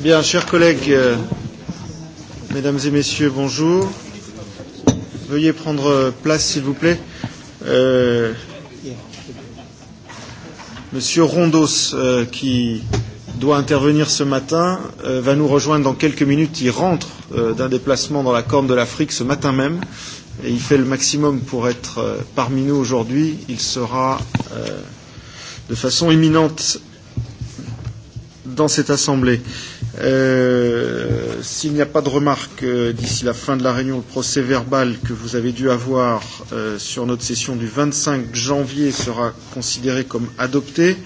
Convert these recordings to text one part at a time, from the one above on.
Bien, chers collègues, euh, mesdames et messieurs, bonjour. Veuillez prendre place, s'il vous plaît. Euh, Monsieur Rondos, euh, qui doit intervenir ce matin, euh, va nous rejoindre dans quelques minutes. Il rentre euh, d'un déplacement dans la Corne de l'Afrique ce matin même et il fait le maximum pour être euh, parmi nous aujourd'hui. Il sera euh, de façon imminente dans cette Assemblée. Euh, S'il n'y a pas de remarques euh, d'ici la fin de la réunion, le procès verbal que vous avez dû avoir euh, sur notre session du 25 janvier sera considéré comme adopté.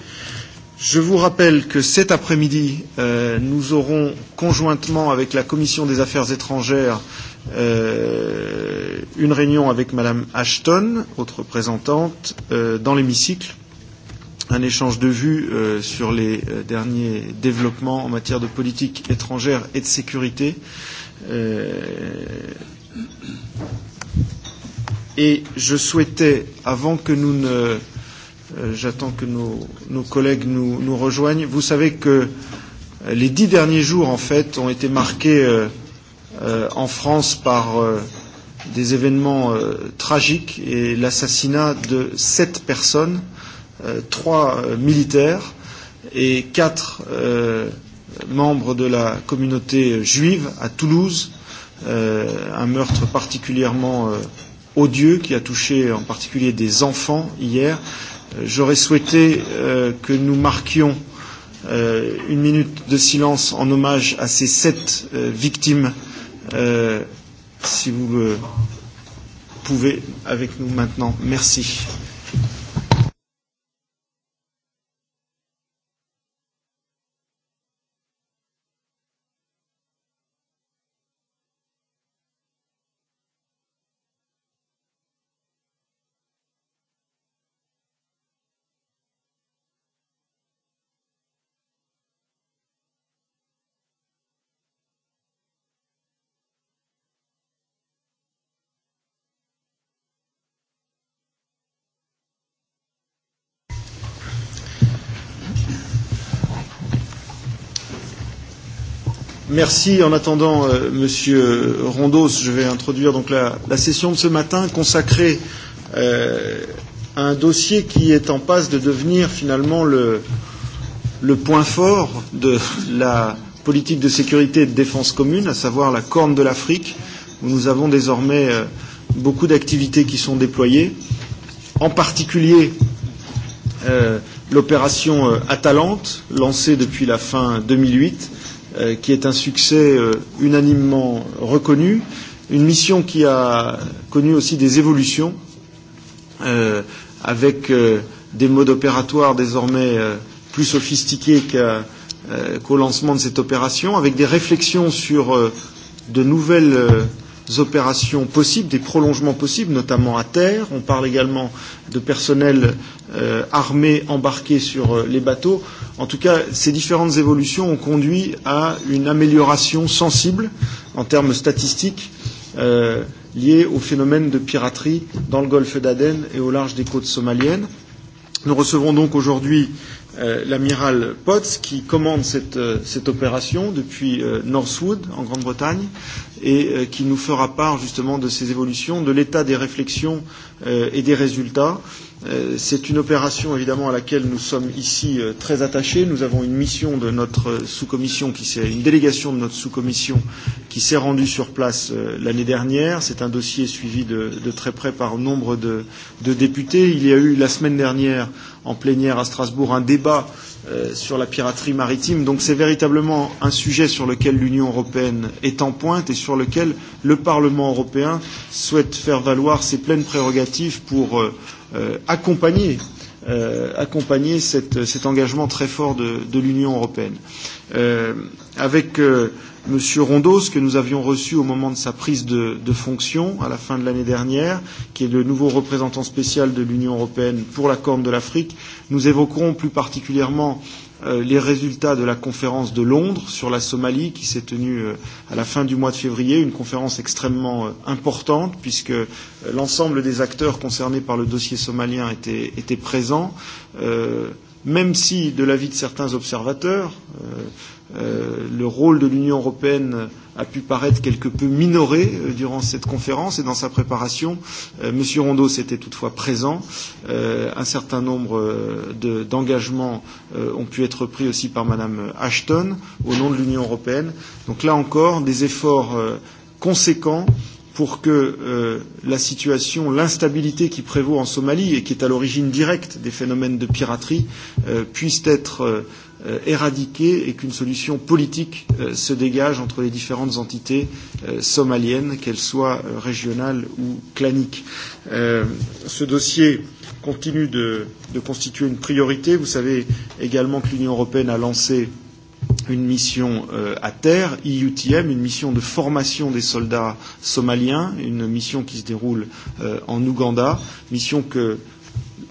Je vous rappelle que cet après-midi, euh, nous aurons conjointement avec la Commission des affaires étrangères euh, une réunion avec Madame Ashton, haute représentante, euh, dans l'hémicycle un échange de vues euh, sur les euh, derniers développements en matière de politique étrangère et de sécurité. Euh, et je souhaitais, avant que nous ne. Euh, J'attends que nos, nos collègues nous, nous rejoignent. Vous savez que les dix derniers jours, en fait, ont été marqués euh, euh, en France par euh, des événements euh, tragiques et l'assassinat de sept personnes Euh, trois euh, militaires et quatre euh, membres de la communauté juive à Toulouse, euh, un meurtre particulièrement euh, odieux qui a touché en particulier des enfants hier. Euh, J'aurais souhaité euh, que nous marquions euh, une minute de silence en hommage à ces sept euh, victimes, euh, si vous le pouvez, avec nous maintenant. Merci. Merci. En attendant, euh, Monsieur Rondos, je vais introduire donc la, la session de ce matin consacrée euh, à un dossier qui est en passe de devenir finalement le, le point fort de la politique de sécurité et de défense commune, à savoir la Corne de l'Afrique, où nous avons désormais euh, beaucoup d'activités qui sont déployées, en particulier euh, l'opération euh, Atalante, lancée depuis la fin 2008 Euh, qui est un succès euh, unanimement reconnu, une mission qui a connu aussi des évolutions euh, avec euh, des modes opératoires désormais euh, plus sophistiqués euh, qu'au lancement de cette opération, avec des réflexions sur euh, de nouvelles euh, opérations possibles, des prolongements possibles, notamment à terre. On parle également de personnel euh, armé embarqué sur euh, les bateaux. En tout cas, ces différentes évolutions ont conduit à une amélioration sensible en termes statistiques euh, liée au phénomène de piraterie dans le golfe d'Aden et au large des côtes somaliennes. Nous recevons donc aujourd'hui Euh, l'amiral Potts qui commande cette, euh, cette opération depuis euh, Northwood en Grande-Bretagne et euh, qui nous fera part justement de ces évolutions, de l'état des réflexions euh, et des résultats. Euh, C'est une opération évidemment à laquelle nous sommes ici euh, très attachés. Nous avons une mission de notre euh, sous-commission, qui une délégation de notre sous-commission qui s'est rendue sur place euh, l'année dernière. C'est un dossier suivi de, de très près par nombre de, de députés. Il y a eu la semaine dernière euh, en plénière à Strasbourg un débat euh, sur la piraterie maritime. Donc c'est véritablement un sujet sur lequel l'Union européenne est en pointe et sur lequel le Parlement européen souhaite faire valoir ses pleines prérogatives pour euh, euh accompagner euh, accompagner cette, cet engagement très fort de, de l'Union européenne. Euh, avec euh, M. Rondos, que nous avions reçu au moment de sa prise de, de fonction à la fin de l'année dernière, qui est le nouveau représentant spécial de l'Union européenne pour la Corne de l'Afrique. Nous évoquerons plus particulièrement euh, les résultats de la conférence de Londres sur la Somalie qui s'est tenue euh, à la fin du mois de février, une conférence extrêmement euh, importante puisque euh, l'ensemble des acteurs concernés par le dossier somalien étaient, étaient présents, euh, même si, de l'avis de certains observateurs, euh, Euh, le rôle de l'Union européenne a pu paraître quelque peu minoré euh, durant cette conférence et dans sa préparation. Euh, Monsieur Rondeau s'était toutefois présent. Euh, un certain nombre euh, d'engagements de, euh, ont pu être pris aussi par Madame Ashton au nom de l'Union européenne. Donc là encore, des efforts euh, conséquents pour que euh, la situation, l'instabilité qui prévaut en Somalie et qui est à l'origine directe des phénomènes de piraterie euh, puisse être euh, euh, éradiquée et qu'une solution politique euh, se dégage entre les différentes entités euh, somaliennes, qu'elles soient euh, régionales ou claniques. Euh, ce dossier continue de, de constituer une priorité. Vous savez également que l'Union européenne a lancé une mission euh, à terre, IUTM, e une mission de formation des soldats somaliens, une mission qui se déroule euh, en Ouganda, mission que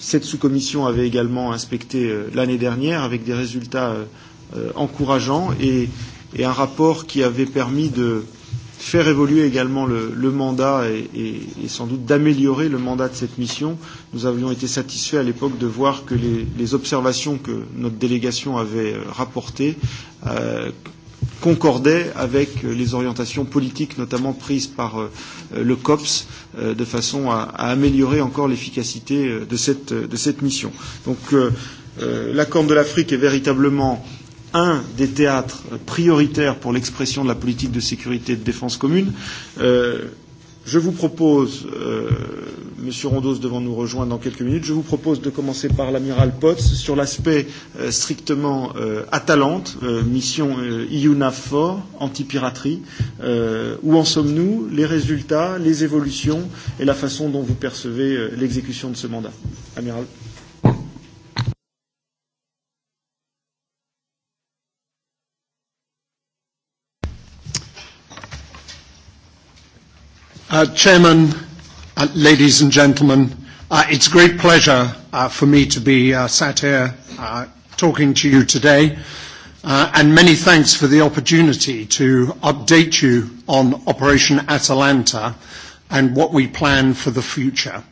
Cette sous-commission avait également inspecté euh, l'année dernière avec des résultats euh, euh, encourageants et, et un rapport qui avait permis de faire évoluer également le, le mandat et, et, et sans doute d'améliorer le mandat de cette mission. Nous avions été satisfaits à l'époque de voir que les, les observations que notre délégation avait euh, rapportées euh, concordait avec euh, les orientations politiques, notamment prises par euh, le COPS, euh, de façon à, à améliorer encore l'efficacité de cette, de cette mission. Donc la Corne de l'Afrique est véritablement un des théâtres prioritaires pour l'expression de la politique de sécurité et de défense commune. Euh, je vous propose, euh, Monsieur Rondos devant nous rejoindre dans quelques minutes, je vous propose de commencer par l'amiral Potts sur l'aspect euh, strictement euh, Atalante, euh, mission euh, EUNAVFOR, anti-piraterie. Euh, où en sommes-nous Les résultats, les évolutions et la façon dont vous percevez euh, l'exécution de ce mandat Amiral Uh, Chairman, uh, ladies and gentlemen, uh, it's a great pleasure for me to be sat here talking to you today. and many thanks for the opportunity to update you on Operation Atalanta and what we plan for the future.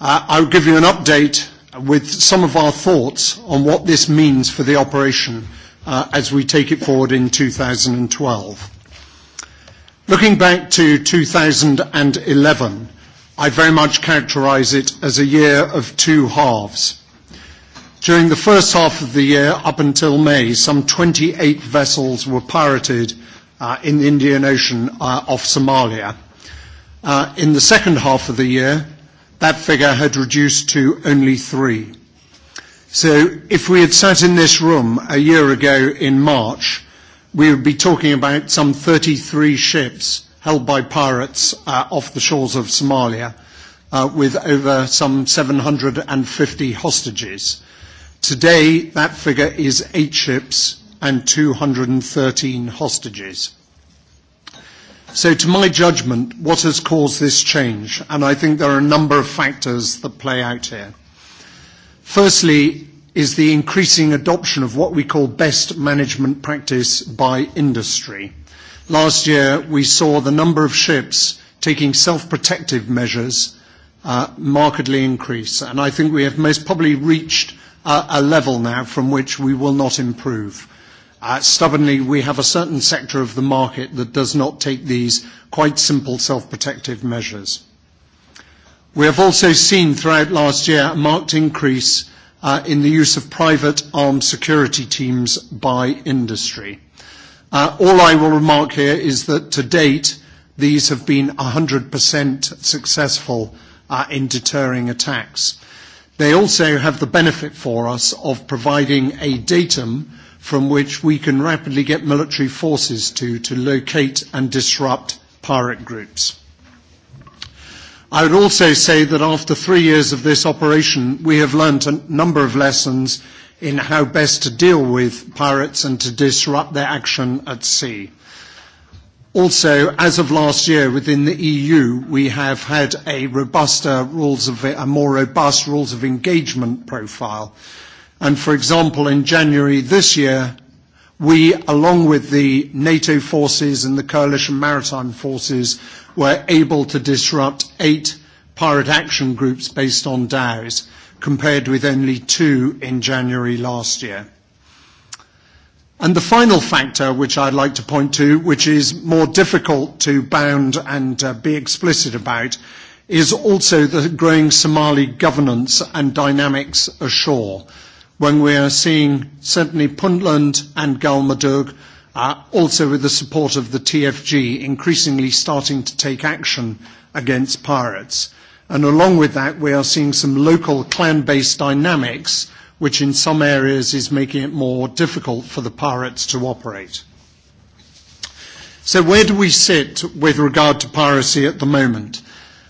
I'll give you an update with some of our thoughts on what this means for the operation as we take it forward in 2012. Looking back to 2011, I very much characterize it as a year of two halves. During the first half of the year, up until May, some 28 vessels were pirated uh, in the Indian Ocean uh, off Somalia. Uh, in the second half of the year, that figure had reduced to only three. So if we had sat in this room a year ago in March, we would be talking about some 33 ships held by pirates uh, off the shores of Somalia uh, with over some 750 hostages. Today, that figure is eight ships and 213 hostages. So to my judgment, what has caused this change? And I think there are a number of factors that play out here. Firstly, is the increasing adoption of what we call best management practice by industry. Last year, we saw the number of ships taking self-protective measures uh, markedly increase, and I think we have most probably reached uh, a level now from which we will not improve. Uh, stubbornly, we have a certain sector of the market that does not take these quite simple self-protective measures. We have also seen throughout last year a marked increase uh, in the use of private armed security teams by industry. Uh, all I will remark here is that to date, these have been 100% successful uh, in deterring attacks. They also have the benefit for us of providing a datum from which we can rapidly get military forces to, to locate and disrupt pirate groups. I would also say that after three years of this operation, we have learnt a number of lessons in how best to deal with pirates and to disrupt their action at sea. Also, as of last year, within the EU, we have had a, robuster rules of, a more robust rules of engagement profile. And for example, in January this year, We, along with the NATO forces and the coalition maritime forces, were able to disrupt eight pirate action groups based on DAOs, compared with only two in January last year. And the final factor, which I'd like to point to, which is more difficult to bound and uh, be explicit about, is also the growing Somali governance and dynamics ashore when we are seeing certainly Puntland and Galmadug uh, also with the support of the TFG increasingly starting to take action against pirates. And along with that, we are seeing some local clan-based dynamics, which in some areas is making it more difficult for the pirates to operate. So where do we sit with regard to piracy at the moment?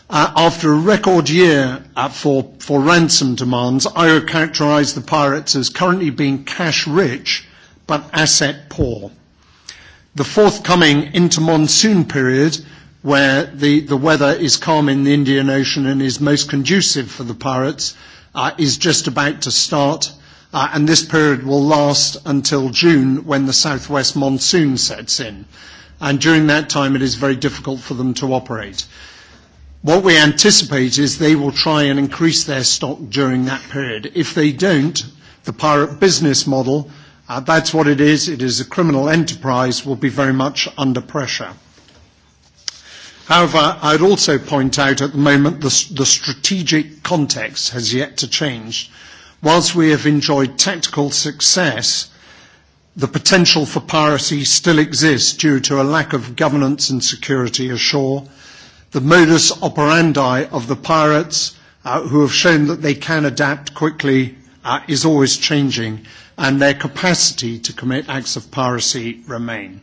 Uh, after a record year uh, for, for ransom demands, IO characterised the pirates as currently being cash rich but asset poor. The forthcoming inter-monsoon period, where the, the weather is calm in the Indian Ocean and is most conducive for the pirates, uh, is just about to start, uh, and this period will last until June when the southwest monsoon sets in. during that time, it is very difficult for them to operate. What we anticipate is they will try and increase their stock during that period. If they don't, the pirate business model, uh, that's what it is, it is a criminal enterprise, will be very much under pressure. However, I'd also point out at the moment the, the strategic context has yet to change. Whilst we have enjoyed tactical success, the potential for piracy still exists due to a lack of governance and security ashore – the modus operandi of the pirates uh, who have shown that they can adapt quickly uh, is always changing and their capacity to commit acts of piracy remain.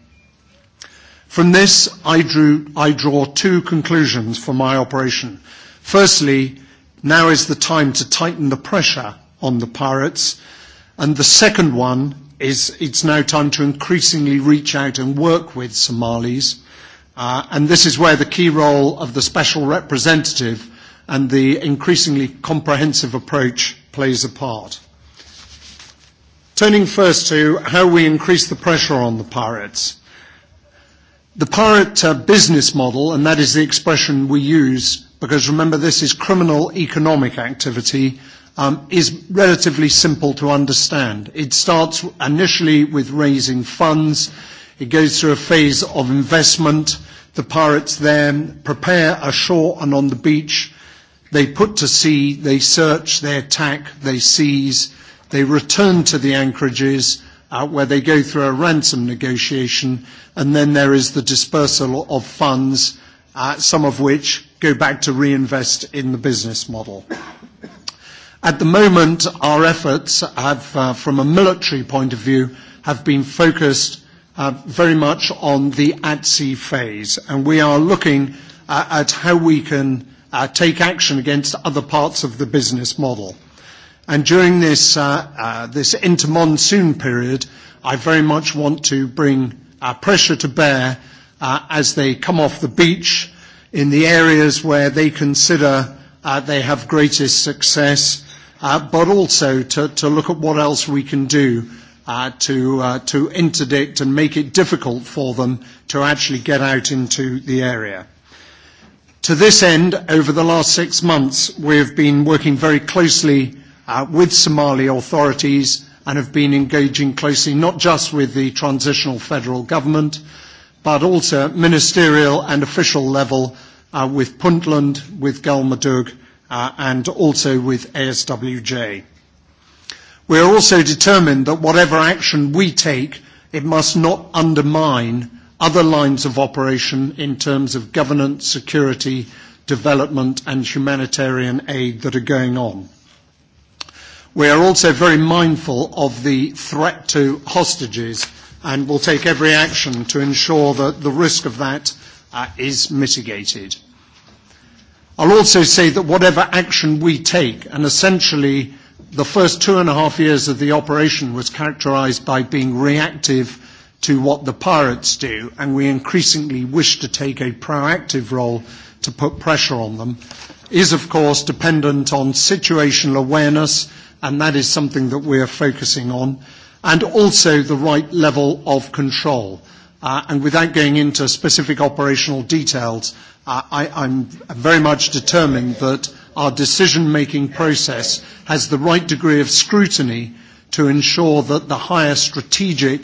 From this, I, drew, I draw two conclusions for my operation. Firstly, now is the time to tighten the pressure on the pirates. And the second one is it's now time to increasingly reach out and work with Somalis Uh, and this is where the key role of the special representative and the increasingly comprehensive approach plays a part. Turning first to how we increase the pressure on the pirates. The pirate uh, business model, and that is the expression we use because remember this is criminal economic activity, um, is relatively simple to understand. It starts initially with raising funds It goes through a phase of investment. The pirates then prepare ashore and on the beach. They put to sea, they search, they attack, they seize, they return to the anchorages uh, where they go through a ransom negotiation, and then there is the dispersal of funds, uh, some of which go back to reinvest in the business model. At the moment, our efforts have, uh, from a military point of view, have been focused uh, very much on the at-sea phase, and we are looking uh, at how we can uh, take action against other parts of the business model. And during this, uh, uh this period, I very much want to bring our uh, pressure to bear uh, as they come off the beach in the areas where they consider uh, they have greatest success, uh, but also to, to look at what else we can do uh, to, uh, to interdict and make it difficult for them to actually get out into the area. To this end, over the last six months, we have been working very closely uh, with Somali authorities and have been engaging closely not just with the transitional federal government, but also at ministerial and official level uh, with Puntland, with Galmadug, uh, and also with ASWJ. We are also determined that whatever action we take, it must not undermine other lines of operation in terms of governance, security, development and humanitarian aid that are going on. We are also very mindful of the threat to hostages and will take every action to ensure that the risk of that uh, is mitigated. I'll also say that whatever action we take, and essentially the first two and a half years of the operation was characterized by being reactive to what the pirates do, and we increasingly wish to take a proactive role to put pressure on them, is of course dependent on situational awareness, and that is something that we are focusing on, and also the right level of control. Uh, and without going into specific operational details, uh, I, I'm very much determined that our decision-making process has the right degree of scrutiny to ensure that the higher strategic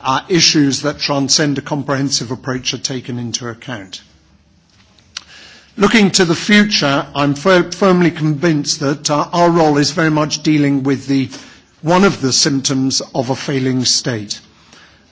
uh, issues that transcend a comprehensive approach are taken into account. Looking to the future, I'm fir firmly convinced that uh, our role is very much dealing with the, one of the symptoms of a failing state.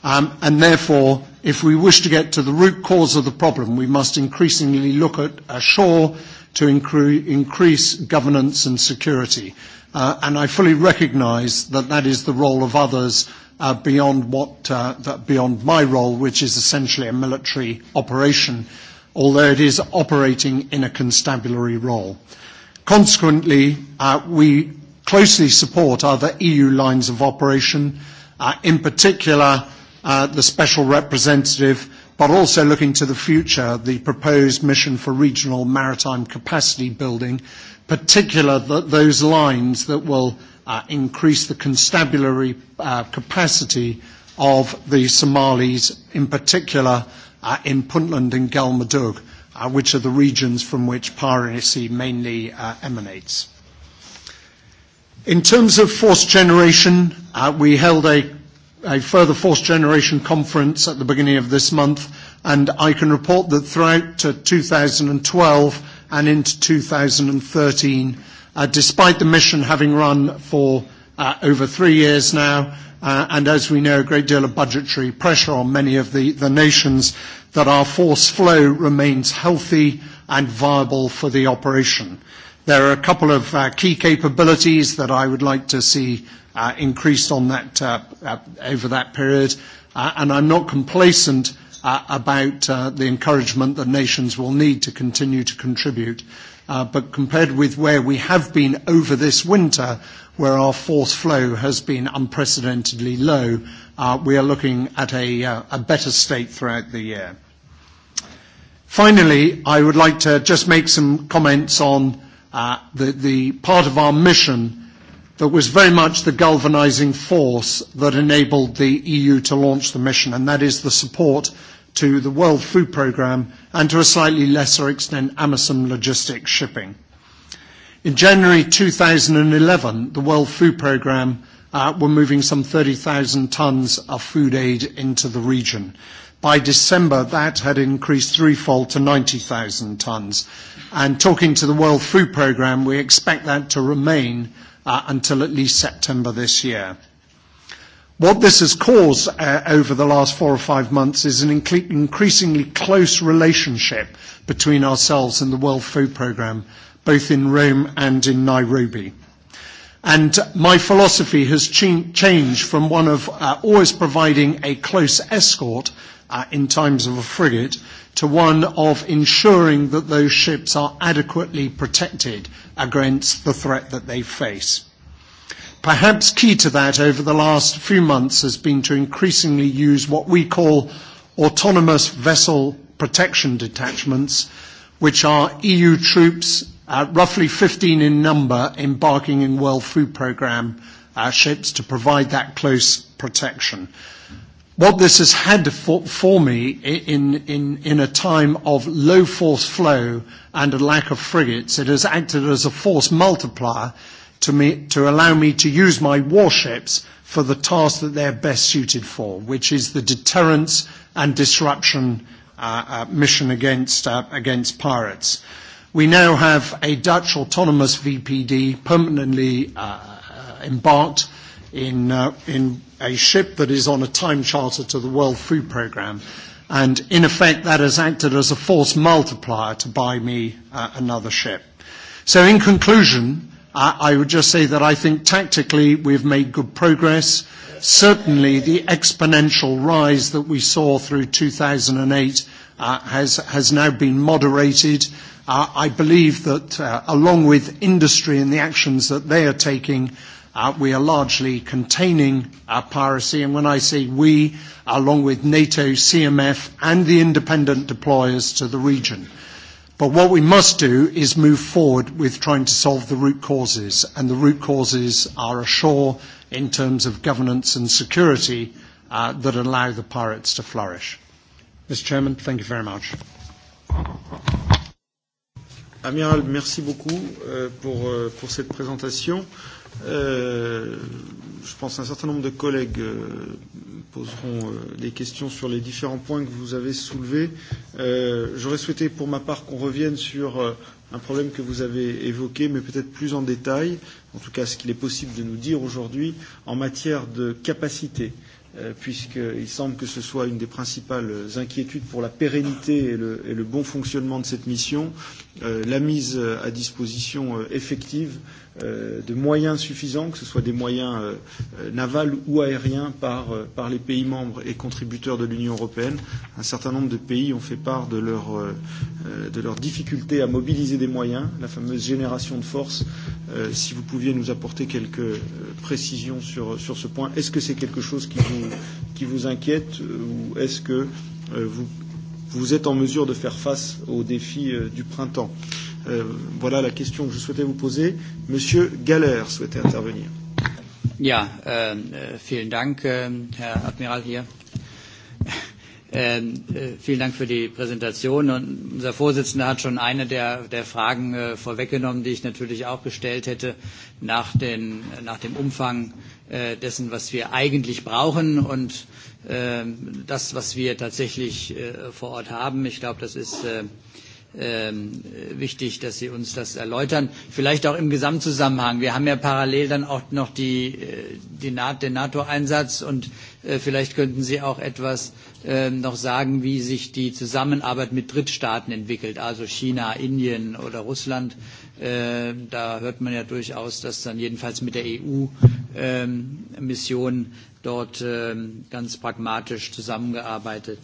Um, and therefore, if we wish to get to the root cause of the problem, we must increasingly look at ashore to increase governance and security. Uh, and I fully recognise that that is the role of others uh, beyond, what, uh, that beyond my role, which is essentially a military operation, although it is operating in a constabulary role. Consequently, uh, we closely support other EU lines of operation, uh, in particular uh, the Special Representative but also looking to the future, the proposed mission for regional maritime capacity building, particularly th those lines that will uh, increase the constabulary uh, capacity of the Somalis, in particular uh, in Puntland and Galmudug, uh, which are the regions from which piracy mainly uh, emanates. In terms of force generation, uh, we held a a further Force Generation conference at the beginning of this month, and I can report that throughout uh, 2012 and into 2013, uh, despite the mission having run for uh, over three years now, uh, and as we know, a great deal of budgetary pressure on many of the, the nations, that our force flow remains healthy and viable for the operation. There are a couple of uh, key capabilities that I would like to see Uh, increased on that uh, uh over that period. Uh, and I'm not complacent uh, about uh, the encouragement that nations will need to continue to contribute. but compared with where we have been over this winter, where our force flow has been unprecedentedly low, we are looking at a, a better state throughout the year. Finally, I would like to just make some comments on the, the part of our mission that was very much the galvanising force that enabled the EU to launch the mission, and that is the support to the World Food Programme and to a slightly lesser extent Amazon logistics shipping. In January 2011, the World Food Programme uh, were moving some 30,000 tonnes of food aid into the region. By December, that had increased threefold to 90,000 tonnes. And talking to the World Food Programme, we expect that to remain uh, until at least September this year. What this has caused uh, over the last four or five months is an increasingly close relationship between ourselves and the World Food Programme, both in Rome and in Nairobi. And my philosophy has ch changed from one of uh, always providing a close escort uh, in times of a frigate to one of ensuring that those ships are adequately protected against the threat that they face. Perhaps key to that over the last few months has been to increasingly use what we call autonomous vessel protection detachments, which are EU troops, uh, roughly 15 in number, embarking in World Food Programme uh, ships to provide that close protection what this has had for, for me in, in, in a time of low force flow and a lack of frigates, it has acted as a force multiplier to, me, to allow me to use my warships for the task that they're best suited for, which is the deterrence and disruption uh, uh, mission against, uh, against pirates. We now have a Dutch autonomous VPD permanently uh, uh, embarked in, uh, in a ship that is on a time charter to the World Food Programme. And in effect, that has acted as a force multiplier to buy me uh, another ship. So in conclusion, I, I would just say that I think tactically we've made good progress. Certainly the exponential rise that we saw through 2008 uh, has, has now been moderated. Uh, I believe that uh, along with industry and the actions that they are taking, Uh, we are largely containing our piracy, and when I say we, along with NATO, CMF, and the independent deployers to the region. But what we must do is move forward with trying to solve the root causes, and the root causes are ashore in terms of governance and security uh, that allow the pirates to flourish. Mr. Chairman, thank you very much. Amiral, merci beaucoup euh, euh, pour cette présentation. Euh, je pense qu'un certain nombre de collègues euh, poseront euh, des questions sur les différents points que vous avez soulevés. Euh, J'aurais souhaité pour ma part qu'on revienne sur euh, un problème que vous avez évoqué, mais peut-être plus en détail, en tout cas ce qu'il est possible de nous dire aujourd'hui en matière de capacité euh, puisqu'il semble que ce soit une des principales inquiétudes pour la pérennité et le, et le bon fonctionnement de cette mission, euh, la mise à disposition euh, effective Euh, de moyens suffisants, que ce soit des moyens euh, euh navals ou aériens par, euh, par les pays membres et contributeurs de l'Union européenne. Un certain nombre de pays ont fait part de leur, euh, leur à mobiliser des moyens, la fameuse génération de force. Euh, si vous pouviez nous apporter quelques précisions sur, sur ce point, est-ce que c'est quelque chose qui vous, qui vous inquiète ou est-ce que euh, vous, vous êtes en mesure de faire face aux défis euh, du printemps euh, Euh, voilà la question que je souhaitais vous poser. Monsieur Galler souhaitait intervenir. Ja, euh, vielen Dank, euh, Herr Admiral hier. Ähm, äh, vielen Dank für die Präsentation. Und unser Vorsitzender hat schon eine der, der Fragen äh, vorweggenommen, die ich natürlich auch gestellt hätte, nach, den, nach dem Umfang äh, dessen, was wir eigentlich brauchen und ähm, das, was wir tatsächlich vor Ort haben. Ich glaube, das ist ähm, wichtig, dass Sie uns das erläutern. Vielleicht auch im Gesamtzusammenhang. Wir haben ja parallel dann auch noch die, äh, die NATO, den NATO-Einsatz und äh, vielleicht könnten Sie auch etwas äh, noch sagen, wie sich die Zusammenarbeit mit Drittstaaten entwickelt, also China, Indien oder Russland. Äh, da hört man ja durchaus, dass dann jedenfalls mit der EU-Mission ähm, dort ähm, ganz pragmatisch zusammengearbeitet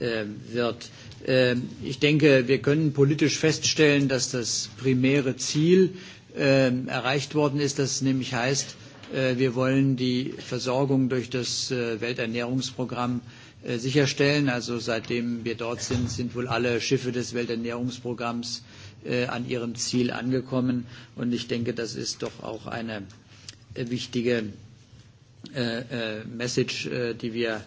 ähm, wird. Ähm, ich denke, wir können politisch feststellen, dass das primäre Ziel ähm, erreicht worden ist, das nämlich heißt, äh, wir wollen die Versorgung durch das äh, Welternährungsprogramm äh, sicherstellen. Also seitdem wir dort sind, sind wohl alle Schiffe des Welternährungsprogramms an ihrem Ziel angekommen. Und ich denke, das ist doch auch eine wichtige Message, die wir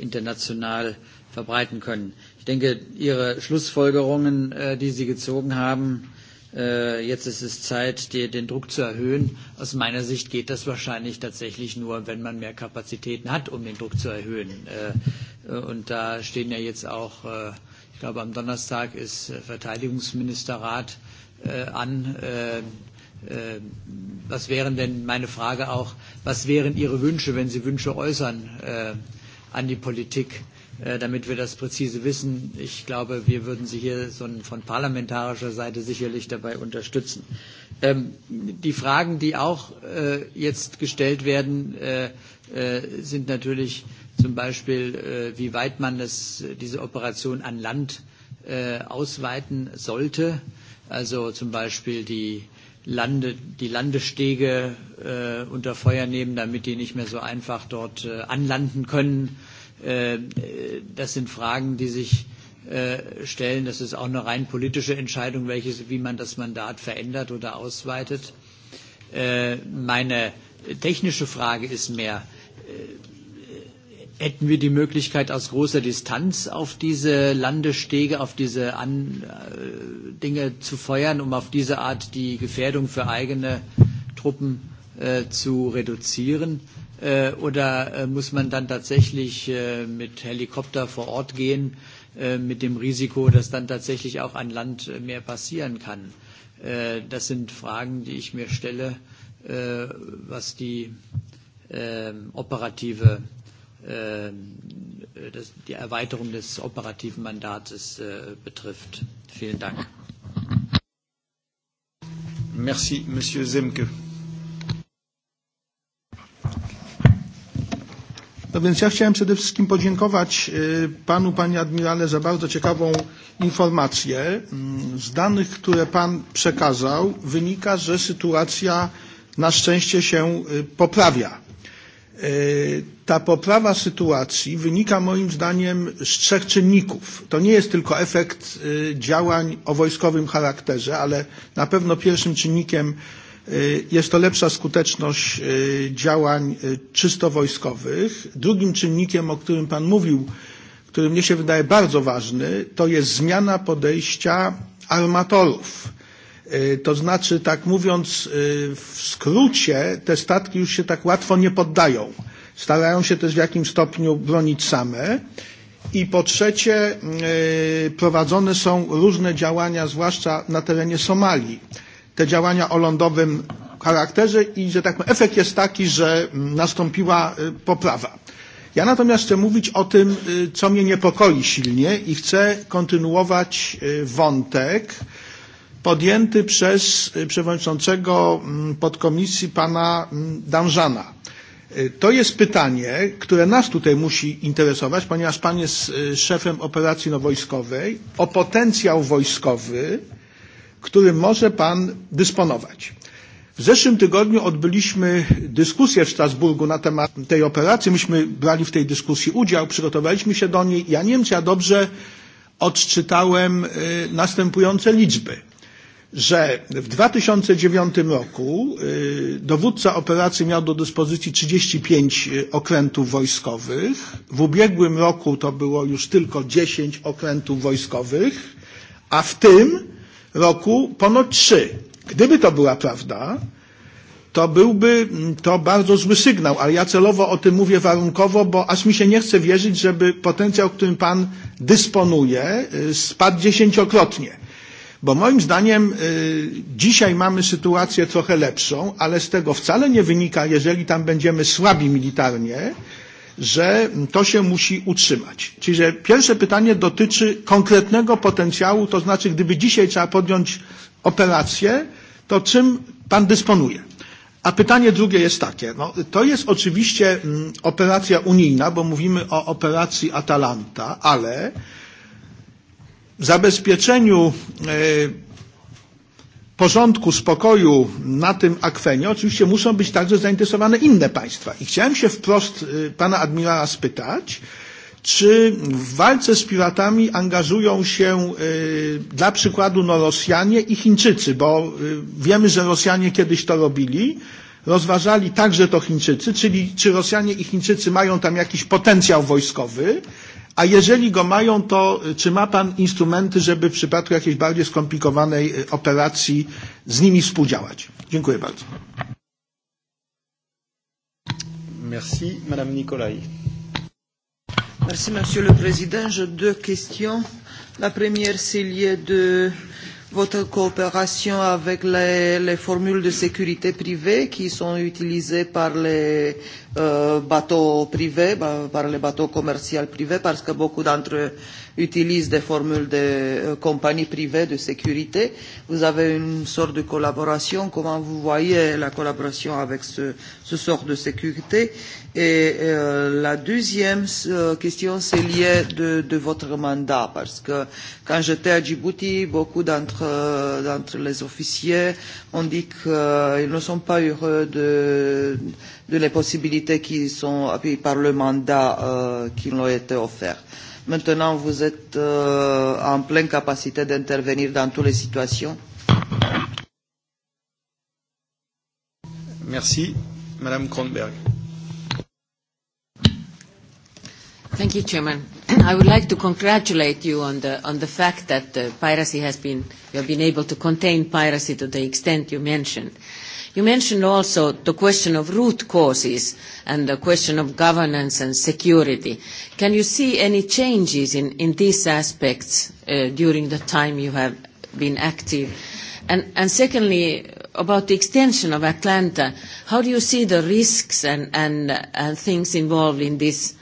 international verbreiten können. Ich denke, Ihre Schlussfolgerungen, äh, die Sie gezogen haben, äh, jetzt ist es Zeit, die, den Druck zu erhöhen. Aus meiner Sicht geht das wahrscheinlich tatsächlich nur, wenn man mehr Kapazitäten hat, um den Druck zu erhöhen. Äh, und da stehen ja jetzt auch, äh, ich glaube, am Donnerstag ist äh, Verteidigungsministerrat äh, an. Äh, äh, was wären denn meine Frage auch, was wären Ihre Wünsche, wenn Sie Wünsche äußern äh, an die Politik? Äh, damit wir das präzise wissen. Ich glaube, wir würden Sie hier so von parlamentarischer Seite sicherlich dabei unterstützen. Ähm, die Fragen, die auch äh, jetzt gestellt werden, äh, äh, sind natürlich zum Beispiel, äh, wie weit man das, diese Operation an Land äh, ausweiten sollte. Also zum Beispiel die Lande, die Landestege unter Feuer nehmen, damit die nicht mehr so einfach dort anlanden können Äh, das sind Fragen, die sich äh, stellen. Das ist auch eine rein politische Entscheidung, welches, wie man das Mandat verändert oder ausweitet. Äh, meine technische Frage ist mehr, hätten wir die Möglichkeit, aus großer Distanz auf diese Landestege, auf diese An Dinge zu feuern, um auf diese Art die Gefährdung für eigene Truppen zu reduzieren? Äh, oder äh, muss man dann tatsächlich äh, mit Helikopter vor Ort gehen, mit dem Risiko, dass dann tatsächlich auch an Land mehr passieren kann? das sind Fragen, die ich mir stelle, was die ähm, operative ähm, die Erweiterung des operativen Mandates betrifft. Vielen Dank. Merci, Monsieur Zemke. No więc ja chciałem przede wszystkim podziękować panu, panie admirale, za bardzo ciekawą informację. Mm, z danych, które pan przekazał, wynika, że sytuacja na szczęście się poprawia. Ta poprawa sytuacji wynika moim zdaniem z trzech czynników. To nie jest tylko efekt działań o wojskowym charakterze, ale na pewno pierwszym czynnikiem E, jest to lepsza skuteczność e, działań e, czysto wojskowych. Drugim czynnikiem, o którym Pan mówił, który mnie się wydaje bardzo ważny, to jest zmiana podejścia armatorów. To znaczy, tak mówiąc w skrócie, te statki już się tak łatwo nie poddają. Starają się też w jakimś stopniu bronić same. I po trzecie, prowadzone są różne działania, zwłaszcza na terenie Somalii te działania o lądowym charakterze i że tak powiem, efekt jest taki, że nastąpiła poprawa. Ja natomiast chcę mówić o tym, co mnie niepokoi silnie i chcę kontynuować wątek podjęty przez przewodniczącego mm, podkomisji pana mm, Danżana. To jest pytanie, które nas tutaj musi interesować, ponieważ pan jest szefem operacji nowojskowej, o potencjał wojskowy którym może Pan dysponować. W zeszłym tygodniu odbyliśmy dyskusję w Strasburgu na temat tej operacji. Myśmy brali w tej dyskusji udział, przygotowaliśmy się do niej. Ja nie wiem, czy ja dobrze odczytałem następujące liczby że w 2009 roku dowódca operacji miał do dyspozycji 35 okrętów wojskowych, w ubiegłym roku to było już tylko 10 okrętów wojskowych, a w tym roku ponad trzy. Gdyby to była prawda, to byłby mm, to bardzo zły sygnał, ale ja celowo o tym mówię warunkowo, bo aż mi się nie chce wierzyć, żeby potencjał, którym Pan dysponuje, spadł dziesięciokrotnie. Bo moim zdaniem y, dzisiaj mamy sytuację trochę lepszą, ale z tego wcale nie wynika, jeżeli tam będziemy słabi militarnie, że to się musi utrzymać. Czyli że pierwsze pytanie dotyczy konkretnego potencjału, to znaczy gdyby dzisiaj trzeba podjąć operację, to czym Pan dysponuje? A pytanie drugie jest takie. No, to jest oczywiście mm, operacja unijna, bo mówimy o operacji Atalanta, ale w zabezpieczeniu yy, e, porządku, spokoju na tym akwenie oczywiście muszą być także zainteresowane inne państwa. I chciałem się wprost pana admirała spytać, czy w walce z piratami angażują się dla przykładu no, Rosjanie i Chińczycy, bo wiemy, że Rosjanie kiedyś to robili, rozważali także to Chińczycy, czyli czy Rosjanie i Chińczycy mają tam jakiś potencjał wojskowy, a jeżeli go mają, to e, czy ma Pan instrumenty, żeby w przypadku jakiejś bardziej skomplikowanej e, operacji z nimi współdziałać? Dziękuję bardzo. Merci, Madame Nicolai. Merci, Monsieur le Président. J'ai deux questions. La première, c'est liée de votre coopération avec les, les formules de sécurité privée qui sont utilisées par les euh, bateaux privés, par les bateaux commerciaux privés, parce que beaucoup d'entre eux utilisent des formules de euh, compagnies privées de sécurité. Vous avez une sorte de collaboration. Comment vous voyez la collaboration avec ce, ce sort de sécurité Et euh, la deuxième euh, question, c'est lié de, de votre mandat, parce que quand j'étais à Djibouti, beaucoup d'entre, d'entre les officiers ont dit qu'ils ne sont pas heureux de, de les possibilités qui sont appuyées par le mandat euh, qui leur a été offert. Maintenant, vous êtes euh, en pleine capacité d'intervenir dans toutes les situations. Merci, Madame Kronberg. Thank you, Chairman. I would like to congratulate you on the, on the fact that uh, piracy has been, you have been able to contain piracy to the extent you mentioned. You mentioned also the question of root causes and the question of governance and security. Can you see any changes in, in these aspects uh, during the time you have been active? And, and secondly, about the extension of Atlanta, how do you see the risks and, and, and things involved in this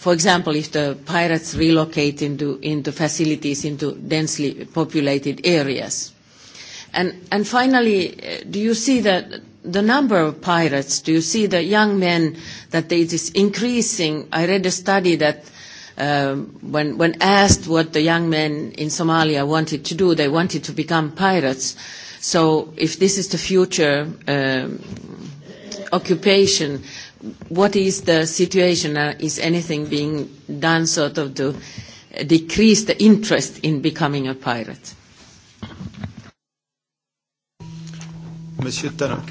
For example, if the pirates relocate into, into facilities into densely populated areas. And, and finally, uh, do you see that the number of pirates, do you see the young men that it is increasing? I read a study that um, when, when asked what the young men in Somalia wanted to do, they wanted to become pirates. So if this is the future um, occupation, what is the situation? Uh, is anything being done sort of to decrease the interest in becoming a pirate? Monsieur Tanak.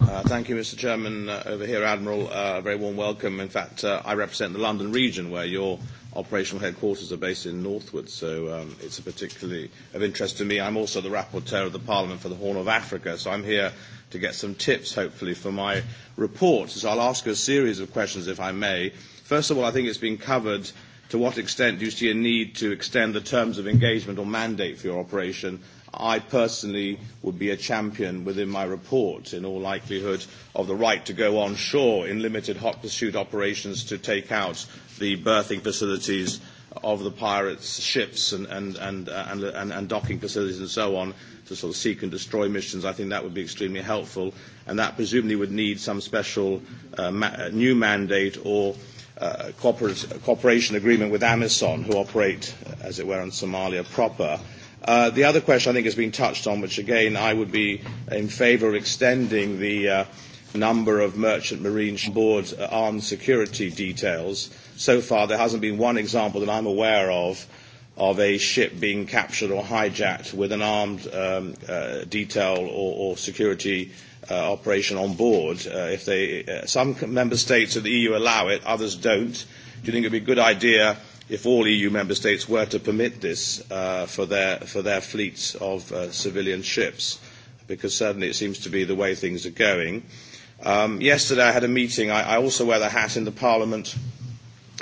Uh, thank you, Mr. Chairman. Uh, over here, Admiral, uh, a very warm welcome. In fact, uh, I represent the London region where your operational headquarters are based in Northwood, so um, it's a particularly of interest to me. I'm also the rapporteur of the Parliament for the Horn of Africa, so I'm here to get some tips, hopefully, for my report. So I'll ask a series of questions, if I may. First of all, I think it's been covered to what extent do you see a need to extend the terms of engagement or mandate for your operation? I personally would be a champion within my report, in all likelihood, of the right to go on shore in limited hot pursuit operations to take out the berthing facilities of the pirates' ships and, and, and, uh, and, and, and docking facilities and so on to sort of seek and destroy missions. I think that would be extremely helpful, and that presumably would need some special uh, ma- uh, new mandate or uh, cooperation agreement with Amazon, who operate, as it were, in Somalia proper. Uh, the other question I think has been touched on, which again I would be in favour of extending the uh, number of merchant marine board uh, armed security details so far there hasn't been one example that I'm aware of of a ship being captured or hijacked with an armed um, uh, detail or, or security uh, operation on board. Uh, if they, uh, some member states of the EU allow it, others don't. Do you think it would be a good idea if all EU member states were to permit this uh, for, their, for their fleets of uh, civilian ships? Because certainly it seems to be the way things are going. Um, yesterday I had a meeting. I, I also wear the hat in the Parliament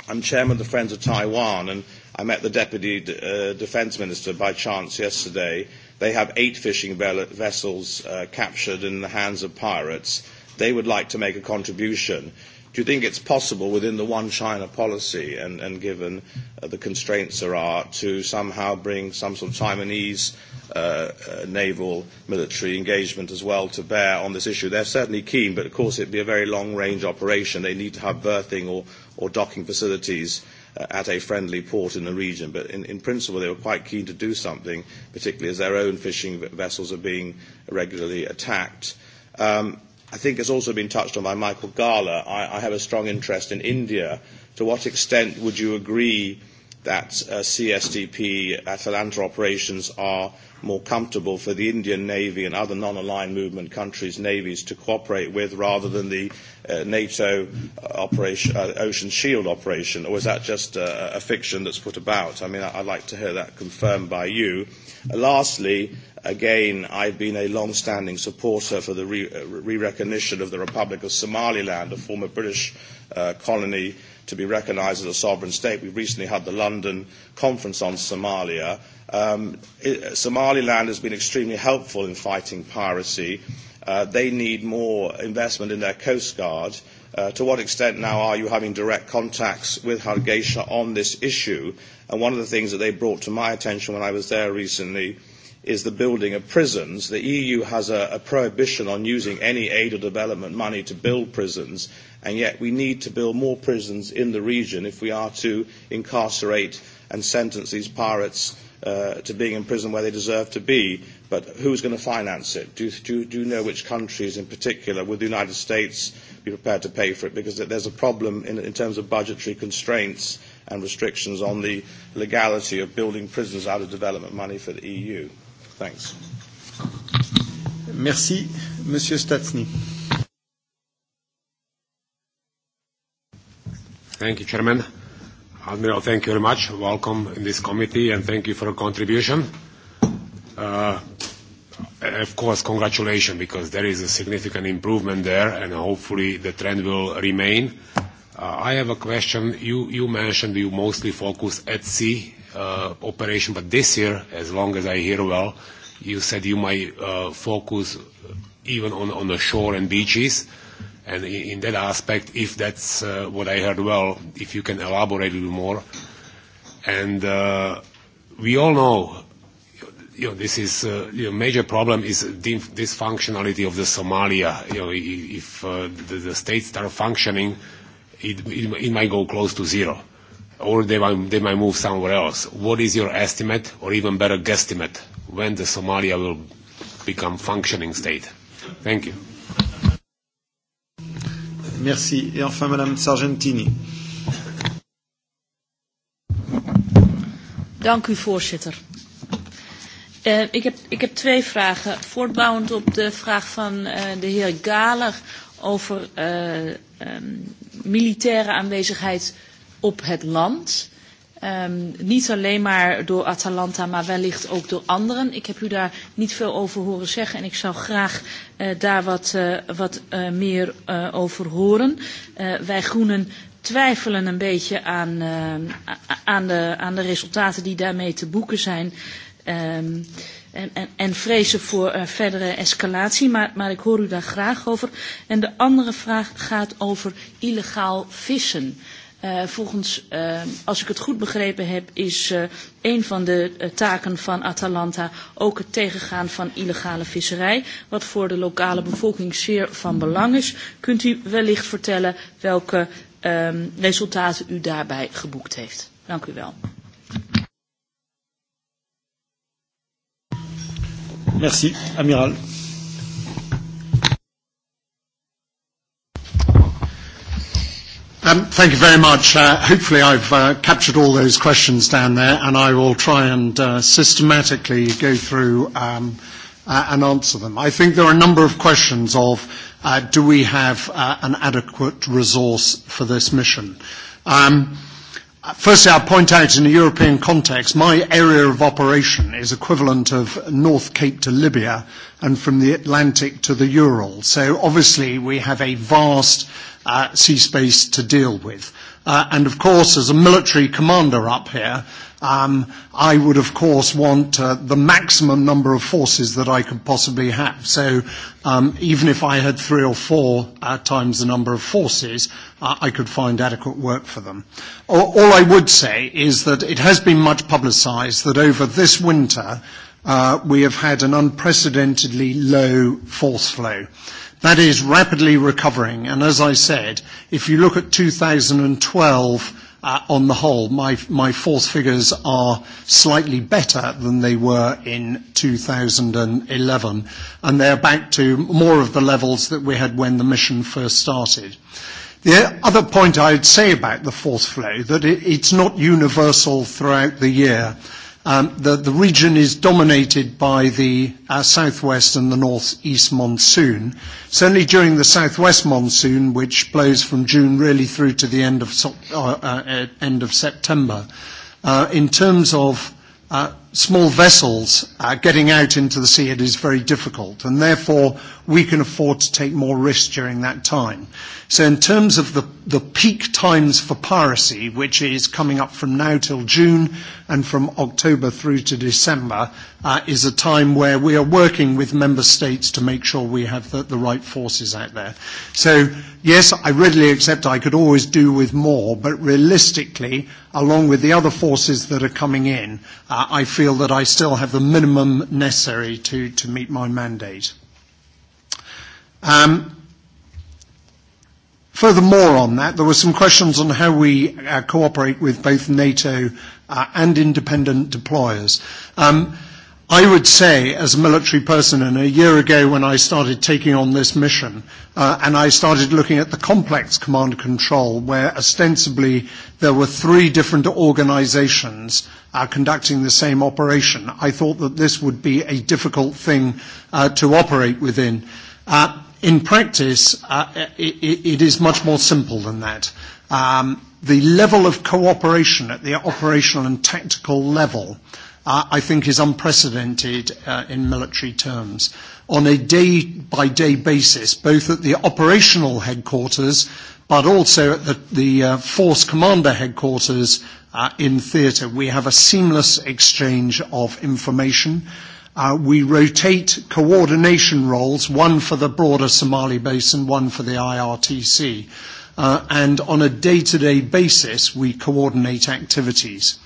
I'm chairman of the Friends of Taiwan, and I met the Deputy uh, Defence Minister by chance yesterday. They have eight fishing vessels uh, captured in the hands of pirates. They would like to make a contribution. Do you think it's possible within the One China policy, and, and given uh, the constraints there are, to somehow bring some sort of Taiwanese uh, uh, naval military engagement as well to bear on this issue? They're certainly keen, but of course it would be a very long-range operation. They need to have berthing or or docking facilities uh, at a friendly port in the region. But in, in principle, they were quite keen to do something, particularly as their own fishing vessels are being regularly attacked. Um, I think it's also been touched on by Michael Gala. I, I have a strong interest in India. To what extent would you agree that uh, CSDP Atalanta operations are more comfortable for the Indian Navy and other non-aligned movement countries' navies to cooperate with rather than the uh, NATO uh, operation, uh, Ocean Shield operation? Or is that just uh, a fiction that's put about? I mean, I'd like to hear that confirmed by you. Uh, lastly, again, I've been a long-standing supporter for the re- uh, re-recognition of the Republic of Somaliland, a former British uh, colony, to be recognised as a sovereign state. We recently had the London conference on Somalia. Um, it, Somaliland has been extremely helpful in fighting piracy. Uh, they need more investment in their coast guard. Uh, to what extent now are you having direct contacts with Hargeisa on this issue? And one of the things that they brought to my attention when I was there recently is the building of prisons. The EU has a, a prohibition on using any aid or development money to build prisons and yet we need to build more prisons in the region if we are to incarcerate and sentence these pirates uh, to being in prison where they deserve to be. But who's going to finance it? Do, do, do you know which countries in particular? Would the United States be prepared to pay for it? Because there's a problem in, in terms of budgetary constraints and restrictions on the legality of building prisons out of development money for the EU. Thanks. Merci, Monsieur Statsny. Thank you, Chairman. Admiral, thank you very much. Welcome in this committee, and thank you for your contribution. Uh, of course, congratulations, because there is a significant improvement there, and hopefully the trend will remain. Uh, I have a question. You, you mentioned you mostly focus at sea uh, operation, but this year, as long as I hear well, you said you might uh, focus even on, on the shore and beaches. And in that aspect, if that's uh, what I heard well, if you can elaborate a little more. And uh, we all know, you know, this is uh, you know, major problem is this dysfunctionality of the Somalia. You know, if uh, the, the states start functioning, it, it, it might go close to zero, or they might, they might move somewhere else. What is your estimate, or even better guesstimate, when the Somalia will become functioning state? Thank you. Merci. Et enfin, Madame Sargentini. Dank u, voorzitter. Uh, ik, heb, ik heb twee vragen. Voortbouwend op de vraag van uh, de heer Galer over uh, um, militaire aanwezigheid op het land. Um, niet alleen maar door Atalanta, maar wellicht ook door anderen. Ik heb u daar niet veel over horen zeggen en ik zou graag uh, daar wat, uh, wat uh, meer uh, over horen. Uh, wij groenen twijfelen een beetje aan, uh, aan, de, aan de resultaten die daarmee te boeken zijn. Um, en, en, en vrezen voor uh, verdere escalatie, maar, maar ik hoor u daar graag over. En de andere vraag gaat over illegaal vissen. Uh, Eh, volgens, uh, als ik het goed begrepen heb, is uh, een van de uh, taken van Atalanta ook het tegengaan van illegale visserij, wat voor de lokale bevolking zeer van belang is. Kunt u wellicht vertellen welke uh, resultaten u daarbij geboekt heeft? Dank u wel. Merci, Um, thank you very much. Uh, hopefully I've uh, captured all those questions down there and I will try and uh, systematically go through um, uh, and answer them. I think there are a number of questions of uh, do we have uh, an adequate resource for this mission? Um, Firstly, I'll point out in a European context, my area of operation is equivalent of North Cape to Libya and from the Atlantic to the Ural. So obviously we have a vast uh, sea space to deal with. Uh, and of course, as a military commander up here, um, I would of course want uh, the maximum number of forces that I could possibly have. So um, even if I had three or four uh, times the number of forces, uh, I could find adequate work for them. All, all I would say is that it has been much publicised that over this winter, uh, we have had an unprecedentedly low force flow. That is rapidly recovering. And as I said, if you look at 2012, uh, on the whole, my, my force figures are slightly better than they were in 2011, and they're back to more of the levels that we had when the mission first started. The other point I'd say about the force flow, that it, it's not universal throughout the year. Um, the, the region is dominated by the uh, southwest and the northeast monsoon. Certainly during the southwest monsoon, which blows from June really through to the end of, uh, uh, end of September, uh, in terms of uh, small vessels uh, getting out into the sea, it is very difficult, and therefore we can afford to take more risks during that time. So in terms of the, the peak times for piracy, which is coming up from now till June and from October through to December, uh, is a time where we are working with member states to make sure we have the, the right forces out there. So yes, I readily accept I could always do with more, but realistically, along with the other forces that are coming in, uh, I feel feel that I still have the minimum necessary to, to meet my mandate. Um, Furthermore on that, there were some questions on how we uh, cooperate with both NATO uh, and independent deployers. Um, i would say, as a military person, and a year ago when I started taking on this mission, uh, and I started looking at the complex command and control, where ostensibly there were three different organizations uh, conducting the same operation, I thought that this would be a difficult thing uh, to operate within. Uh, in practice, uh, it, it is much more simple than that. Um, the level of cooperation at the operational and tactical level uh, uh, I think is unprecedented uh, in military terms. On a day-by-day -day basis, both at the operational headquarters, but also at the, the uh, force commander headquarters uh, in theatre, we have a seamless exchange of information. Uh, we rotate coordination roles, one for the broader Somali basin, one for the IRTC. Uh, and on a day-to-day -day basis, we coordinate activities.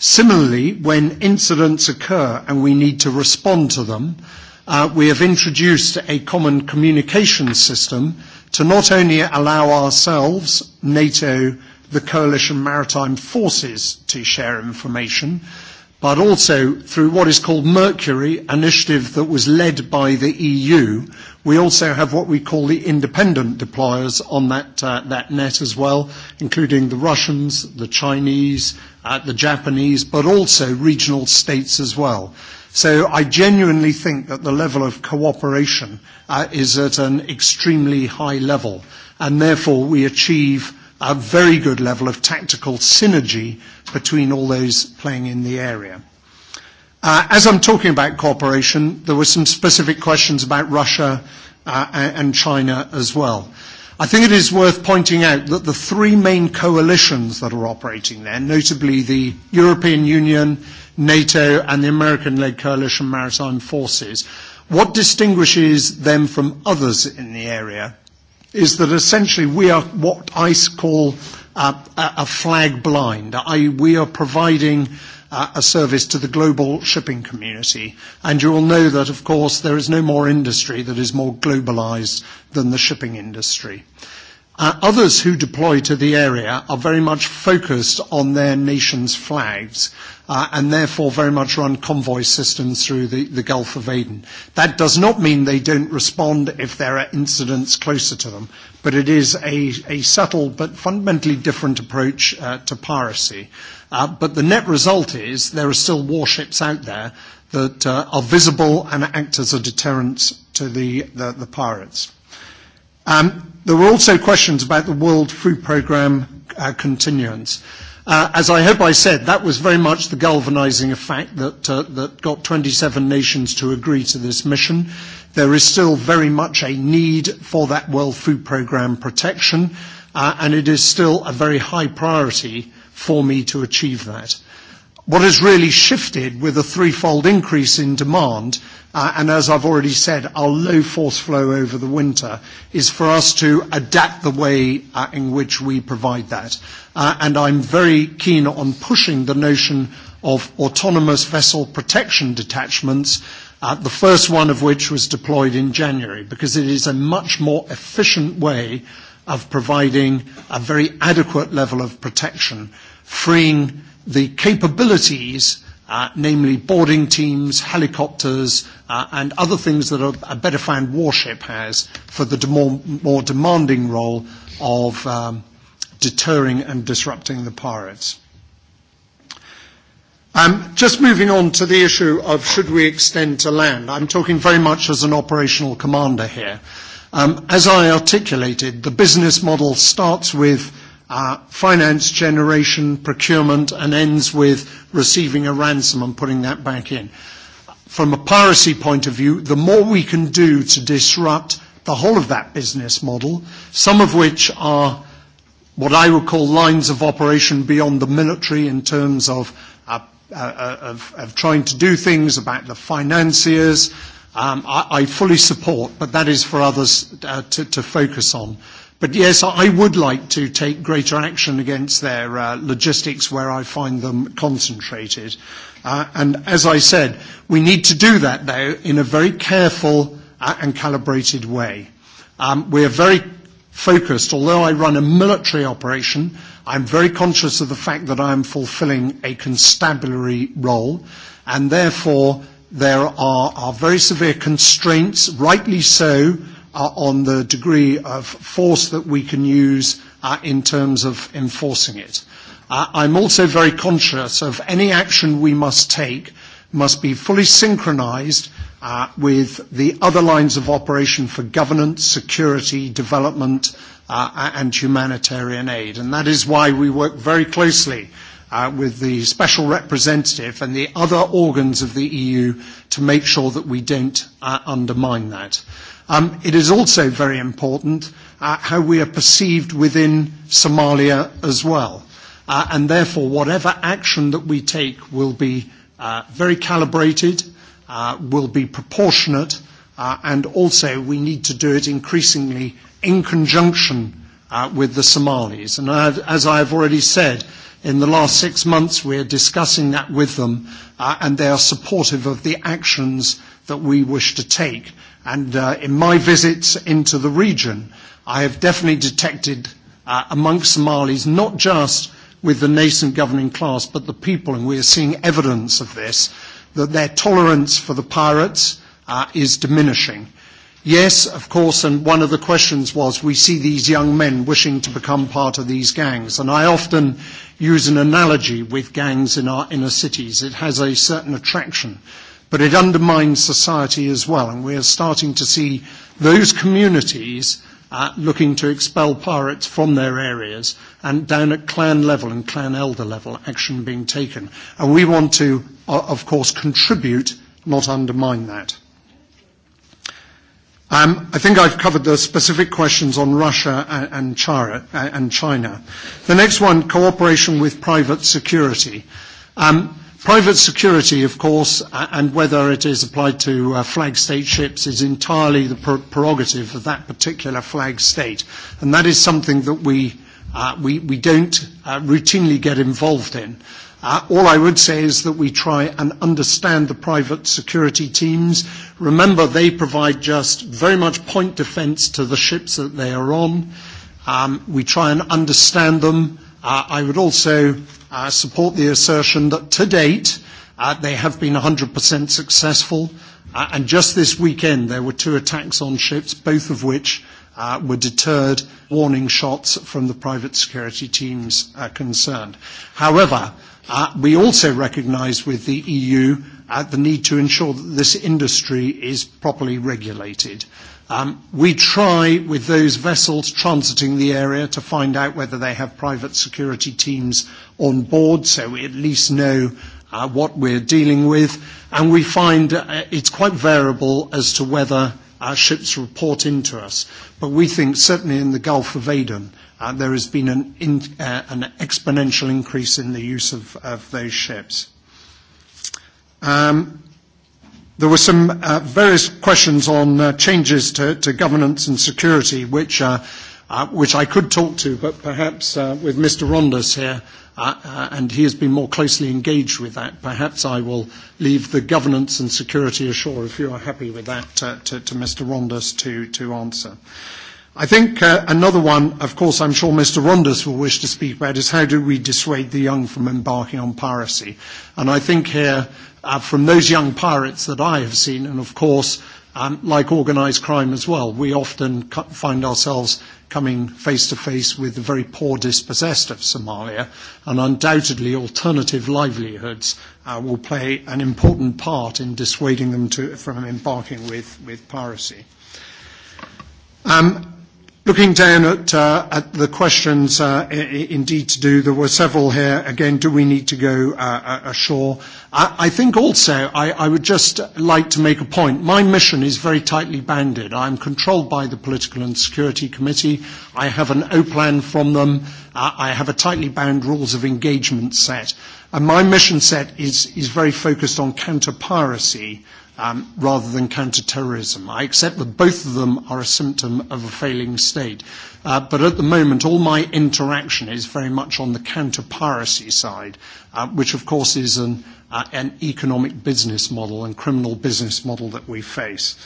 Similarly, when incidents occur and we need to respond to them, uh, we have introduced a common communication system to not only allow ourselves, NATO, the coalition maritime forces to share information, but also through what is called Mercury, an initiative that was led by the EU. We also have what we call the independent deployers on that, uh, that net as well, including the Russians, the Chinese, at the Japanese, but also regional states as well. So I genuinely think that the level of cooperation uh, is at an extremely high level, and therefore we achieve a very good level of tactical synergy between all those playing in the area. Uh, as I'm talking about cooperation, there were some specific questions about Russia uh, and China as well. I think it is worth pointing out that the three main coalitions that are operating there, notably the European Union, NATO, and the American-led Coalition Maritime Forces, what distinguishes them from others in the area is that essentially we are what I call uh, a flag blind, i.e. we are providing uh, a service to the global shipping community. And you will know that, of course, there is no more industry that is more globalized than the shipping industry. Uh, others who deploy to the area are very much focused on their nation's flags uh, and therefore very much run convoy systems through the, the Gulf of Aden. That does not mean they don't respond if there are incidents closer to them, but it is a, a subtle but fundamentally different approach uh, to piracy. Uh, but the net result is there are still warships out there that uh, are visible and act as a deterrent to the, the, the pirates. Um, there were also questions about the World Food Programme uh, continuance. Uh, as I hope I said, that was very much the galvanizing effect that, uh, that got 27 nations to agree to this mission. There is still very much a need for that World Food Programme protection, uh, and it is still a very high priority for me to achieve that. What has really shifted with a threefold increase in demand, uh, and as I've already said, our low force flow over the winter, is for us to adapt the way uh, in which we provide that. Uh, and I'm very keen on pushing the notion of autonomous vessel protection detachments, uh, the first one of which was deployed in January, because it is a much more efficient way of providing a very adequate level of protection freeing the capabilities, uh, namely boarding teams, helicopters, uh, and other things that a, a better found warship has for the de more, more demanding role of um, deterring and disrupting the pirates. Um, just moving on to the issue of should we extend to land. I'm talking very much as an operational commander here. Um, as I articulated, the business model starts with uh, finance generation, procurement, and ends with receiving a ransom and putting that back in. From a piracy point of view, the more we can do to disrupt the whole of that business model, some of which are what I would call lines of operation beyond the military in terms of, uh, uh, of, of trying to do things about the financiers, um, I, I fully support, but that is for others uh, to, to focus on. But yes, I would like to take greater action against their uh, logistics where I find them concentrated. Uh, and as I said, we need to do that, though, in a very careful uh, and calibrated way. Um, we are very focused. Although I run a military operation, I'm very conscious of the fact that I am fulfilling a constabulary role, and therefore there are, are very severe constraints, rightly so, on the degree of force that we can use uh, in terms of enforcing it. Uh, I'm also very conscious of any action we must take must be fully synchronized uh, with the other lines of operation for governance, security, development, uh, and humanitarian aid. And that is why we work very closely uh, with the special representative and the other organs of the EU to make sure that we don't uh, undermine that. Um, it is also very important uh, how we are perceived within Somalia as well. Uh, and therefore, whatever action that we take will be uh, very calibrated, will be proportionate, and also we need to do it increasingly in conjunction with the Somalis. And I've, as I've already said, in the last six months we are discussing that with them, and they are supportive of the actions that we wish to take. And uh, in my visits into the region, I have definitely detected uh, amongst Somalis, not just with the nascent governing class, but the people, and we are seeing evidence of this, that their tolerance for the pirates uh, is diminishing. Yes, of course, and one of the questions was we see these young men wishing to become part of these gangs, and I often use an analogy with gangs in our inner cities. It has a certain attraction but it undermines society as well. And we are starting to see those communities uh, looking to expel pirates from their areas and down at clan level and clan elder level action being taken. And we want to, uh, of course, contribute, not undermine that. Um, I think I've covered the specific questions on Russia and uh, and China. The next one, cooperation with private security. Um, Private security, of course, and whether it is applied to uh, flag state ships is entirely the pr prerogative of that particular flag state. And that is something that we, uh, we, we don't uh, routinely get involved in. Uh, all I would say is that we try and understand the private security teams. Remember, they provide just very much point defense to the ships that they are on. Um, we try and understand them Uh, I would also uh, support the assertion that to date uh, they have been 100% successful. and just this weekend there were two attacks on ships, both of which uh, were deterred warning shots from the private security teams concerned. However, uh, we also recognise with the EU uh, the need to ensure that this industry is properly regulated. Um, we try with those vessels transiting the area to find out whether they have private security teams on board, so we at least know uh, what we're dealing with. And we find uh, it's quite variable as to whether our ships report into us. But we think certainly in the Gulf of Aden, uh, there has been an, in, uh, an exponential increase in the use of, of those ships. Um, There were some uh, various questions on uh, changes to, to governance and security, which, uh, uh, which I could talk to, but perhaps uh, with Mr. Rondas here, uh, uh, and he has been more closely engaged with that, perhaps I will leave the governance and security ashore, if you are happy with that, uh, to, to Mr. Rondas to, to answer. Uh, i think uh, another one, of course, I'm sure Mr. Rondas will wish to speak about is how do we dissuade the young from embarking on piracy? And I think here, uh, from those young pirates that I have seen, and of course, um, like organised crime as well, we often find ourselves coming face to face with the very poor dispossessed of Somalia, and undoubtedly alternative livelihoods uh, will play an important part in dissuading them to, from embarking with, with piracy. Um, Looking down at, uh, at the questions, uh, indeed to do, there were several here. Again, do we need to go uh, uh, ashore? I, I think also I, I would just like to make a point. My mission is very tightly banded. I'm controlled by the Political and Security Committee. I have an O-plan from them. Uh, I have a tightly bound rules of engagement set. And my mission set is, is very focused on counter-piracy um, rather than counter-terrorism. I accept that both of them are a symptom of a failing state. Uh, but at the moment, all my interaction is very much on the counter-piracy side, uh, which of course is an, uh, an economic business model and criminal business model that we face.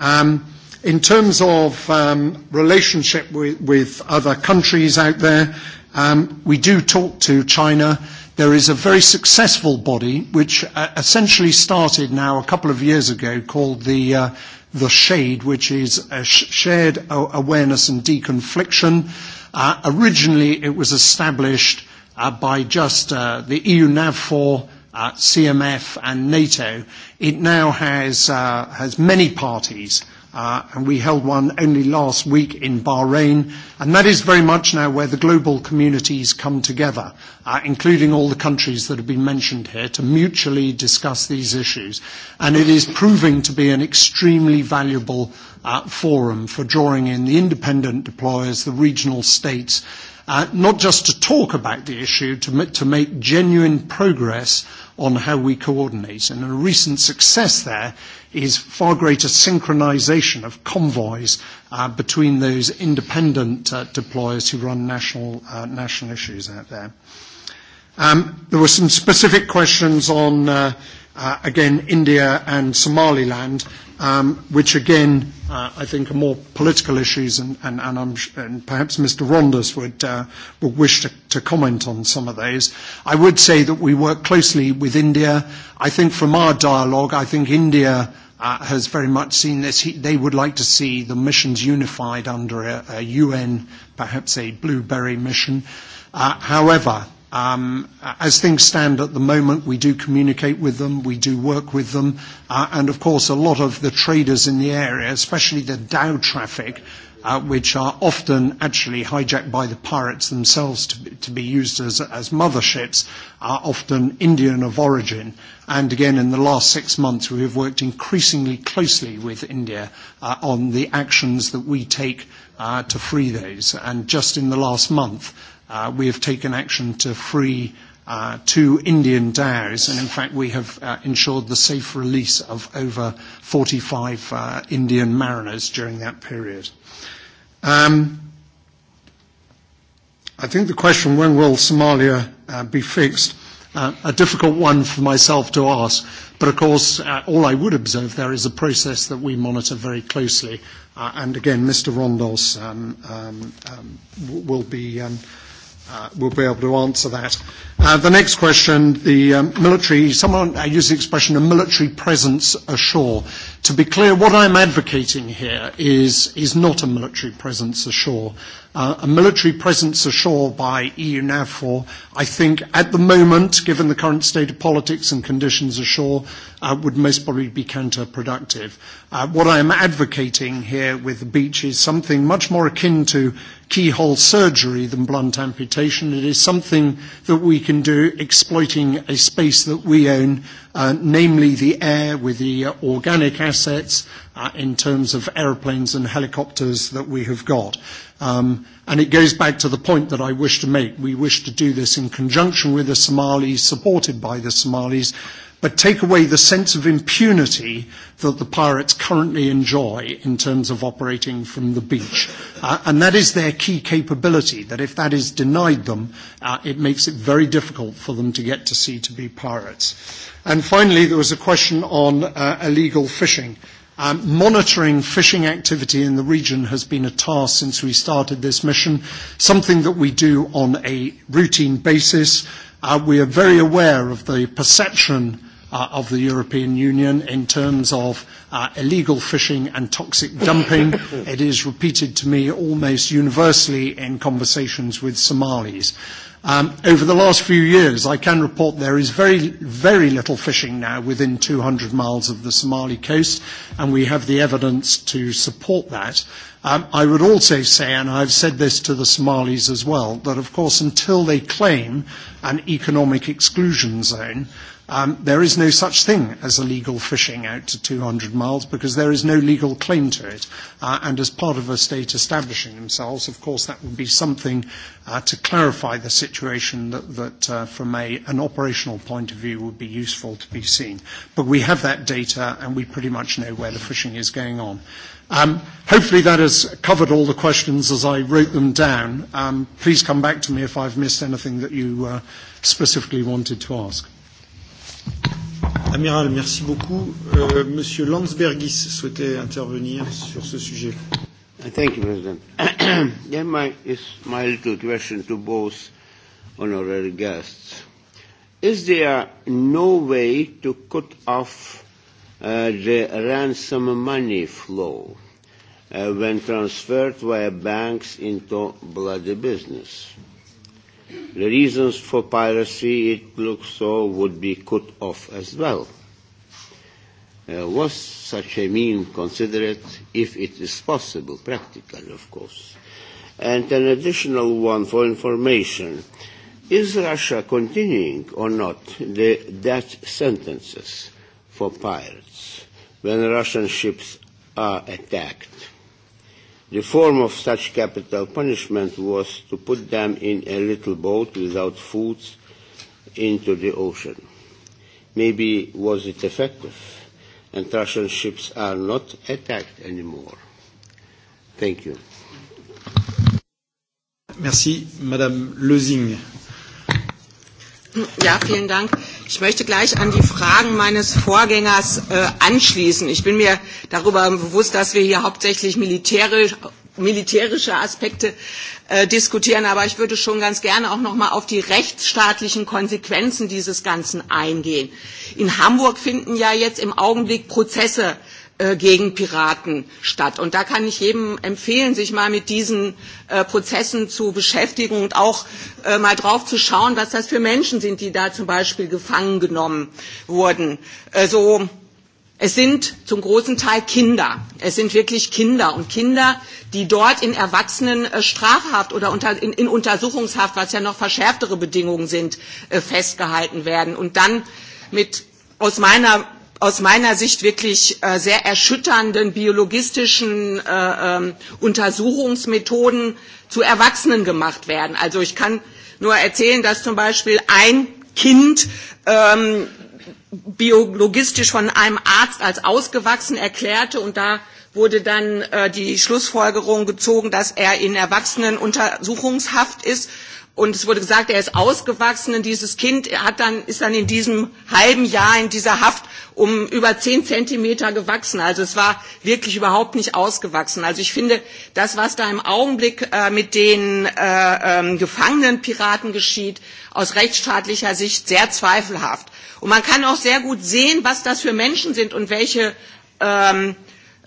Um, in terms of um, relationship with, with other countries out there, um, we do talk to China. There is a very successful body which uh, essentially started now a couple of years ago called the, uh, the SHADE, which is a sh- Shared o- Awareness and Deconfliction. Uh, originally, it was established uh, by just uh, the EU NAVFOR, uh, CMF, and NATO. It now has, uh, has many parties Uh, and we held one only last week in Bahrain. And that is very much now where the global communities come together, uh, including all the countries that have been mentioned here, to mutually discuss these issues. And it is proving to be an extremely valuable uh, forum for drawing in the independent deployers, the regional states, uh, not just to talk about the issue, to, to make genuine progress on how we coordinate. And a recent success there is far greater synchronization of convoys uh, between those independent uh, deployers who run national, uh, national issues out there. Um, there were some specific questions on, uh, uh, again, India and Somaliland, um, which again uh, I think are more political issues, and, and, and, I'm, and perhaps Mr. Rondas would, uh, would wish to, to comment on some of those. I would say that we work closely with India. I think from our dialogue, I think India uh, has very much seen this. He, they would like to see the missions unified under a, a UN, perhaps a blueberry mission. Uh, however, Um, as things stand at the moment, we do communicate with them, we do work with them, uh, and of course, a lot of the traders in the area, especially the Dow traffic, uh, which are often actually hijacked by the pirates themselves to be, to be used as, as motherships, are often Indian of origin. And again, in the last six months, we have worked increasingly closely with India uh, on the actions that we take uh, to free those. And just in the last month, Uh, we have taken action to free uh, two Indian DAOs and in fact, we have uh, ensured the safe release of over 45 uh, Indian mariners during that period. Um, I think the question, when will Somalia uh, be fixed, uh, a difficult one for myself to ask, but of course, uh, all I would observe there is a process that we monitor very closely, uh, and again, Mr. Rondos um, um, um, will be. Um, uh, will be able to answer that. Uh, the next question, the um, military, someone I use the expression a military presence ashore. To be clear, what I'm advocating here is, is not a military presence ashore uh, a military presence ashore by EU NAVFOR, I think at the moment, given the current state of politics and conditions ashore, uh, would most probably be counterproductive. Uh, what I am advocating here with the beach is something much more akin to keyhole surgery than blunt amputation. It is something that we can do exploiting a space that we own, uh, namely the air with the uh, organic assets uh, in terms of aeroplanes and helicopters that we have got. Um, and it goes back to the point that I wish to make. We wish to do this in conjunction with the Somalis, supported by the Somalis, but take away the sense of impunity that the pirates currently enjoy in terms of operating from the beach. Uh, and that is their key capability, that if that is denied them, uh, it makes it very difficult for them to get to sea to be pirates. And finally, there was a question on uh, illegal fishing. Um, monitoring fishing activity in the region has been a task since we started this mission, something that we do on a routine basis. Uh, we are very aware of the perception uh, of the European Union in terms of uh, illegal fishing and toxic dumping. it is repeated to me almost universally in conversations with Somalis. Um, over the last few years, I can report there is very, very little fishing now within 200 miles of the Somali coast, and we have the evidence to support that. Um, I would also say, and I've said this to the Somalis as well, that of course until they claim an economic exclusion zone, Um, there is no such thing as illegal fishing out to 200 miles because there is no legal claim to it. Uh, and as part of a state establishing themselves, of course, that would be something uh, to clarify the situation that, that uh, from a, an operational point of view, would be useful to be seen. But we have that data and we pretty much know where the fishing is going on. Um, hopefully that has covered all the questions as I wrote them down. Um, please come back to me if I've missed anything that you uh, specifically wanted to ask. Amiral, merci beaucoup. Euh, Monsieur Landsbergis souhaitait intervenir sur ce sujet. Uh, thank you, President. Then my, is my little question to both honorary guests. Is there no way to cut off uh, the ransom money flow uh, when transferred via banks into bloody business? the reasons for piracy, it looks so, would be cut off as well. Uh, was such a mean considered, if it is possible, practically, of course? And an additional one for information. Is Russia continuing or not the death sentences for pirates when Russian ships are attacked? The form of such capital punishment was to put them in a little boat without food into the ocean. Maybe was it effective, and Russian ships are not attacked anymore. Thank you. Merci, Madame Lezing. Ja, vielen Dank. Ich möchte gleich an die Fragen meines Vorgängers äh, anschließen. Ich bin mir darüber bewusst, dass wir hier hauptsächlich militärisch, militärische Aspekte äh, diskutieren, aber ich würde schon ganz gerne auch noch mal auf die rechtsstaatlichen Konsequenzen dieses Ganzen eingehen. In Hamburg finden ja jetzt im Augenblick Prozesse Äh, gegen Piraten statt. Und da kann ich jedem empfehlen, sich mal mit diesen äh, Prozessen zu beschäftigen und auch äh, mal drauf zu schauen, was das für Menschen sind, die da zum Beispiel gefangen genommen wurden. Also, es sind zum großen Teil Kinder. Es sind wirklich Kinder und Kinder, die dort in Erwachsenen äh, strafhaft oder unter, in, in, Untersuchungshaft, was ja noch verschärftere Bedingungen sind, äh, festgehalten werden und dann mit aus meiner aus meiner Sicht wirklich äh, sehr erschütternden biologistischen äh, ähm, Untersuchungsmethoden zu Erwachsenen gemacht werden. Also ich kann nur erzählen, dass zum Beispiel ein Kind ähm, biologistisch von einem Arzt als ausgewachsen erklärte und da wurde dann äh, die Schlussfolgerung gezogen, dass er in Erwachsenenuntersuchungshaft ist. Und es wurde gesagt, er ist ausgewachsen und dieses Kind hat dann, ist dann in diesem halben Jahr in dieser Haft um über zehn Zentimeter gewachsen. Also es war wirklich überhaupt nicht ausgewachsen. Also ich finde, das, was da im Augenblick äh, mit den äh, ähm, gefangenen Piraten geschieht, aus rechtsstaatlicher Sicht sehr zweifelhaft. Und man kann auch sehr gut sehen, was das für Menschen sind und welche ähm,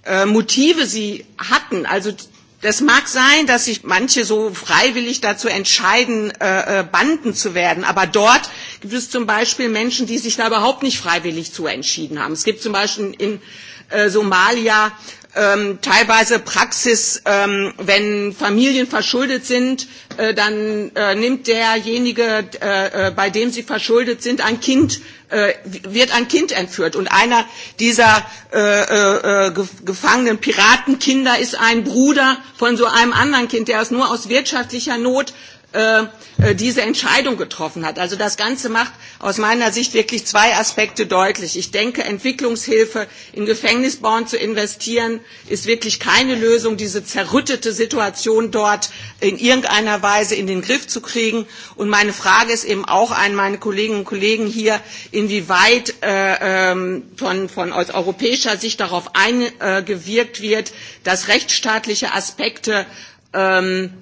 äh, Motive sie hatten. Also Das mag sein, dass sich manche so freiwillig dazu entscheiden, äh, äh, Banden zu werden, aber dort gibt es zum Beispiel Menschen, die sich da überhaupt nicht freiwillig zu entschieden haben. Es gibt zum Beispiel in äh, Somalia ähm, teilweise Praxis, ähm, wenn Familien verschuldet sind, äh, dann äh, nimmt derjenige, äh, äh bei dem sie verschuldet sind, ein Kind, äh, wird ein Kind entführt. Und einer dieser äh, gefangenen Piratenkinder ist ein Bruder von so einem anderen Kind, der es nur aus wirtschaftlicher Not Äh, äh, diese Entscheidung getroffen hat. Also das Ganze macht aus meiner Sicht wirklich zwei Aspekte deutlich. Ich denke, Entwicklungshilfe in Gefängnisbauen zu investieren, ist wirklich keine Lösung, diese zerrüttete Situation dort in irgendeiner Weise in den Griff zu kriegen. Und meine Frage ist eben auch an meine Kolleginnen und Kollegen hier, inwieweit äh, ähm, von, von aus europäischer Sicht darauf eingewirkt wird, dass rechtsstaatliche Aspekte ähm,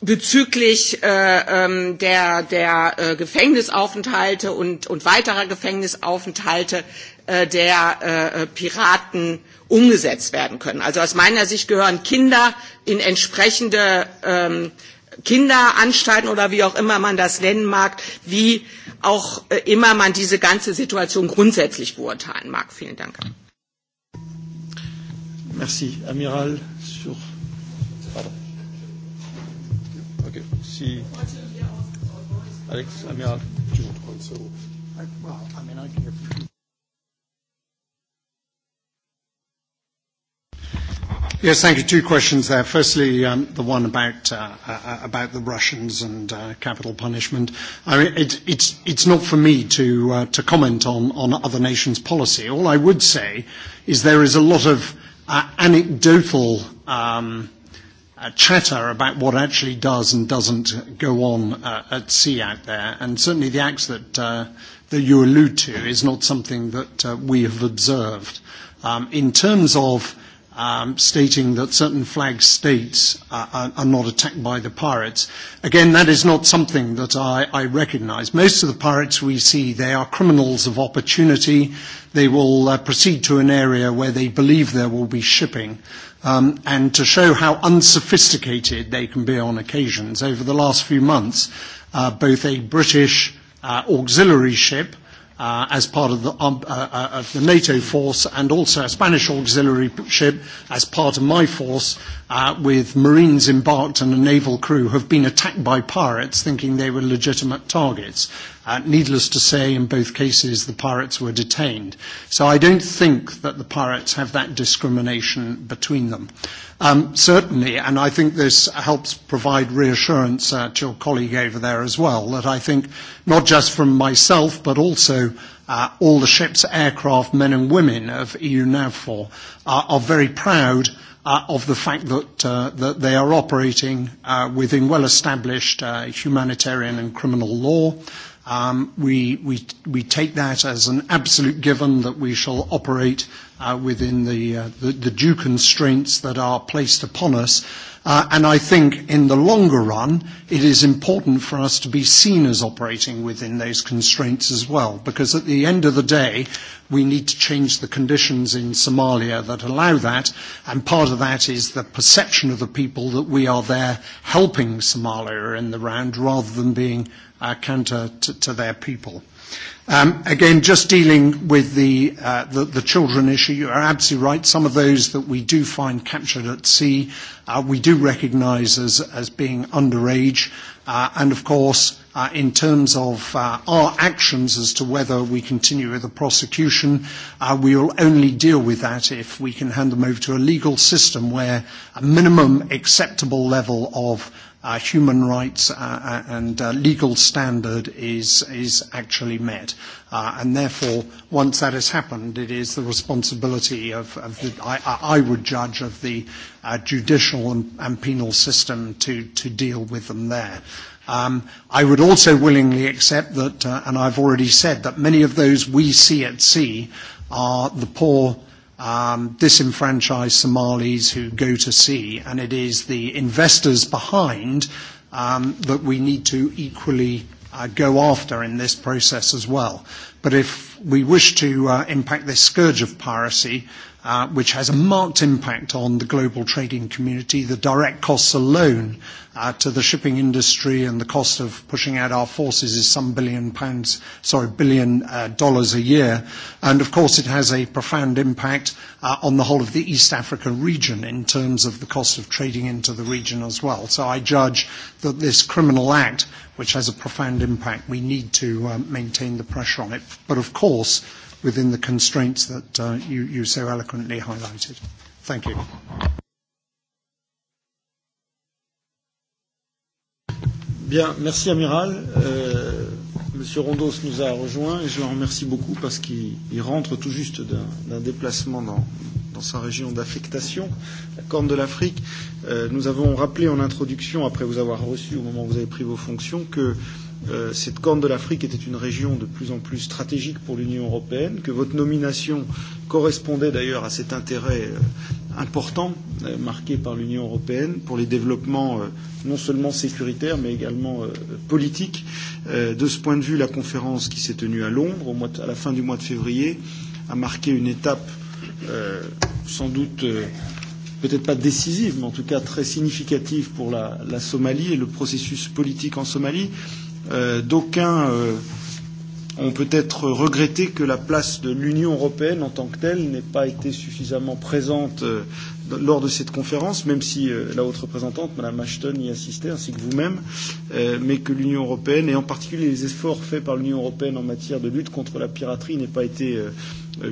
bezüglich äh, ähm, der, der äh, Gefängnisaufenthalte und, und weiterer Gefängnisaufenthalte äh, der äh, Piraten umgesetzt werden können. Also aus meiner Sicht gehören Kinder in entsprechende ähm, Kinderanstalten oder wie auch immer man das nennen mag, wie auch äh, immer man diese ganze Situation grundsätzlich beurteilen mag. Vielen Dank. Merci, Amiral. Sur see Alex Amiral. I, mean, Yes, thank you. Two questions there. Firstly, um, the one about uh, uh, about the Russians and uh, capital punishment. I mean, it, it's it's not for me to uh, to comment on on other nations' policy. All I would say is there is a lot of uh, anecdotal. Um, uh, chatter about what actually does and doesn't go on uh, at sea out there. And certainly the acts that, uh, that you allude to is not something that uh, we have observed. Um, in terms of um, stating that certain flag states are, are, are not attacked by the pirates. Again, that is not something that I, I recognize. Most of the pirates we see, they are criminals of opportunity. They will uh, proceed to an area where they believe there will be shipping. Um, and to show how unsophisticated they can be on occasions, over the last few months, uh, both a British uh, auxiliary ship – uh, as part of the, um, uh, uh, of the NATO force and also a Spanish auxiliary ship as part of my force uh, with Marines embarked and a naval crew have been attacked by pirates thinking they were legitimate targets. Uh, needless to say, in both cases, the pirates were detained. So I don't think that the pirates have that discrimination between them. Um, certainly, and I think this helps provide reassurance uh, to your colleague over there as well, that I think not just from myself, but also uh, all the ship's aircraft, men and women of EU NAVFOR, are uh, are very proud uh, of the fact that, uh, that they are operating uh, within well-established uh, humanitarian and criminal law. Um, we, we, we take that as an absolute given that we shall operate uh, within the, uh, the, the due constraints that are placed upon us. Uh, and I think in the longer run, it is important for us to be seen as operating within those constraints as well, because at the end of the day, we need to change the conditions in Somalia that allow that, and part of that is the perception of the people that we are there helping Somalia in the round rather than being uh, counter to, to their people. Um, again, just dealing with the, uh, the, the children issue, you are absolutely right. Some of those that we do find captured at sea, uh, we do recognise as, as being underage. Uh, and of course, uh, in terms of uh, our actions as to whether we continue with the prosecution, uh, we will only deal with that if we can hand them over to a legal system where a minimum acceptable level of uh, human rights uh, uh, and uh, legal standard is, is actually met. Uh, and therefore, once that has happened, it is the responsibility of, of the, I, I would judge, of the uh, judicial and, and penal system to, to deal with them there. Um, I would also willingly accept that, uh, and I've already said, that many of those we see at sea are the poor um, disenfranchised Somalis who go to sea, and it is the investors behind um, that we need to equally uh, go after in this process as well. But if we wish to uh, impact this scourge of piracy, uh, which has a marked impact on the global trading community. The direct costs alone uh, to the shipping industry and the cost of pushing out our forces is some billion pounds, sorry, billion uh, dollars a year. And of course, it has a profound impact uh, on the whole of the East Africa region in terms of the cost of trading into the region as well. So I judge that this criminal act, which has a profound impact, we need to uh, maintain the pressure on it. But of course, within the constraints that uh, you, you so eloquently highlighted. Thank you. Bien, merci Amiral. Euh, Monsieur Rondos nous a rejoint et je le remercie beaucoup parce qu'il rentre tout juste d'un déplacement dans, dans sa région d'affectation, la Corne de l'Afrique. Euh, nous avons rappelé en introduction, après vous avoir reçu au moment où vous avez pris vos fonctions, que euh, Euh, cette Corne de l'Afrique était une région de plus en plus stratégique pour l'Union européenne, que votre nomination correspondait d'ailleurs à cet intérêt euh, important euh, marqué par l'Union européenne pour les développements euh, non seulement sécuritaires mais également euh, politiques. Euh, de ce point de vue, la conférence qui s'est tenue à Londres au mois de, à la fin du mois de février a marqué une étape euh, sans doute euh, peut-être pas décisive, mais en tout cas très significative pour la, la Somalie et le processus politique en Somalie. Euh, Euh, d'aucuns euh, ont peut-être regretté que la place de l'Union européenne en tant que telle n'ait pas été suffisamment présente euh, lors de cette conférence, même si euh, la haute représentante, Mme Ashton, y assistait, ainsi que vous-même, euh, mais que l'Union européenne, et en particulier les efforts faits par l'Union européenne en matière de lutte contre la piraterie, n'aient pas été euh,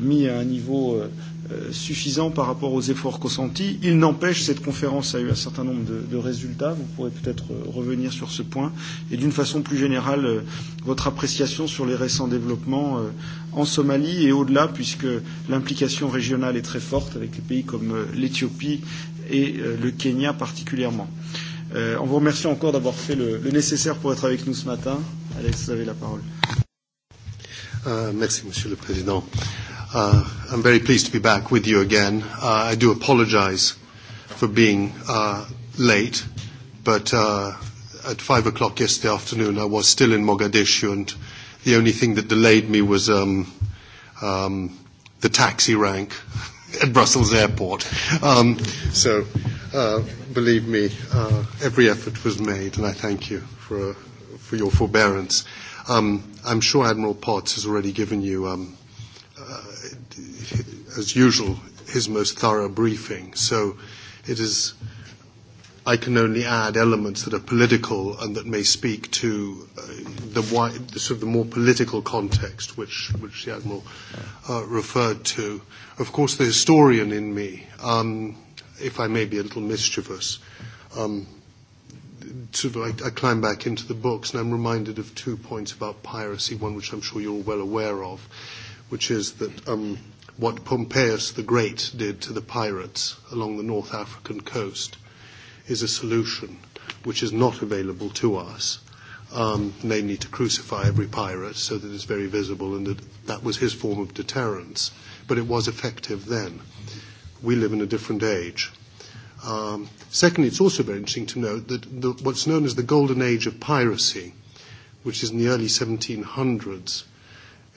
mis à un niveau euh, euh, suffisant par rapport aux efforts consentis. Il n'empêche, cette conférence a eu un certain nombre de, de résultats. Vous pourrez peut-être euh, revenir sur ce point. Et d'une façon plus générale, votre appréciation sur les récents développements en Somalie et au-delà, puisque l'implication régionale est très forte avec les pays comme l'Éthiopie et le Kenya particulièrement. Euh, on vous remercie encore d'avoir fait le, le nécessaire pour être avec nous ce matin. Alex, vous avez la parole. Euh, merci, Monsieur le Président. Euh, Uh, I'm very pleased to be back with you again. Uh, I do apologize for being uh, late, but uh, at five o'clock yesterday afternoon, I was still in Mogadishu, and the only thing that delayed me was um, um, the taxi rank at Brussels Airport. Um, so, uh, believe me, uh, every effort was made, and I thank you for, uh, for your forbearance. Um, I'm sure Admiral Potts has already given you. Um, as usual, his most thorough briefing. So it is, I can only add elements that are political and that may speak to uh, the, wide, the sort of the more political context which, which the Admiral uh, referred to. Of course, the historian in me, um, if I may be a little mischievous, um, sort of, I, I climb back into the books and I'm reminded of two points about piracy, one which I'm sure you're all well aware of which is that um, what Pompeius the Great did to the pirates along the North African coast is a solution which is not available to us, um, namely to crucify every pirate so that it's very visible and that that was his form of deterrence. But it was effective then. We live in a different age. Um, secondly, it's also very interesting to note that the, what's known as the golden age of piracy, which is in the early 1700s,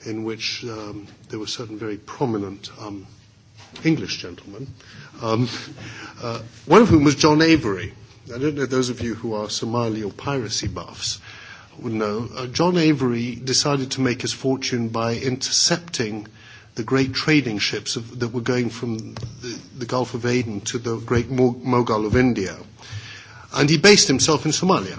in which um, there were certain very prominent um, English gentlemen, um, uh, one of whom was John Avery. I don't know those of you who are Somali or piracy buffs would know. Uh, John Avery decided to make his fortune by intercepting the great trading ships of, that were going from the, the Gulf of Aden to the great Mog- Mogul of India. And he based himself in Somalia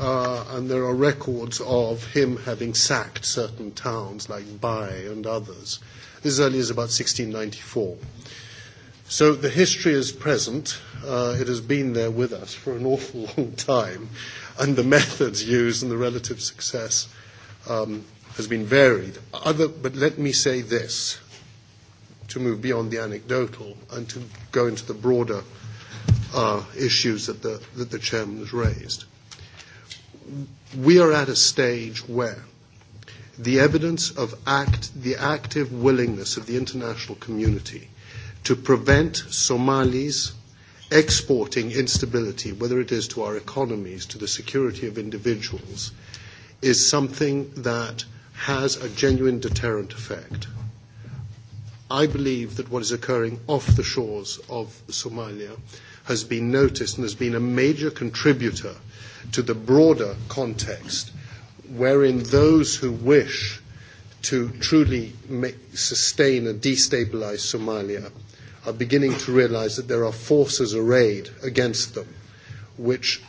uh, and there are records of him having sacked certain towns like Bai and others, This is early as about 1694. So the history is present. Uh, it has been there with us for an awful long time, and the methods used and the relative success um, has been varied. Other, but let me say this to move beyond the anecdotal and to go into the broader uh, issues that the, that the chairman has raised we are at a stage where the evidence of act, the active willingness of the international community to prevent Somalis exporting instability, whether it is to our economies, to the security of individuals, is something that has a genuine deterrent effect. I believe that what is occurring off the shores of Somalia has been noticed and has been a major contributor to the broader context wherein those who wish to truly make, sustain and destabilise Somalia are beginning to realise that there are forces arrayed against them which,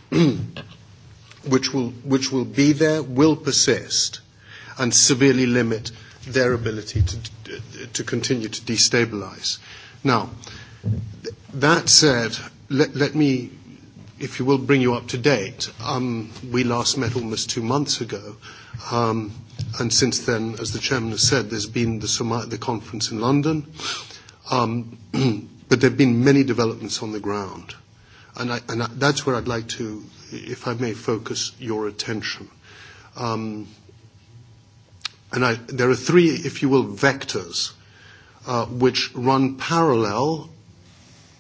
which, will, which will be there, will persist, and severely limit their ability to, to continue to destabilise. Now, that said, let, let me if you will, bring you up to date. Um, we last met almost two months ago, um, and since then, as the chairman has said, there's been the, the conference in London, um, but there have been many developments on the ground, and, I, and I, that's where I'd like to, if I may, focus your attention. Um, and I, there are three, if you will, vectors uh, which run parallel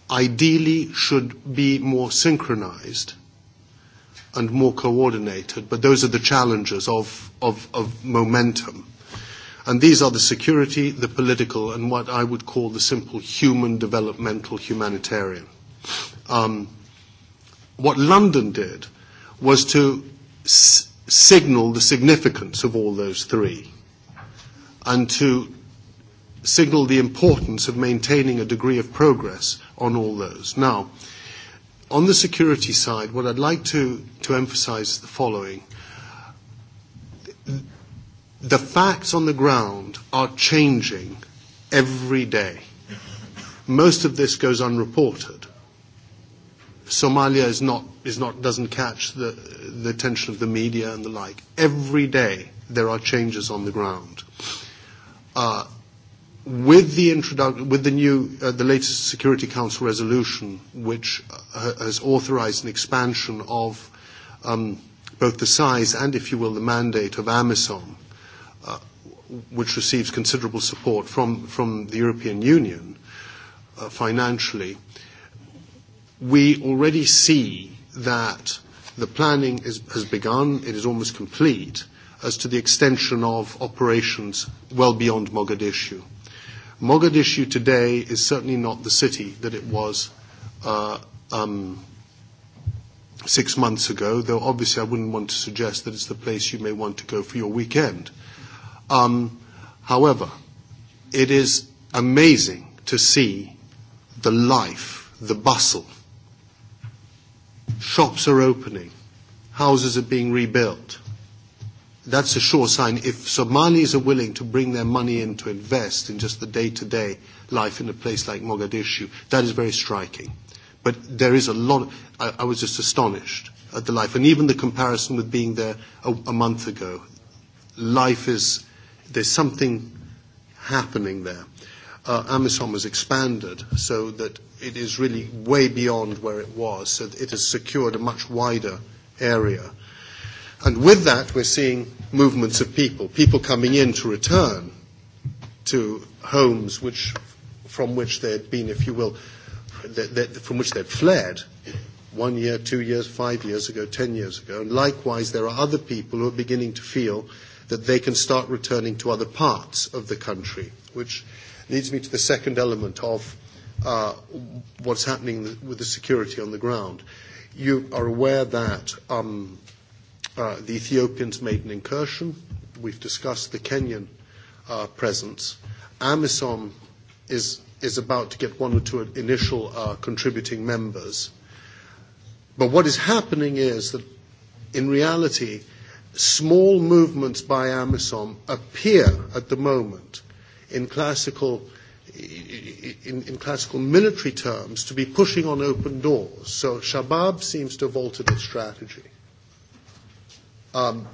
ideally should be more synchronized and more coordinated, but those are the challenges of, of, of momentum. And these are the security, the political, and what I would call the simple human, developmental, humanitarian. Um, what London did was to s- signal the significance of all those three and to signal the importance of maintaining a degree of progress on all those. Now, on the security side, what I'd like to, to emphasize is the following. The facts on the ground are changing every day. Most of this goes unreported. Somalia is not, is not, doesn't catch the, the attention of the media and the like. Every day there are changes on the ground. Uh, with the introduction, with the new, uh, the latest Security Council resolution, which uh, has authorized an expansion of um, both the size and, if you will, the mandate of AMISOM, uh, which receives considerable support from, from the European Union uh, financially, we already see that the planning is, has begun, it is almost complete, as to the extension of operations well beyond Mogadishu. Mogadishu today is certainly not the city that it was uh, um, six months ago, though obviously I wouldn't want to suggest that it's the place you may want to go for your weekend. Um, however, it is amazing to see the life, the bustle. Shops are opening, houses are being rebuilt that's a sure sign. If Somalis are willing to bring their money in to invest in just the day-to-day -day life in a place like Mogadishu, that is very striking. But there is a lot. Of, I, I was just astonished at the life, and even the comparison with being there a, a month ago. Life is there's something happening there. Uh, Amisom has expanded so that it is really way beyond where it was. So it has secured a much wider area. And with that, we're seeing movements of people, people coming in to return to homes which, from which they had been, if you will, that, that, from which they'd fled one year, two years, five years ago, ten years ago. And likewise, there are other people who are beginning to feel that they can start returning to other parts of the country, which leads me to the second element of uh, what's happening with the security on the ground. You are aware that um, Uh, the Ethiopians made an incursion. We've discussed the Kenyan uh, presence. AMISOM is, is about to get one or two initial uh, contributing members. But what is happening is that, in reality, small movements by AMISOM appear at the moment in classical in, in classical military terms, to be pushing on open doors. So Shabab seems to have altered its strategy. Um,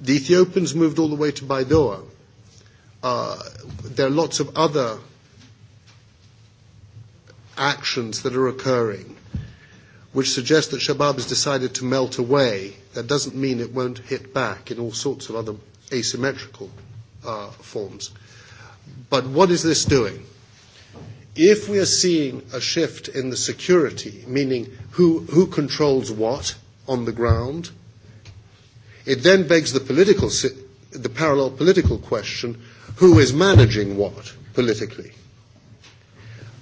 the Ethiopians moved all the way to Baidoa. Uh, there are lots of other actions that are occurring which suggest that Shabab has decided to melt away. That doesn't mean it won't hit back in all sorts of other asymmetrical uh, forms. But what is this doing? If we are seeing a shift in the security, meaning who, who controls what on the ground, It then begs the, political, the parallel political question who is managing what politically?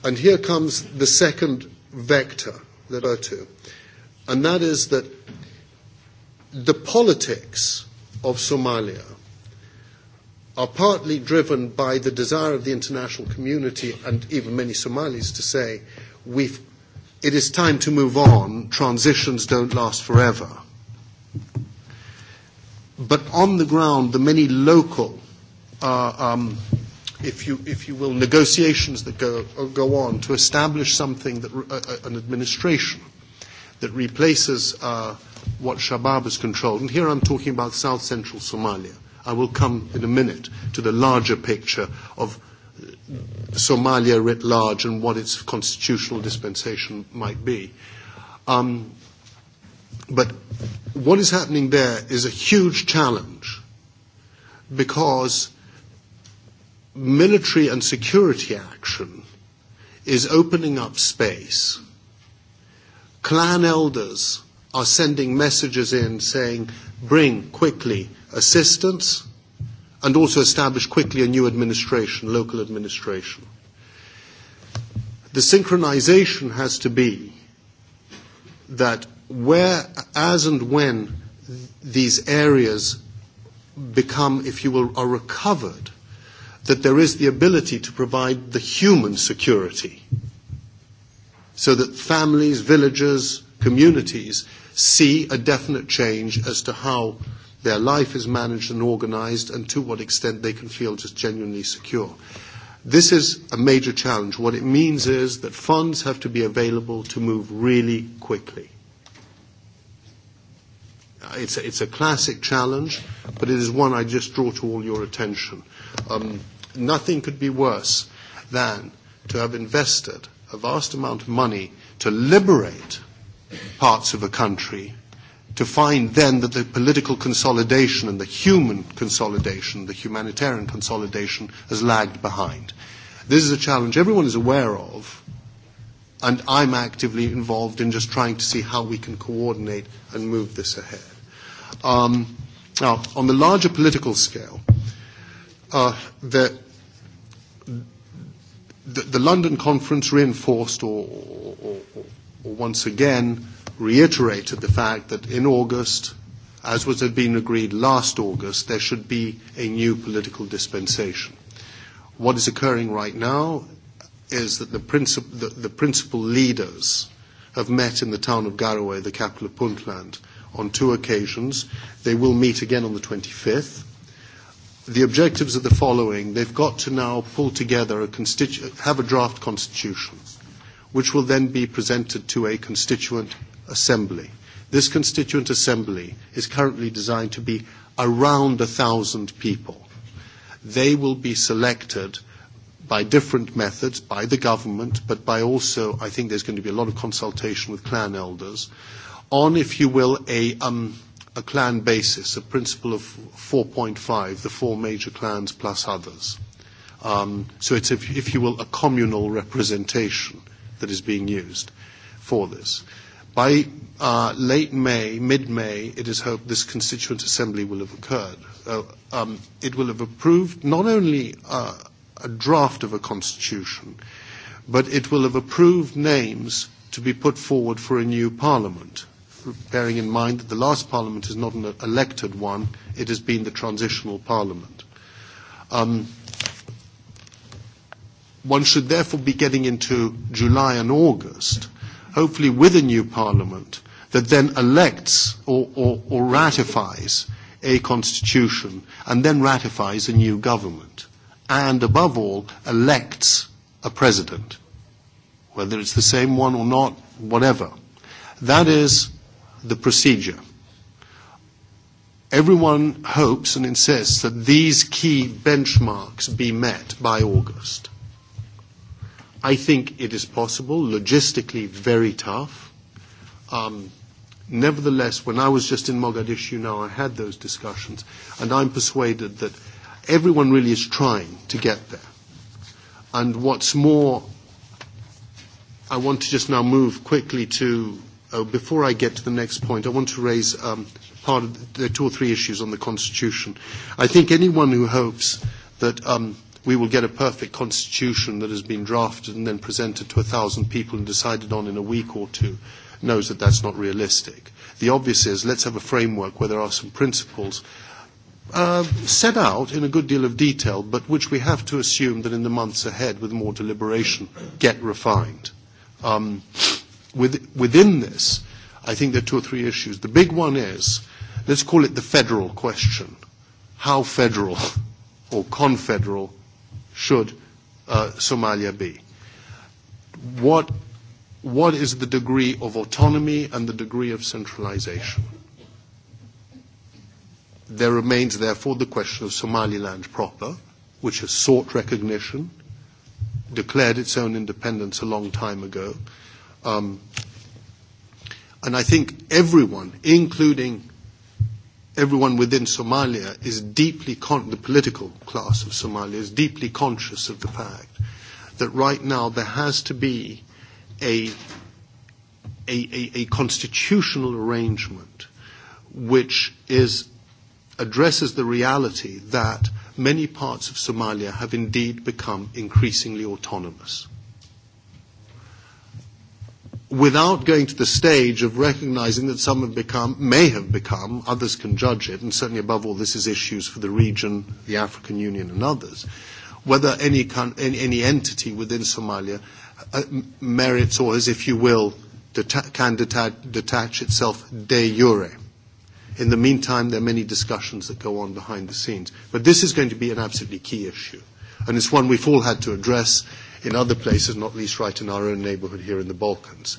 And here comes the second vector that are to, and that is that the politics of Somalia are partly driven by the desire of the international community and even many Somalis to say, we've, it is time to move on, transitions don't last forever. But on the ground, the many local, uh, um, if, you, if you will, negotiations that go, uh go on to establish something, that, uh, uh, an administration that replaces uh, what Shabab has controlled. And here I'm talking about south central Somalia. I will come in a minute to the larger picture of Somalia writ large and what its constitutional dispensation might be. Um, But what is happening there is a huge challenge because military and security action is opening up space. Clan elders are sending messages in saying, bring quickly assistance and also establish quickly a new administration, local administration. The synchronization has to be that where, as and when these areas become, if you will, are recovered, that there is the ability to provide the human security so that families, villages, communities see a definite change as to how their life is managed and organized and to what extent they can feel just genuinely secure. This is a major challenge. What it means is that funds have to be available to move really quickly it's a, it's a classic challenge, but it is one I just draw to all your attention. Um, nothing could be worse than to have invested a vast amount of money to liberate parts of a country to find then that the political consolidation and the human consolidation, the humanitarian consolidation has lagged behind. This is a challenge everyone is aware of, and I'm actively involved in just trying to see how we can coordinate and move this ahead. Um, now, on the larger political scale, uh, the, the, the London conference reinforced or, or, or, or once again reiterated the fact that in August, as was had been agreed last August, there should be a new political dispensation. What is occurring right now is that the, princip- the, the principal leaders have met in the town of Garowe, the capital of Puntland, on two occasions. They will meet again on the 25th. The objectives are the following. They've got to now pull together, a constitu- have a draft constitution, which will then be presented to a constituent assembly. This constituent assembly is currently designed to be around a thousand people. They will be selected by different methods, by the government, but by also, I think there's going to be a lot of consultation with clan elders, on, if you will, a, um, a clan basis, a principle of 4.5, the four major clans plus others. Um, so it's, if, if you will, a communal representation that is being used for this. By uh, late May, mid-May, it is hoped this constituent assembly will have occurred. Uh, um, it will have approved not only uh, a draft of a constitution, but it will have approved names to be put forward for a new parliament bearing in mind that the last parliament is not an elected one, it has been the transitional parliament. Um, one should therefore be getting into July and August, hopefully with a new parliament that then elects or, or, or ratifies a constitution and then ratifies a new government and above all elects a president, whether it's the same one or not, whatever. That is the procedure. Everyone hopes and insists that these key benchmarks be met by August. I think it is possible, logistically very tough. Um, nevertheless, when I was just in Mogadishu now, I had those discussions, and I'm persuaded that everyone really is trying to get there. And what's more, I want to just now move quickly to Uh, before I get to the next point, I want to raise um, part of the, two or three issues on the Constitution. I think anyone who hopes that um, we will get a perfect Constitution that has been drafted and then presented to a thousand people and decided on in a week or two knows that that's not realistic. The obvious is let's have a framework where there are some principles uh, set out in a good deal of detail, but which we have to assume that in the months ahead, with more deliberation, get refined. Um, with, within this, I think there are two or three issues. The big one is, let's call it the federal question. How federal or confederal should uh, Somalia be? What, what is the degree of autonomy and the degree of centralization? There remains, therefore, the question of Somaliland proper, which has sought recognition, declared its own independence a long time ago, Um, and I think everyone, including everyone within Somalia, is deeply con- the political class of Somalia is deeply conscious of the fact that right now there has to be a a, a, a constitutional arrangement which is addresses the reality that many parts of Somalia have indeed become increasingly autonomous without going to the stage of recognizing that some have become, may have become, others can judge it, and certainly above all this is issues for the region, the African Union and others, whether any, any entity within Somalia uh, merits or, as if you will, deta- can deta- detach itself de jure. In the meantime, there are many discussions that go on behind the scenes. But this is going to be an absolutely key issue. And it's one we've all had to address in other places, not least right in our own neighbourhood here in the Balkans.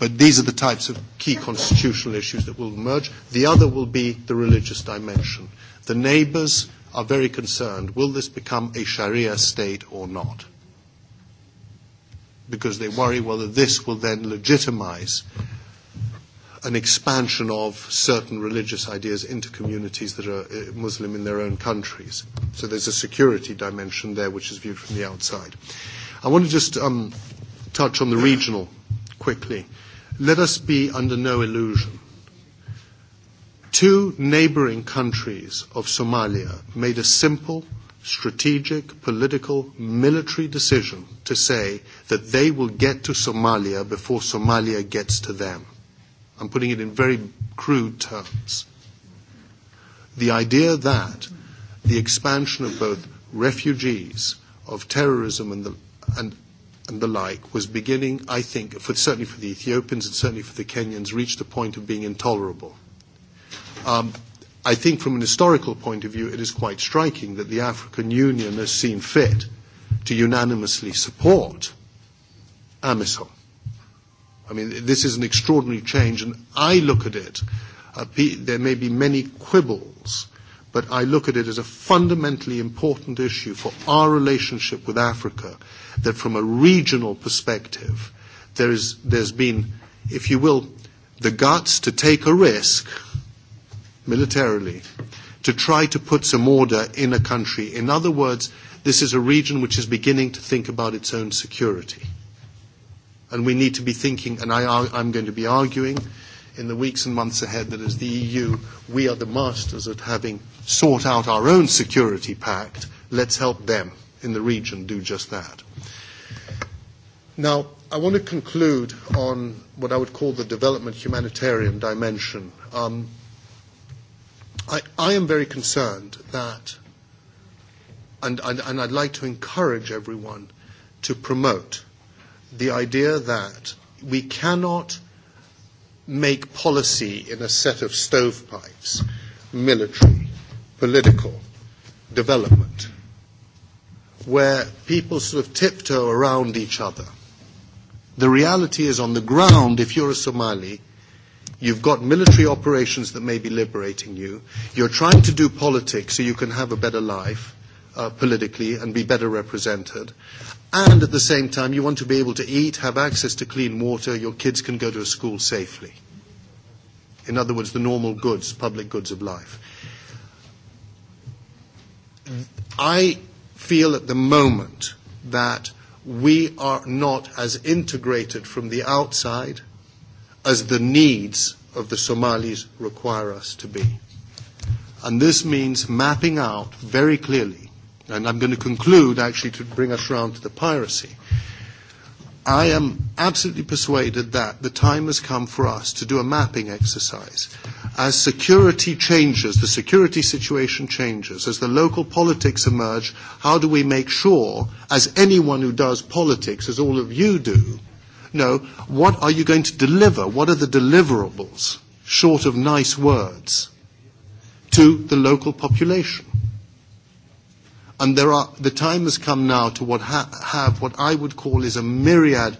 But these are the types of key constitutional issues that will emerge. The other will be the religious dimension. The neighbors are very concerned will this become a Sharia state or not? Because they worry whether this will then legitimise an expansion of certain religious ideas into communities that are uh, Muslim in their own countries. So there's a security dimension there which is viewed from the outside. I want to just um, touch on the regional quickly. Let us be under no illusion. Two neighboring countries of Somalia made a simple, strategic, political, military decision to say that they will get to Somalia before Somalia gets to them. I'm putting it in very crude terms. The idea that the expansion of both refugees, of terrorism and the, and, and the like was beginning, I think, for, certainly for the Ethiopians and certainly for the Kenyans, reached a point of being intolerable. Um, I think from an historical point of view, it is quite striking that the African Union has seen fit to unanimously support AMISOM i mean, this is an extraordinary change, and I look at it. Uh, there may be many quibbles, but I look at it as a fundamentally important issue for our relationship with Africa that from a regional perspective, there is, there's been, if you will, the guts to take a risk militarily to try to put some order in a country. In other words, this is a region which is beginning to think about its own security. And we need to be thinking, and I, I'm going to be arguing in the weeks and months ahead that as the EU, we are the masters at having sought out our own security pact. Let's help them in the region do just that. Now, I want to conclude on what I would call the development humanitarian dimension. Um, I, I am very concerned that, and, and, and I'd like to encourage everyone to promote the idea that we cannot make policy in a set of stovepipes, military, political, development, where people sort of tiptoe around each other. The reality is on the ground, if you're a Somali, You've got military operations that may be liberating you. You're trying to do politics so you can have a better life uh, politically and be better represented. And at the same time, you want to be able to eat, have access to clean water, your kids can go to a school safely. In other words, the normal goods, public goods of life. I feel at the moment that we are not as integrated from the outside as the needs of the Somalis require us to be. And this means mapping out very clearly and I'm going to conclude actually to bring us round to the piracy. I am absolutely persuaded that the time has come for us to do a mapping exercise. As security changes, the security situation changes, as the local politics emerge, how do we make sure, as anyone who does politics, as all of you do, know what are you going to deliver? What are the deliverables, short of nice words, to the local population? And there are, the time has come now to what ha- have what I would call is a myriad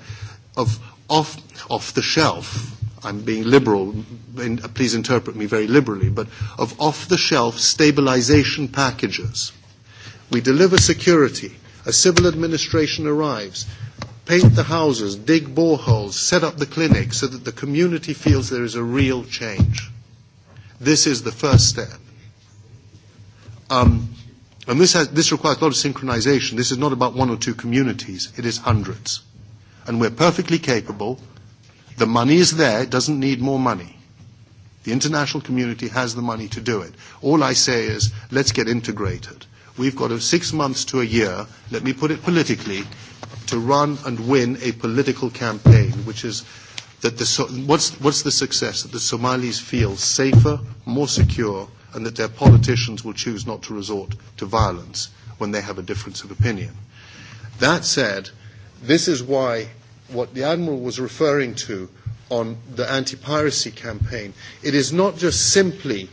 of off, off the shelf. I'm being liberal, please interpret me very liberally, but of off the shelf stabilization packages. We deliver security. A civil administration arrives paint the houses, dig boreholes, set up the clinic so that the community feels there is a real change. This is the first step. Um, And this, has, this requires a lot of synchronization. This is not about one or two communities. It is hundreds. And we're perfectly capable. The money is there. It doesn't need more money. The international community has the money to do it. All I say is, let's get integrated. We've got a six months to a year, let me put it politically, to run and win a political campaign, which is that the, what's, what's the success? That the Somalis feel safer, more secure, and that their politicians will choose not to resort to violence when they have a difference of opinion. That said, this is why what the Admiral was referring to on the anti-piracy campaign, it is not just simply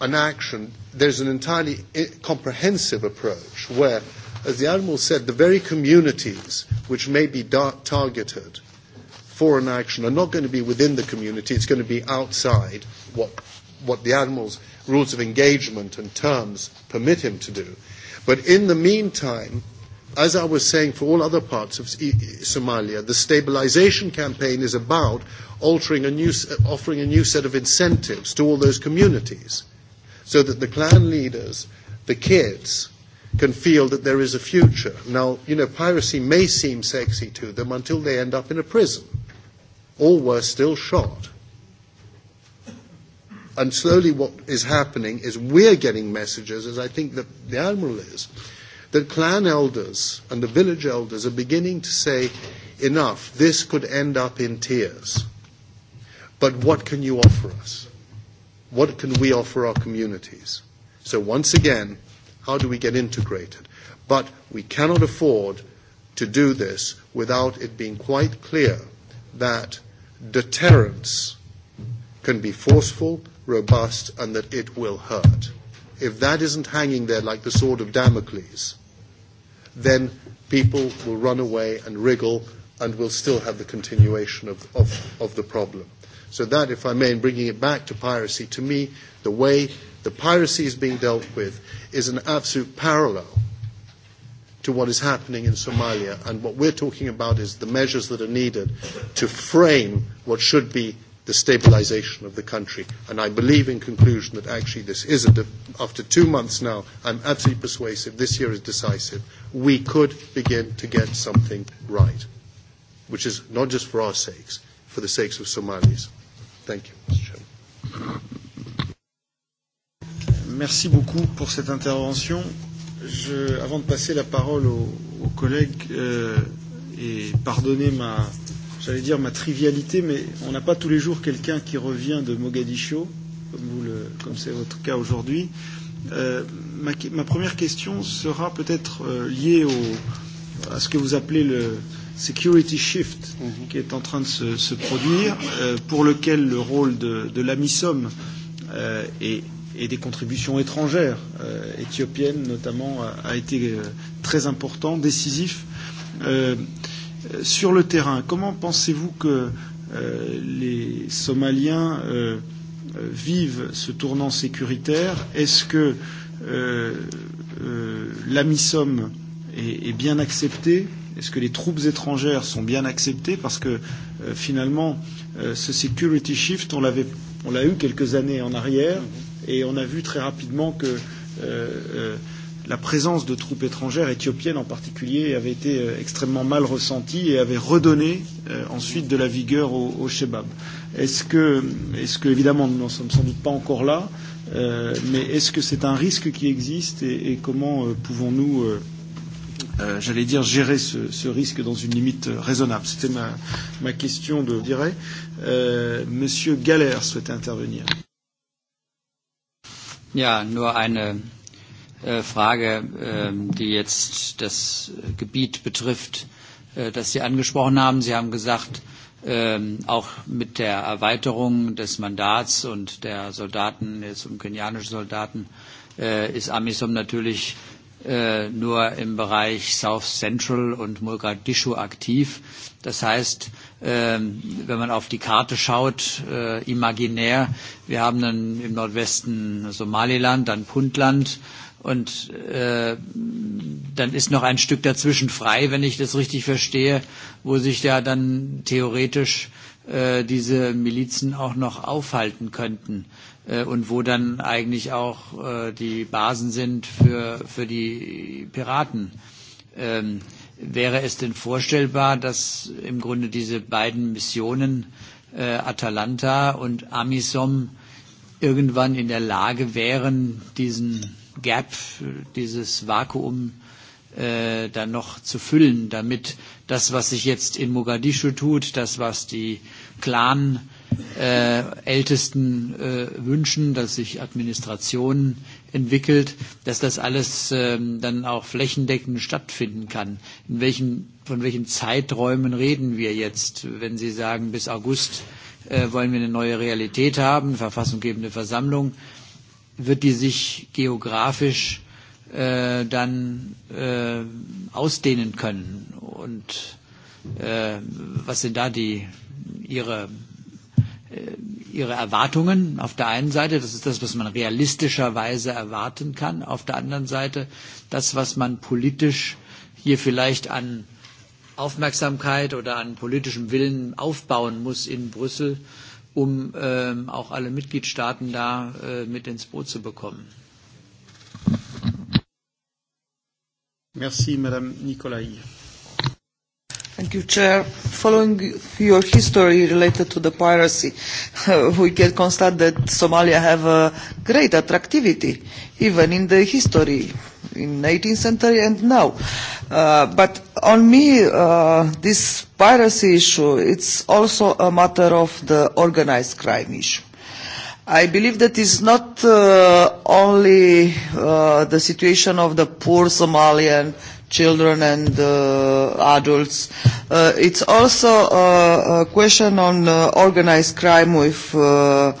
an action, there's an entirely comprehensive approach where, as the Admiral said, the very communities which may be targeted for an action are not going to be within the community, it's going to be outside what what the admiral's rules of engagement and terms permit him to do. But in the meantime, as I was saying for all other parts of e- Somalia, the stabilisation campaign is about altering a new, offering a new set of incentives to all those communities so that the clan leaders, the kids, can feel that there is a future. Now, you know, piracy may seem sexy to them until they end up in a prison or worse still shot and slowly what is happening is we're getting messages, as I think that the Admiral is, that clan elders and the village elders are beginning to say, enough, this could end up in tears. But what can you offer us? What can we offer our communities? So once again, how do we get integrated? But we cannot afford to do this without it being quite clear that deterrence can be forceful robust, and that it will hurt. If that isn't hanging there like the sword of Damocles, then people will run away and wriggle and we'll still have the continuation of, of, of the problem. So that, if I may, in bringing it back to piracy, to me, the way the piracy is being dealt with is an absolute parallel to what is happening in Somalia. And what we're talking about is the measures that are needed to frame what should be the stabilisation of the country. And I believe, in conclusion, that actually this is, a de- after two months now, I'm absolutely persuasive this year is decisive. We could begin to get something right, which is not just for our sakes, for the sakes of Somalis. Thank you, Mr. Chairman. Merci beaucoup pour cette intervention. Je, avant de passer la parole aux, aux collègues euh, et pardonner ma, j'allais dire ma trivialité, mais on n'a pas tous les jours quelqu'un qui revient de Mogadiscio, comme, vous le, comme c'est votre cas aujourd'hui. Euh, ma, ma première question sera peut-être euh, liée au, à ce que vous appelez le security shift mm -hmm. qui est en train de se, se produire, euh, pour lequel le rôle de, de l'AMISOM euh, et, et des contributions étrangères, euh, éthiopiennes notamment, a, a été euh, très important, décisif. Euh, Euh, sur le terrain, comment pensez-vous que euh, les Somaliens euh, euh vivent ce tournant sécuritaire Est-ce que euh, euh, l'AMISOM est, est bien acceptée Est-ce que les troupes étrangères sont bien acceptées Parce que euh, finalement, euh, ce security shift, on l'avait, on l'a eu quelques années en arrière, et on a vu très rapidement que euh, euh, la présence de troupes étrangères, éthiopiennes en particulier, avait été euh, extrêmement mal ressentie et avait redonné euh, ensuite de la vigueur au, au Shebab. Est-ce que, est que, évidemment, nous n'en sommes sans doute pas encore là, euh, mais est-ce que c'est un risque qui existe et, et comment euh, pouvons-nous, euh, euh, j'allais dire, gérer ce, ce risque dans une limite euh, raisonnable C'était ma, ma question de, je dirais. Euh, Monsieur Galère souhaitait intervenir. Ja, nur eine Äh, Frage, ähm, die jetzt das Gebiet betrifft, äh, das Sie angesprochen haben. Sie haben gesagt, ähm, auch mit der Erweiterung des Mandats und der Soldaten, jetzt um kenianische Soldaten, äh, ist Amisom natürlich nur im Bereich South Central und Mogadischu aktiv. Das heißt, ähm, wenn man auf die Karte schaut, imaginär, wir haben dann im Nordwesten Somaliland, dann Puntland, Und äh, dann ist noch ein Stück dazwischen frei, wenn ich das richtig verstehe, wo sich ja dann theoretisch äh, diese Milizen auch noch aufhalten könnten äh, und wo dann eigentlich auch äh, die Basen sind für, für die Piraten. Ähm, wäre es denn vorstellbar, dass im Grunde diese beiden Missionen äh, Atalanta und Amisom irgendwann in der Lage wären, diesen Gap, äh, dieses Vakuum äh, dann noch zu füllen, damit das, was sich jetzt in Mogadischu tut, das, was die Clan äh, Ältesten äh, wünschen, dass sich Administration entwickelt, dass das alles ähm, dann auch flächendeckend stattfinden kann. In welchen, von welchen Zeiträumen reden wir jetzt, wenn Sie sagen, bis August äh, wollen wir eine neue Realität haben, verfassunggebende Versammlung? Äh, wird die sich geografisch äh, dann äh, ausdehnen können? Und äh, was sind da die, Ihre, äh, Ihre Erwartungen auf der einen Seite? Das ist das, was man realistischerweise erwarten kann. Auf der anderen Seite das, was man politisch hier vielleicht an Aufmerksamkeit oder an politischem Willen aufbauen muss in Brüssel, äh, um ähm, auch alle Mitgliedstaaten da äh, mit ins Boot zu bekommen. Merci, Madame Nicolai. Thank you, Chair. Following your history related to the piracy, uh, we can constate that Somalia have a great attractivity, even in the history in 18th century and now. Uh, but on me, uh, this piracy issue, it's also a matter of the organized crime issue. I believe that it's not uh, only uh, the situation of the poor Somalian children and uh, adults. Uh, it's also a, uh, a question on uh, organized crime with uh,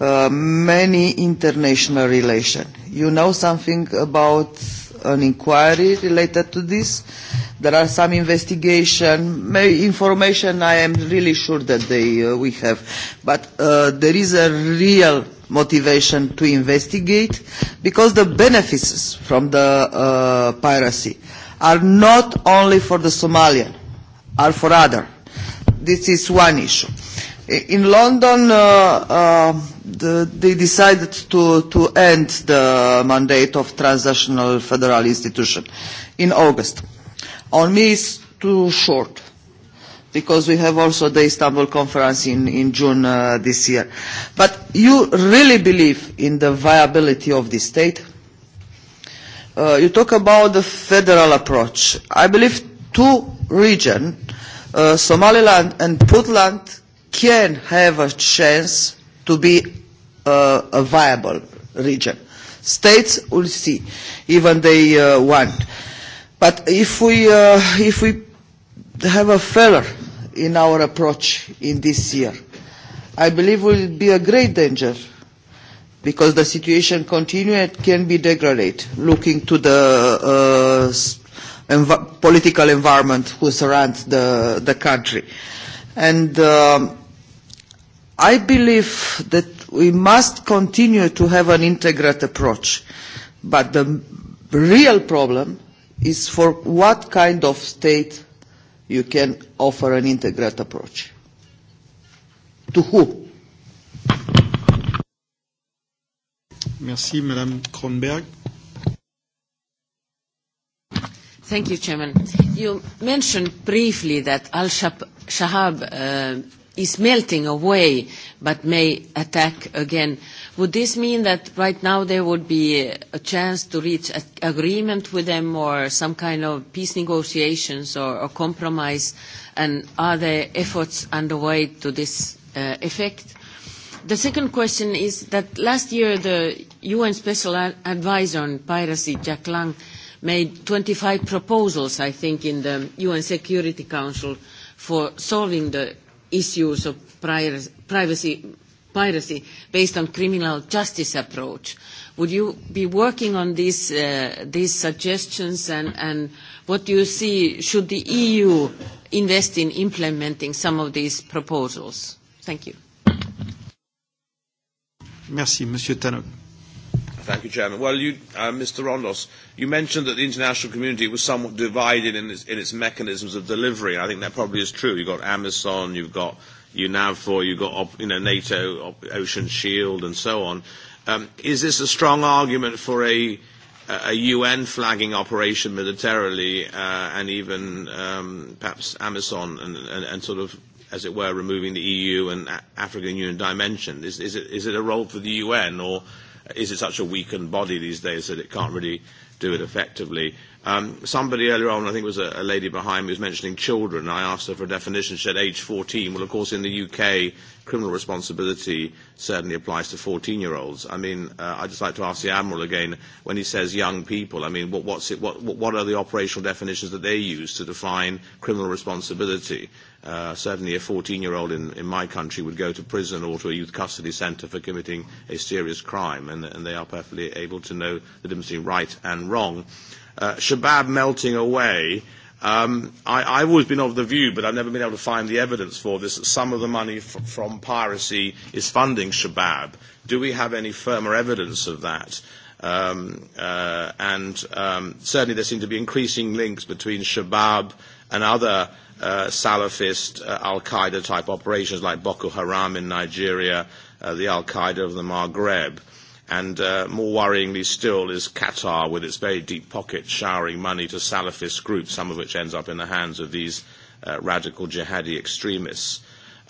uh, many international relations you know something about an inquiry related to this. There are some investigation, information I am really sure that they, uh, we have. But uh, there is a real motivation to investigate because the benefits from the uh, piracy are not only for the Somalian, are for other. This is one issue in London, uh, uh, the, they decided to, to end the mandate of transnational federal institution in August. On me, it's too short because we have also the Istanbul conference in, in June uh, this year. But you really believe in the viability of the state? Uh, you talk about the federal approach. I believe two regions, uh, Somaliland and Puntland, can have a chance to be uh, a viable region. States will see, even they uh, want. But if we, uh, if we have a failure in our approach in this year, I believe will be a great danger because the situation continues and can be degraded, looking to the uh, env political environment who surrounds the, the country. And um, i believe that we must continue to have an integrated approach, but the real problem is for what kind of state you can offer an integrated approach. To who? Merci, Madame Kronberg. Thank you, Chairman. You mentioned briefly that al shabaab uh, is melting away but may attack again. Would this mean that right now there would be a chance to reach an agreement with them or some kind of peace negotiations or, compromise? And are there efforts underway to this uh, effect? The second question is that last year the UN Special Advisor on Piracy, Jack Lang, made twenty five proposals, I think, in the UN Security Council for solving the issues of privacy, piracy based on criminal justice approach. Would you be working on these, uh, these suggestions and, and what do you see should the EU invest in implementing some of these proposals? Thank you. Merci, Monsieur Tannock. Thank you, Chairman. Well, you, uh, Mr. Rondos, you mentioned that the international community was somewhat divided in its, in its mechanisms of delivery. I think that probably is true. You've got Amazon, you've got UNAVFOR, you've got you know, NATO, Ocean Shield, and so on. Um, is this a strong argument for a, a UN flagging operation militarily, uh, and even um, perhaps Amazon, and, and, and sort of, as it were, removing the EU and African Union dimension? Is, is, it, is it a role for the UN, or is it such a weakened body these days that it can't really do it effectively? Um, somebody earlier on, I think it was a, a lady behind me, was mentioning children. I asked her for a definition. She said age 14. Well, of course, in the UK, criminal responsibility certainly applies to 14-year-olds. I mean, uh, I'd just like to ask the Admiral again, when he says young people, I mean, what, what's it, what, what are the operational definitions that they use to define criminal responsibility? Uh, certainly a 14-year-old in, in my country would go to prison or to a youth custody centre for committing a serious crime, and, and they are perfectly able to know the difference between right and wrong uh, Shabab melting away, Um, I, I've always been of the view, but I've never been able to find the evidence for this, that some of the money f- from piracy is funding Shabab. Do we have any firmer evidence of that? Um, uh, and um, certainly there seem to be increasing links between Shabab and other uh, Salafist uh, al-Qaeda type operations like Boko Haram in Nigeria, uh, the al-Qaeda of the Maghreb. Uh, And uh, more worryingly still is Qatar, with its very deep pockets, showering money to Salafist groups, some of which ends up in the hands of these uh, radical jihadi extremists.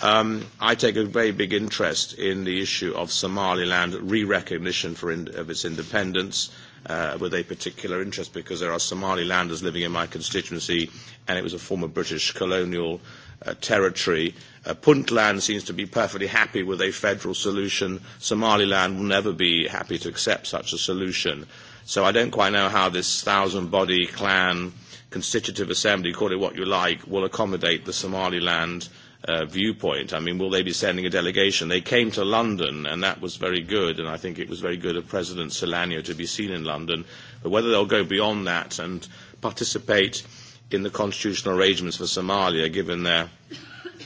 Um, I take a very big interest in the issue of Somaliland re-recognition for in, of its independence, uh, with a particular interest because there are Somalilanders living in my constituency, and it was a former British colonial Uh, territory. Uh, Puntland seems to be perfectly happy with a federal solution. Somaliland will never be happy to accept such a solution. So I don't quite know how this thousand-body clan constitutive assembly, call it what you like, will accommodate the Somaliland uh, viewpoint. I mean, will they be sending a delegation? They came to London, and that was very good, and I think it was very good of President Solana to be seen in London. But whether they'll go beyond that and participate – in the constitutional arrangements for Somalia, given their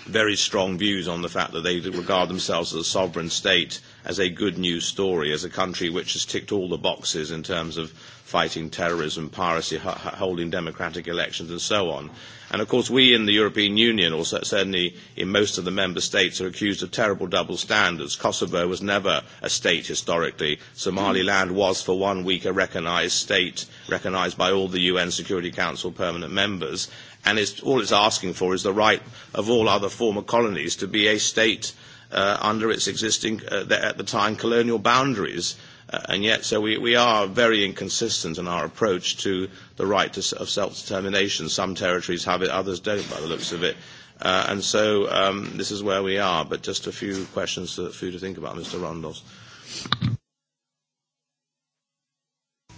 very strong views on the fact that they regard themselves as a sovereign state as a good news story, as a country which has ticked all the boxes in terms of fighting terrorism, piracy, holding democratic elections, and so on. And of course, we in the European Union, or certainly in most of the member states, are accused of terrible double standards. Kosovo was never a state historically. Somaliland was, for one week, a recognised state, recognised by all the UN Security Council permanent members. And it's, all it's asking for is the right of all other former colonies to be a state uh, under its existing, uh, at the time, colonial boundaries. Uh, and yet, so we, we are very inconsistent in our approach to the right to, of self-determination. Some territories have it, others don't, by the looks of it. Uh, and so um, this is where we are. But just a few questions for you to think about, Mr. Rondos.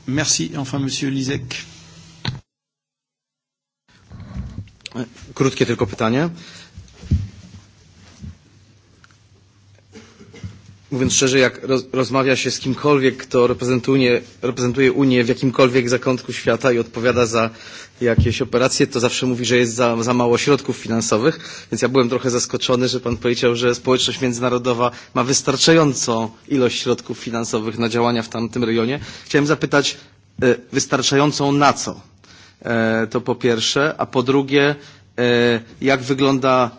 Merci. Enfin, Monsieur Lisek. Krótkie tylko pytanie. mówiąc szczerze, jak roz, rozmawia się z kimkolwiek, kto reprezentuje, reprezentuje Unię w jakimkolwiek zakątku świata i odpowiada za jakieś operacje, to zawsze mówi, że jest za, za mało środków finansowych, więc ja byłem trochę zaskoczony, że pan powiedział, że społeczność międzynarodowa ma wystarczającą ilość środków finansowych na działania w tamtym rejonie. Chciałem zapytać, e, wystarczającą na co? E, to po pierwsze, a po drugie, e, jak wygląda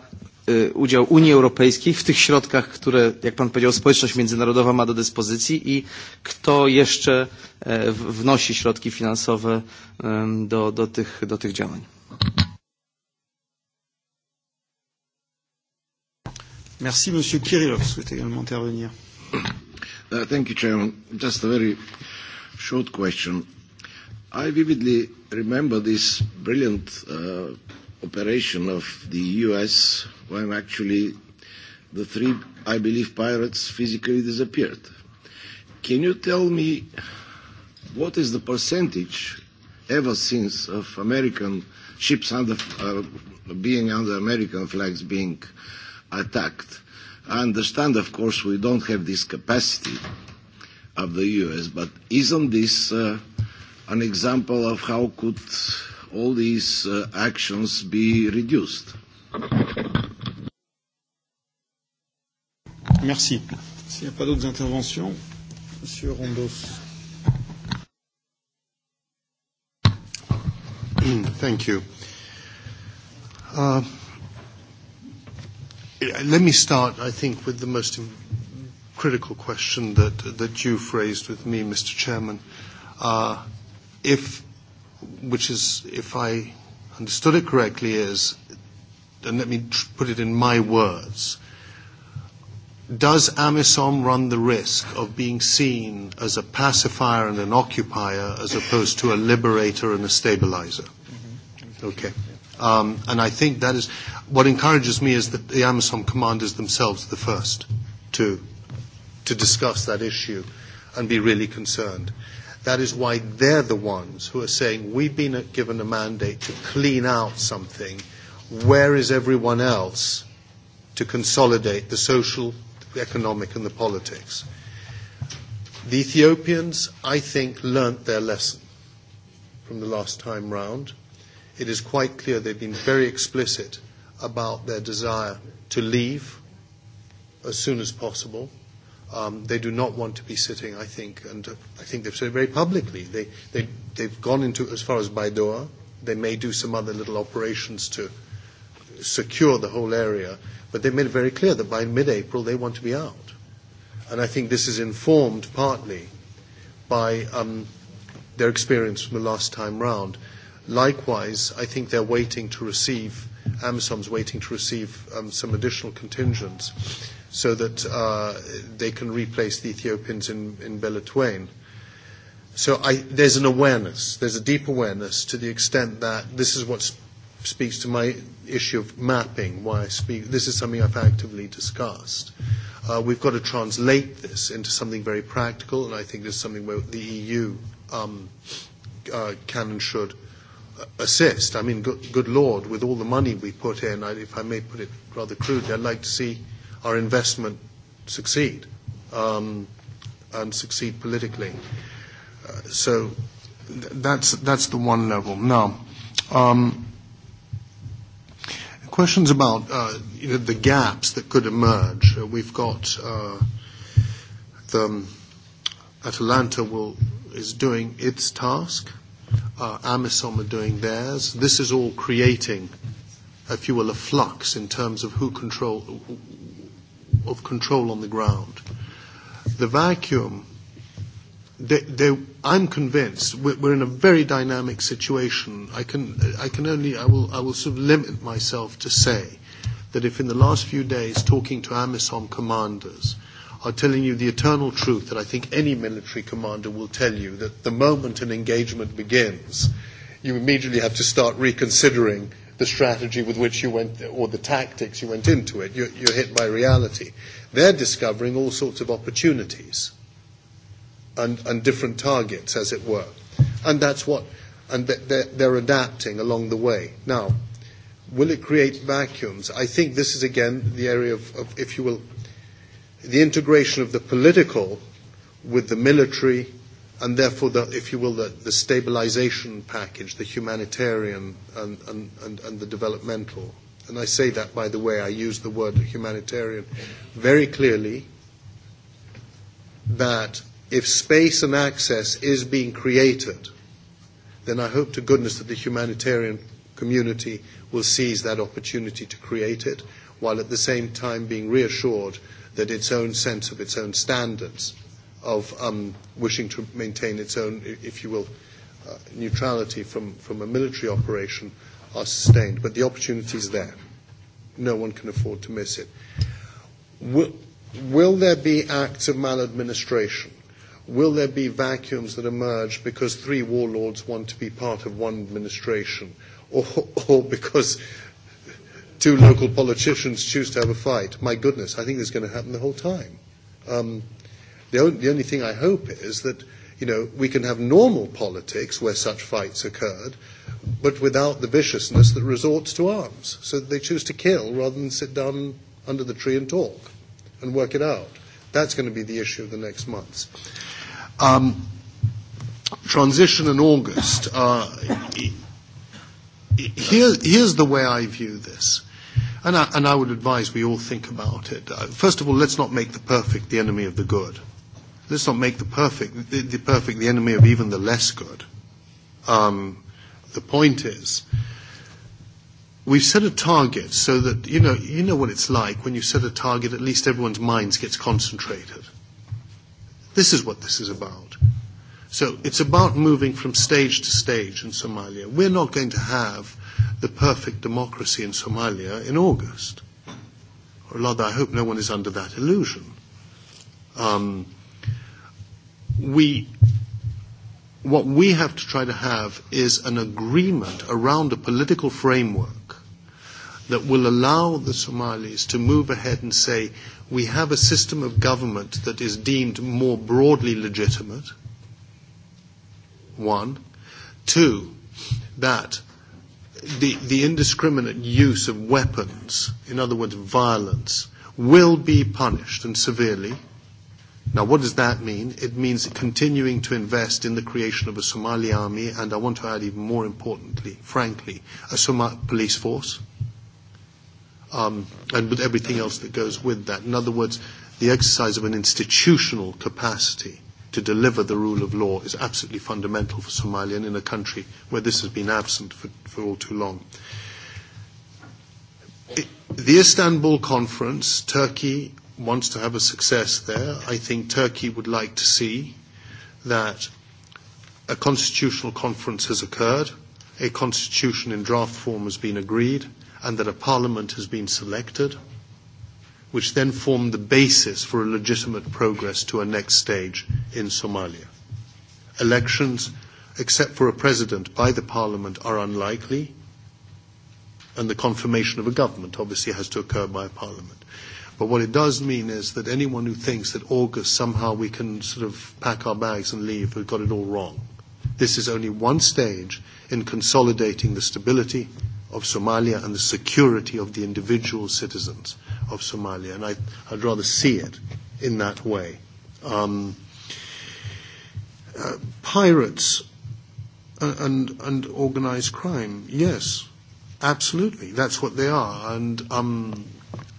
udział Unii Europejskiej w tych środkach, które, jak Pan powiedział, społeczność międzynarodowa ma do dyspozycji i kto jeszcze e, wnosi środki finansowe do, do, tych, do tych działań. Merci, Monsieur Kirillov souhaite également intervenir. Uh, thank you, Chairman. Just a very short question. I vividly remember this brilliant uh, operation of the US when actually the three, I believe, pirates physically disappeared. Can you tell me what is the percentage ever since of American ships under, uh, being under American flags being attacked? I understand, of course, we don't have this capacity of the US, but isn't this uh, an example of how could all these uh, actions be reduced? Merci. S'il n'y a pas d'autres interventions, Monsieur Rondos. Thank you. Uh, let me start, I think, with the most critical question that, that you've raised with me, Mr. Chairman. Uh, if which is, if I understood it correctly, is, and let me put it in my words, does Amisom run the risk of being seen as a pacifier and an occupier as opposed to a liberator and a stabilizer? Mm-hmm. Okay. Um, and I think that is what encourages me is that the Amisom commanders themselves the first to, to discuss that issue and be really concerned. That is why they're the ones who are saying, we've been given a mandate to clean out something. Where is everyone else to consolidate the social, the economic, and the politics? The Ethiopians, I think, learnt their lesson from the last time round. It is quite clear they've been very explicit about their desire to leave as soon as possible um, they do not want to be sitting, I think, and uh, I think they've said it very publicly. They, they, they've gone into as far as Baidoa. They may do some other little operations to secure the whole area, but they've made it very clear that by mid-April they want to be out. And I think this is informed partly by um, their experience from the last time round. Likewise, I think they're waiting to receive – Amazon's waiting to receive um, some additional contingents so that uh, they can replace the Ethiopians in, in Belatwain. So I, there's an awareness, there's a deep awareness to the extent that this is what speaks to my issue of mapping, why I speak. This is something I've actively discussed. Uh, we've got to translate this into something very practical, and I think this is something where the EU um, uh, can and should assist. I mean, good, good Lord, with all the money we put in, I, if I may put it rather crudely, I'd like to see our investment succeed um, and succeed politically. Uh, so th- that's, that's the one level. Now, um, questions about uh, you know, the gaps that could emerge. Uh, we've got uh, the um, Atalanta will, is doing its task uh, Amisom are doing theirs. This is all creating, if you will, a flux in terms of who control, of control on the ground. The vacuum, they, they, I'm convinced we're, we're in a very dynamic situation. I can, I can only, I will, I will sort of limit myself to say that if in the last few days talking to Amisom commanders, uh, are telling you the eternal truth that I think any military commander will tell you that the moment an engagement begins, you immediately have to start reconsidering the strategy with which you went or the tactics you went into it. You're, you're hit by reality. They're discovering all sorts of opportunities and, and different targets, as it were. And that's what, and they're, they're adapting along the way. Now, will it create vacuums? I think this is again the area of, of if you will, the integration of the political with the military, and therefore, the, if you will, the, the stabilization package, the humanitarian and, and, and, and the developmental. And I say that, by the way, I use the word humanitarian very clearly that if space and access is being created, then I hope to goodness that the humanitarian community will seize that opportunity to create it, while at the same time being reassured that its own sense of its own standards of um, wishing to maintain its own, if you will, uh, neutrality from, from a military operation are sustained. But the opportunity is there. No one can afford to miss it. Will, will there be acts of maladministration? Will there be vacuums that emerge because three warlords want to be part of one administration? Or, or because two local politicians choose to have a fight, my goodness, I think this is going to happen the whole time. Um, the, only, the only thing I hope is that you know, we can have normal politics where such fights occurred, but without the viciousness that resorts to arms. So they choose to kill rather than sit down under the tree and talk and work it out. That's going to be the issue of the next months. Um, transition in August. Uh, here, here's the way I view this. And I, and I would advise we all think about it. Uh, first of all, let's not make the perfect the enemy of the good. Let's not make the perfect the, the perfect the enemy of even the less good. Um, the point is, we've set a target so that you know you know what it's like when you set a target. At least everyone's minds gets concentrated. This is what this is about. So it's about moving from stage to stage in Somalia. We're not going to have the perfect democracy in Somalia in August. Or rather, I hope no one is under that illusion. Um, we, what we have to try to have is an agreement around a political framework that will allow the Somalis to move ahead and say, we have a system of government that is deemed more broadly legitimate. One. Two, that the, the indiscriminate use of weapons, in other words, violence, will be punished and severely. Now, what does that mean? It means continuing to invest in the creation of a Somali army, and I want to add even more importantly, frankly, a Somali police force, um, and with everything else that goes with that. In other words, the exercise of an institutional capacity to deliver the rule of law is absolutely fundamental for Somalia and in a country where this has been absent for, for all too long. It, the Istanbul conference, Turkey wants to have a success there. I think Turkey would like to see that a constitutional conference has occurred, a constitution in draft form has been agreed, and that a parliament has been selected which then form the basis for a legitimate progress to a next stage in Somalia. Elections, except for a president by the parliament, are unlikely, and the confirmation of a government obviously has to occur by a parliament. But what it does mean is that anyone who thinks that August somehow we can sort of pack our bags and leave has got it all wrong. This is only one stage in consolidating the stability of Somalia and the security of the individual citizens of Somalia. And I, I'd rather see it in that way. Um, uh, pirates uh, and, and organized crime, yes, absolutely. That's what they are. And, um,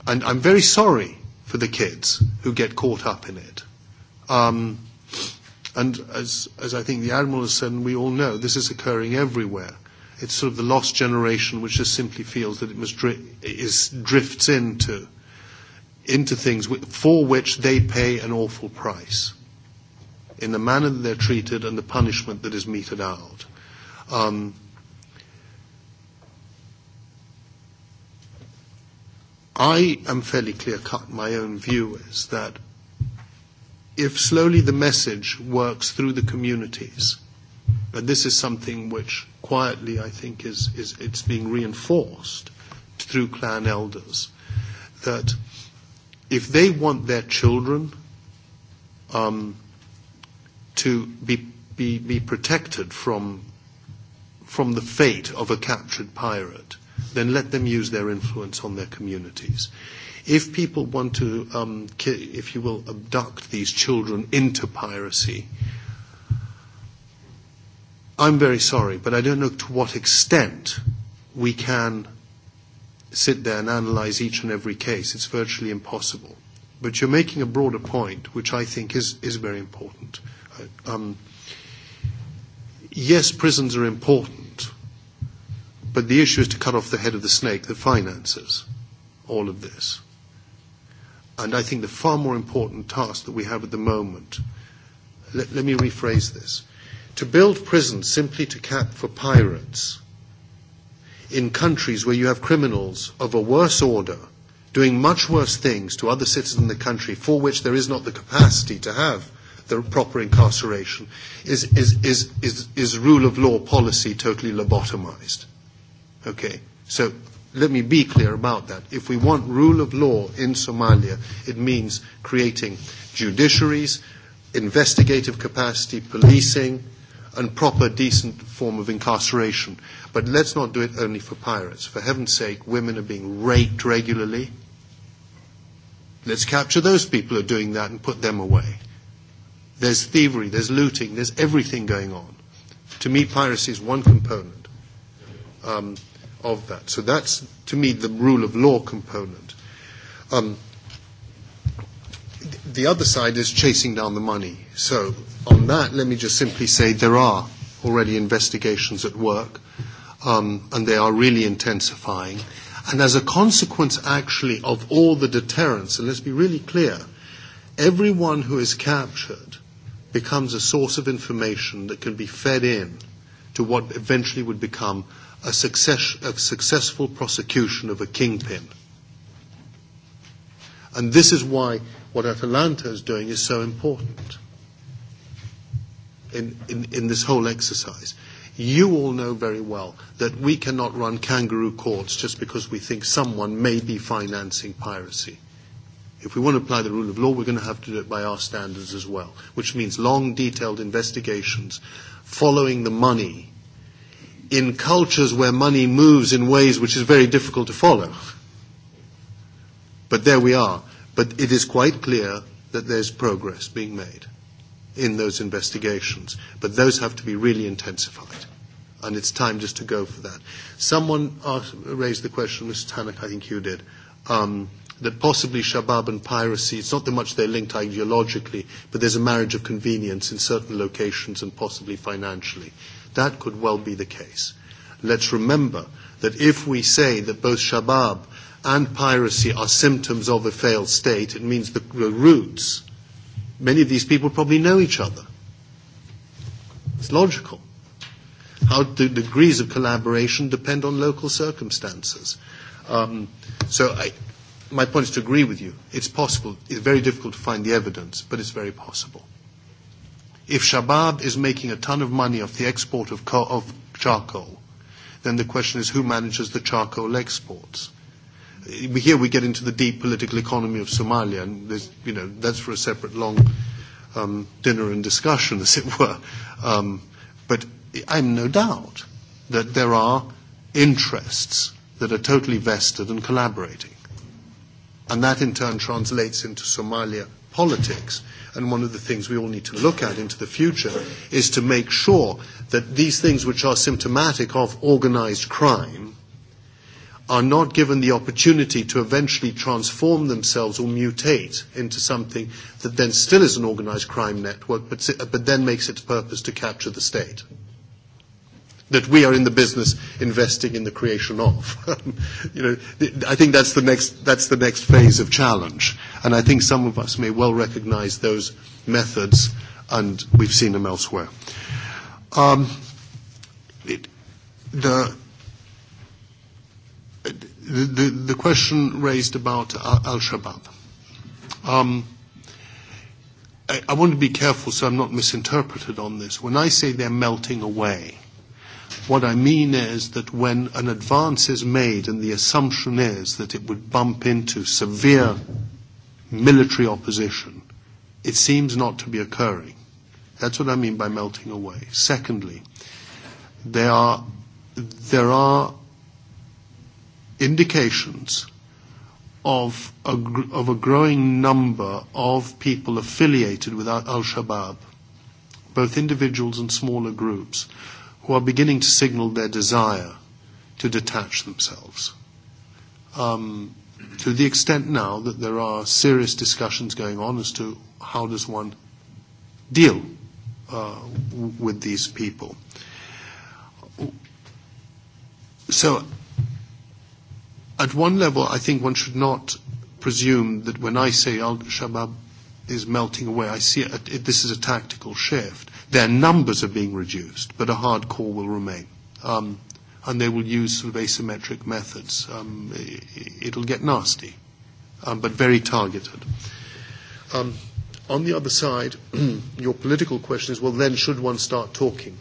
and I'm very sorry for the kids who get caught up in it. Um, and as, as I think the Admiral has said, and we all know, this is occurring everywhere It's sort of the lost generation which just simply feels that it must dri- is drifts into into things w- for which they pay an awful price in the manner that they're treated and the punishment that is meted out. Um, I am fairly clear cut. My own view is that if slowly the message works through the communities But this is something which quietly, I think, is, is it's being reinforced through clan elders that if they want their children um, to be, be, be protected from, from the fate of a captured pirate, then let them use their influence on their communities. If people want to, um, ki- if you will, abduct these children into piracy, I'm very sorry, but I don't know to what extent we can sit there and analyze each and every case. It's virtually impossible. But you're making a broader point, which I think is, is very important. Uh, um, yes, prisons are important, but the issue is to cut off the head of the snake that finances all of this. And I think the far more important task that we have at the moment, let, let me rephrase this to build prisons simply to cap for pirates in countries where you have criminals of a worse order doing much worse things to other citizens in the country for which there is not the capacity to have the proper incarceration is, is, is, is, is rule of law policy totally lobotomized. Okay, so let me be clear about that. If we want rule of law in Somalia, it means creating judiciaries, investigative capacity, policing, and proper, decent form of incarceration. But let's not do it only for pirates. For heaven's sake, women are being raped regularly. Let's capture those people who are doing that and put them away. There's thievery, there's looting, there's everything going on. To me, piracy is one component um, of that. So that's, to me, the rule of law component. Um, the other side is chasing down the money. So on that, let me just simply say there are already investigations at work, um, and they are really intensifying. And as a consequence, actually, of all the deterrence, and let's be really clear, everyone who is captured becomes a source of information that can be fed in to what eventually would become a, success, a successful prosecution of a kingpin. And this is why what Atalanta is doing is so important in, in, in this whole exercise. You all know very well that we cannot run kangaroo courts just because we think someone may be financing piracy. If we want to apply the rule of law, we're going to have to do it by our standards as well, which means long, detailed investigations following the money in cultures where money moves in ways which is very difficult to follow. But there we are. But it is quite clear that there's progress being made in those investigations. But those have to be really intensified. And it's time just to go for that. Someone asked, raised the question, Mr. Tannock, I think you did, um, that possibly Shabab and piracy, it's not that much they're linked ideologically, but there's a marriage of convenience in certain locations and possibly financially. That could well be the case. Let's remember that if we say that both Shabab and piracy are symptoms of a failed state, it means the, the roots Many of these people probably know each other. It's logical. How do degrees of collaboration depend on local circumstances? Um, so I, my point is to agree with you. It's possible. It's very difficult to find the evidence, but it's very possible. If Shabab is making a ton of money off the export of, co- of charcoal, then the question is who manages the charcoal exports? Here we get into the deep political economy of Somalia, and there's, you know, that's for a separate long um, dinner and discussion, as it were. Um, but I'm no doubt that there are interests that are totally vested and collaborating. And that in turn translates into Somalia politics. And one of the things we all need to look at into the future is to make sure that these things which are symptomatic of organized crime are not given the opportunity to eventually transform themselves or mutate into something that then still is an organized crime network, but, but then makes its purpose to capture the state. That we are in the business investing in the creation of. you know, I think that's the, next, that's the next phase of challenge. And I think some of us may well recognize those methods, and we've seen them elsewhere. Um, it, the the, the, the question raised about Al Shabaab. Um, I, I want to be careful so I'm not misinterpreted on this. When I say they're melting away, what I mean is that when an advance is made and the assumption is that it would bump into severe military opposition, it seems not to be occurring. That's what I mean by melting away. Secondly, there are, there are indications of a, of a growing number of people affiliated with Al-Shabaab, both individuals and smaller groups, who are beginning to signal their desire to detach themselves. Um, to the extent now that there are serious discussions going on as to how does one deal uh, with these people. So at one level, I think one should not presume that when I say Al Shabaab is melting away, I see it, it, this is a tactical shift. Their numbers are being reduced, but a hard core will remain. Um, and they will use sort of asymmetric methods. Um, it, it'll get nasty, um, but very targeted. Um, on the other side, your political question is well, then should one start talking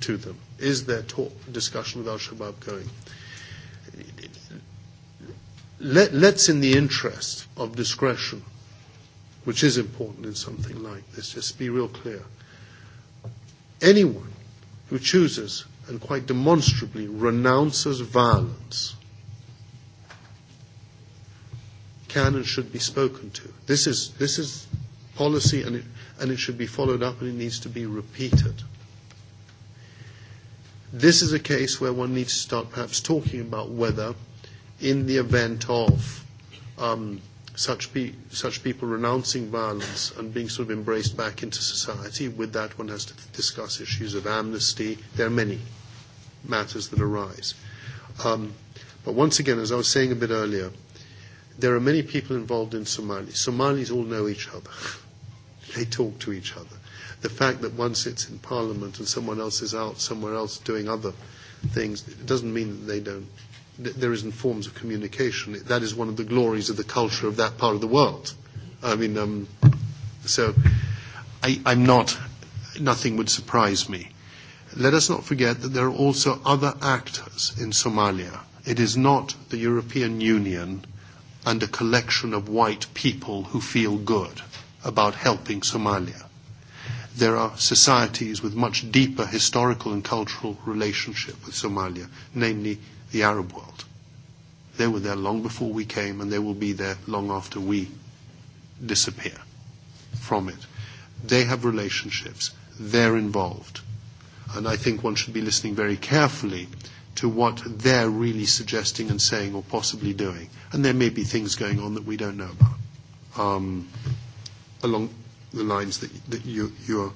to them? Is there talk, discussion with Al Shabaab going? let, let's, in the interest of discretion, which is important in something like this, just be real clear. Anyone who chooses and quite demonstrably renounces violence can and should be spoken to. This is, this is policy and it, and it should be followed up and it needs to be repeated. This is a case where one needs to start perhaps talking about whether in the event of um, such, pe- such people renouncing violence and being sort of embraced back into society. With that, one has to discuss issues of amnesty. There are many matters that arise. Um, but once again, as I was saying a bit earlier, there are many people involved in Somali. Somalis all know each other. they talk to each other. The fact that one sits in parliament and someone else is out somewhere else doing other things it doesn't mean that they don't there isn't forms of communication. That is one of the glories of the culture of that part of the world. I mean, um, so I, I'm not, nothing would surprise me. Let us not forget that there are also other actors in Somalia. It is not the European Union and a collection of white people who feel good about helping Somalia. There are societies with much deeper historical and cultural relationship with Somalia, namely the Arab world. They were there long before we came, and they will be there long after we disappear from it. They have relationships. They're involved. And I think one should be listening very carefully to what they're really suggesting and saying or possibly doing. And there may be things going on that we don't know about um, along the lines that, that you, you're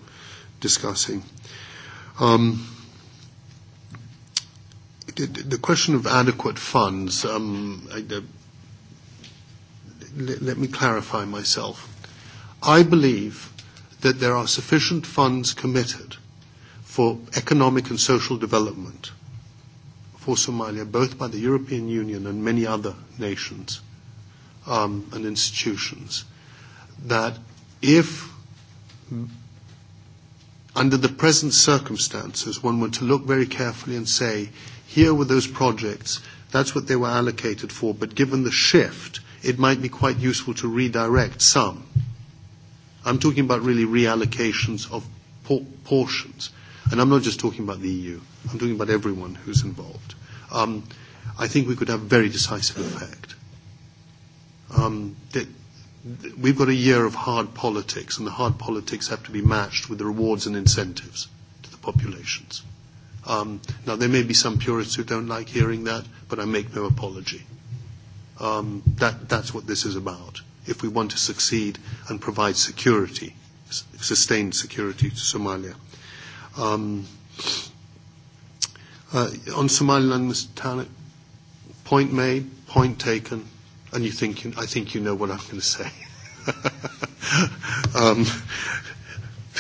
discussing. Um, the, question of adequate funds, um, I, let, let me clarify myself. I believe that there are sufficient funds committed for economic and social development for Somalia, both by the European Union and many other nations um, and institutions, that if under the present circumstances one were to look very carefully and say, here were those projects, that's what they were allocated for, but given the shift, it might be quite useful to redirect some. I'm talking about really reallocations of por- portions. And I'm not just talking about the EU. I'm talking about everyone who's involved. Um, I think we could have a very decisive effect. Um, that we've got a year of hard politics, and the hard politics have to be matched with the rewards and incentives to the populations. Um, now, there may be some purists who don't like hearing that, but I make no apology. Um, that, that's what this is about. If we want to succeed and provide security, sustained security to Somalia. Um, uh, on Somaliland, Mr. Tannock, point made, point taken, and you think you, I think you know what I'm going to say. um,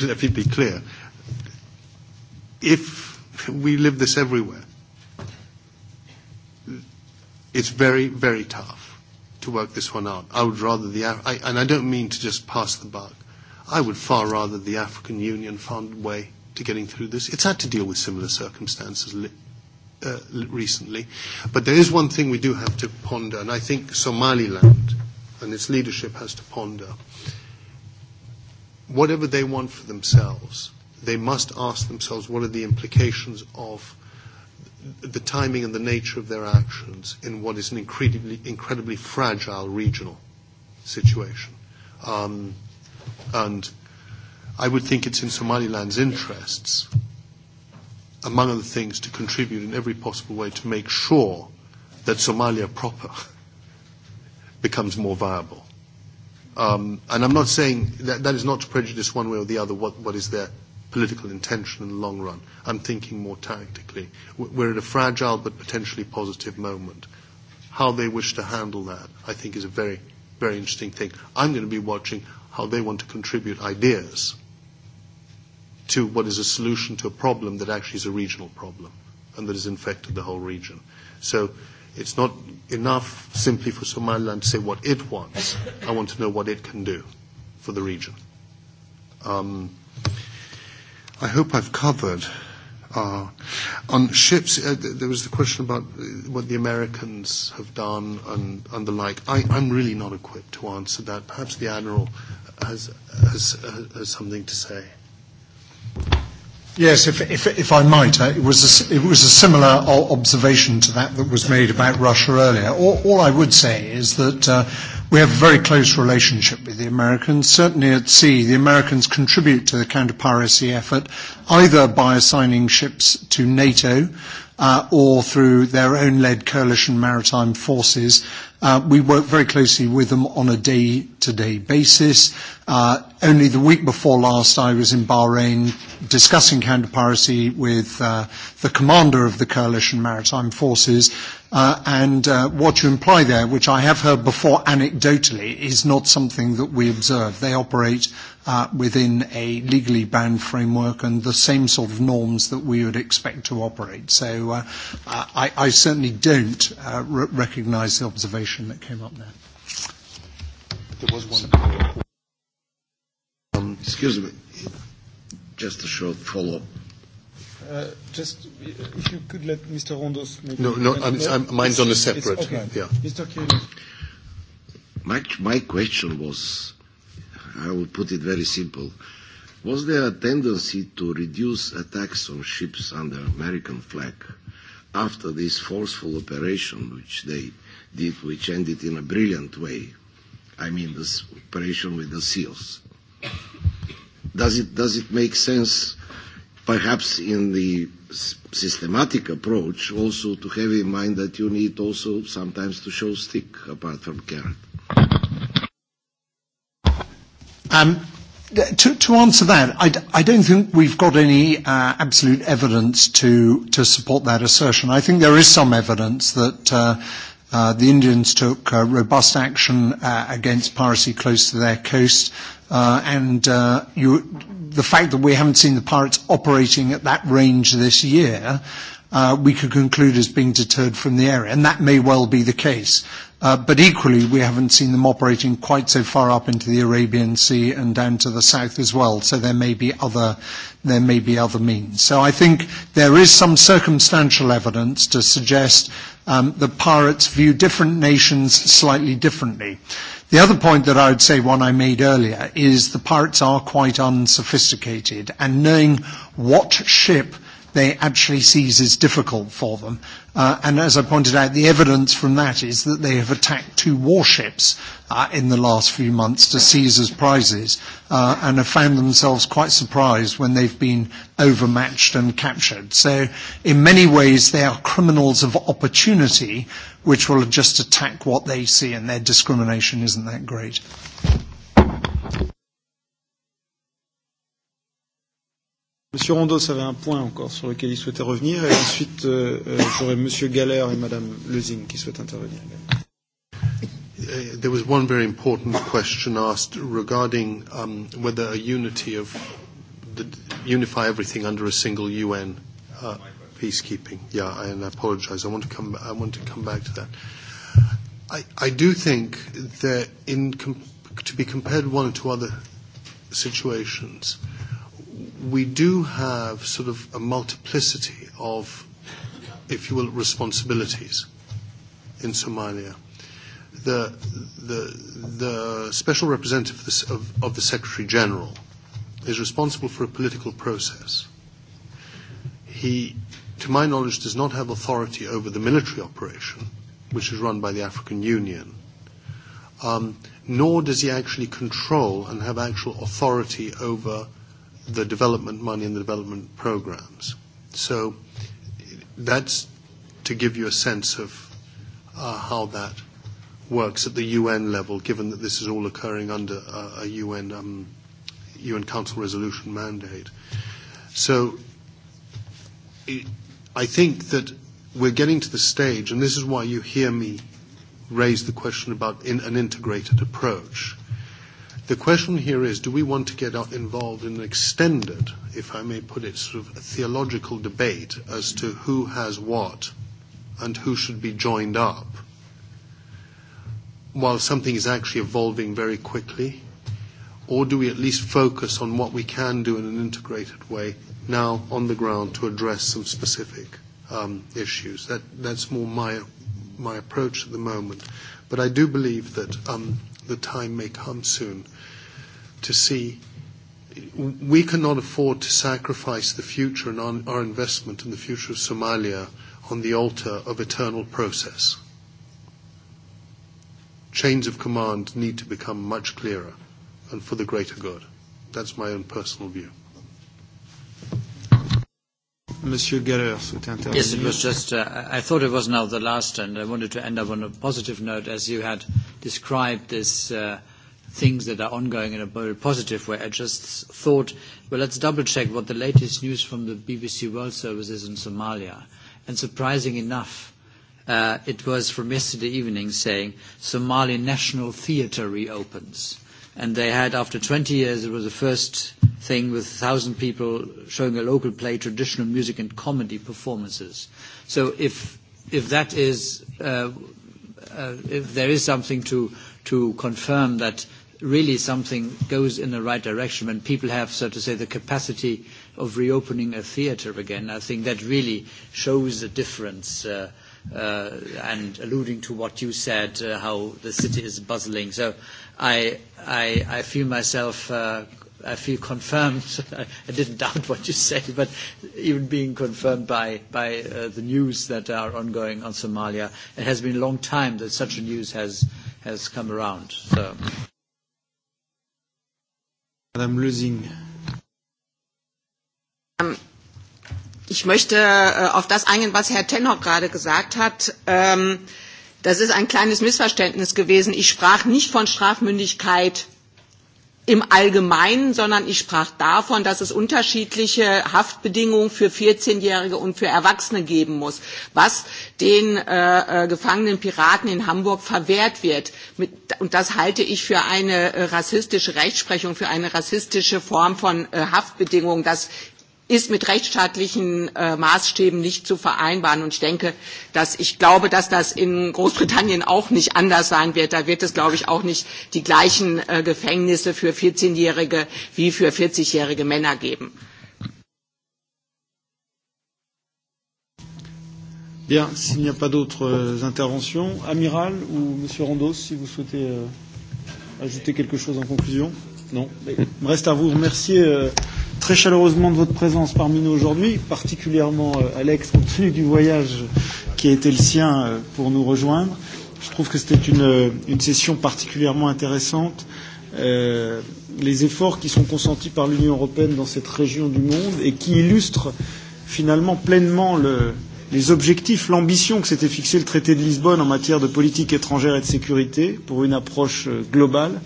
let me be clear. If we live this everywhere. It's very, very tough to work this one out. I would rather the, Af I, and I don't mean to just pass the buck. I would far rather the African Union found a way to getting through this. It's had to deal with similar circumstances li- uh, recently. But there is one thing we do have to ponder, and I think Somaliland and its leadership has to ponder. Whatever they want for themselves, they must ask themselves what are the implications of the timing and the nature of their actions in what is an incredibly, incredibly fragile regional situation. Um, and I would think it's in Somaliland's interests, among other things, to contribute in every possible way to make sure that Somalia proper becomes more viable. Um, and I'm not saying that, that is not to prejudice one way or the other what, what is their political intention in the long run. I'm thinking more tactically. We're at a fragile but potentially positive moment. How they wish to handle that, I think, is a very, very interesting thing. I'm going to be watching how they want to contribute ideas to what is a solution to a problem that actually is a regional problem and that has infected the whole region. So it's not enough simply for Somaliland to say what it wants. I want to know what it can do for the region. Um, i hope I've covered. Uh, on ships, uh, there was the question about what the Americans have done and, and the like. I, I'm really not equipped to answer that. Perhaps the Admiral has, has, has something to say. Yes, if, if, if I might, uh, it was, a, it was a similar observation to that that was made about Russia earlier. All, all I would say is that uh, We have a very close relationship with the Americans. Certainly at sea, the Americans contribute to the counter-piracy effort either by assigning ships to NATO uh, or through their own led coalition maritime forces Uh, we work very closely with them on a day-to-day basis. Uh, only the week before last, I was in Bahrain discussing counterpiracy with uh, the commander of the coalition maritime forces. Uh, and uh, what you imply there, which I have heard before anecdotally, is not something that we observe. They operate uh, within a legally bound framework and the same sort of norms that we would expect to operate. So uh, I, I certainly don't uh, re- recognize the observation motion that came up there. There was one. Um, excuse me. Just a short follow-up. Uh, just if you could let Mr. Rondos maybe. No, no, mine's on a separate. It's okay. Yeah. Mr. Kirin. My, question was, I will put it very simple. Was there a tendency to reduce attacks on ships under American flag after this forceful operation, which they did, which ended in a brilliant way. I mean, this operation with the SEALs. Does it, does it make sense, perhaps in the systematic approach, also to have in mind that you need also sometimes to show stick apart from carrot? Um, to, to answer that, I, I don't think we've got any uh, absolute evidence to, to support that assertion. I think there is some evidence that uh, Uh, the Indians took uh, robust action uh, against piracy close to their coast, uh, and uh, you, the fact that we haven't seen the pirates operating at that range this year uh, we could conclude as being deterred from the area. And that may well be the case. Uh, but equally, we haven't seen them operating quite so far up into the Arabian Sea and down to the south as well. So there may be other, there may be other means. So I think there is some circumstantial evidence to suggest um, that pirates view different nations slightly differently. The other point that I would say, one I made earlier, is the pirates are quite unsophisticated, and knowing what ship they actually sees is difficult for them. Uh, and as I pointed out, the evidence from that is that they have attacked two warships uh, in the last few months to seize as prizes uh, and have found themselves quite surprised when they've been overmatched and captured. So in many ways, they are criminals of opportunity which will just attack what they see and their discrimination isn't that great. Monsieur Rondos avait un point encore sur lequel il souhaitait revenir, et ensuite euh, euh j'aurai Monsieur Galler et Madame Lezing qui souhaitent intervenir. Uh, there was one very important question asked regarding um, whether a unity of the, unify everything under a single UN uh, peacekeeping. Yeah, and I apologize. I want to come. I want to come back to that. I, I do think that in com- to be compared one to other situations. Uh, we do have sort of a multiplicity of, if you will, responsibilities in Somalia. The, the, the special representative of, the of the Secretary General is responsible for a political process. He, to my knowledge, does not have authority over the military operation, which is run by the African Union. Um, nor does he actually control and have actual authority over the development money and the development programs. So that's to give you a sense of uh, how that works at the UN level, given that this is all occurring under a a UN, um, UN Council resolution mandate. So it, I think that we're getting to the stage, and this is why you hear me raise the question about in, an integrated approach The question here is, do we want to get involved in an extended, if I may put it, sort of a theological debate as to who has what and who should be joined up? While something is actually evolving very quickly, or do we at least focus on what we can do in an integrated way now on the ground to address some specific um, issues? That, that's more my, my approach at the moment. But I do believe that um, the time may come soon to see we cannot afford to sacrifice the future and on our investment in the future of Somalia on the altar of eternal process. Chains of command need to become much clearer and for the greater good. That's my own personal view. Monsieur Geller souhaitait intervenir. Yes, it was just, uh, I thought it was now the last, and I wanted to end up on a positive note, as you had described this uh, things that are ongoing in a very positive way. I just thought, well, let's double-check what the latest news from the BBC World Service is in Somalia. And surprising enough, uh, it was from yesterday evening saying Somali National Theatre reopens. And they had, after 20 years, it was the first thing with a thousand people showing a local play, traditional music and comedy performances. So if if that is uh, uh, if there is something to to confirm that really something goes in the right direction when people have, so to say, the capacity of reopening a theatre again, I think that really shows a difference. Uh, uh, and alluding to what you said, uh, how the city is bustling. So I, I, I feel myself uh, i feel confirmed. I didn't doubt what you say, but even being confirmed by, by uh, the news that are ongoing on Somalia, it has been a long time that such a news has, has come around. So. I'm losing. Um. Ähm, ich möchte äh, auf das eingehen, was Herr Tenhock gerade gesagt hat. Ähm, das ist ein kleines Missverständnis gewesen. Ich sprach nicht von Strafmündigkeit im Allgemeinen, sondern ich sprach davon, dass es unterschiedliche Haftbedingungen für 14-Jährige und für Erwachsene geben muss, was den äh, äh, gefangenen Piraten in Hamburg verwehrt wird. Mit, und das halte ich für eine äh, rassistische Rechtsprechung, für eine rassistische Form von äh, Haftbedingungen, dass ist mit rechtsstaatlichen äh, Maßstäben nicht zu vereinbaren. Und ich denke, dass ich glaube, dass das in Großbritannien auch nicht anders sein wird. Da wird es, glaube ich, auch nicht die gleichen äh, Gefängnisse für 14-Jährige wie für 40-jährige Männer geben. Bien, s'il n'y a pas d'autres euh, interventions, Amiral ou Monsieur Rondos, si vous souhaitez euh, ajouter quelque chose en conclusion. Non. Il me reste à vous remercier. Euh, très chaleureusement de votre présence parmi nous aujourd'hui, particulièrement euh, Alex, compte tenu du voyage qui a été le sien euh, pour nous rejoindre. Je trouve que c'était une, euh, une session particulièrement intéressante. Euh, les efforts qui sont consentis par l'Union européenne dans cette région du monde et qui illustrent finalement pleinement le, les objectifs, l'ambition que s'était fixé le traité de Lisbonne en matière de politique étrangère et de sécurité pour une approche euh, globale.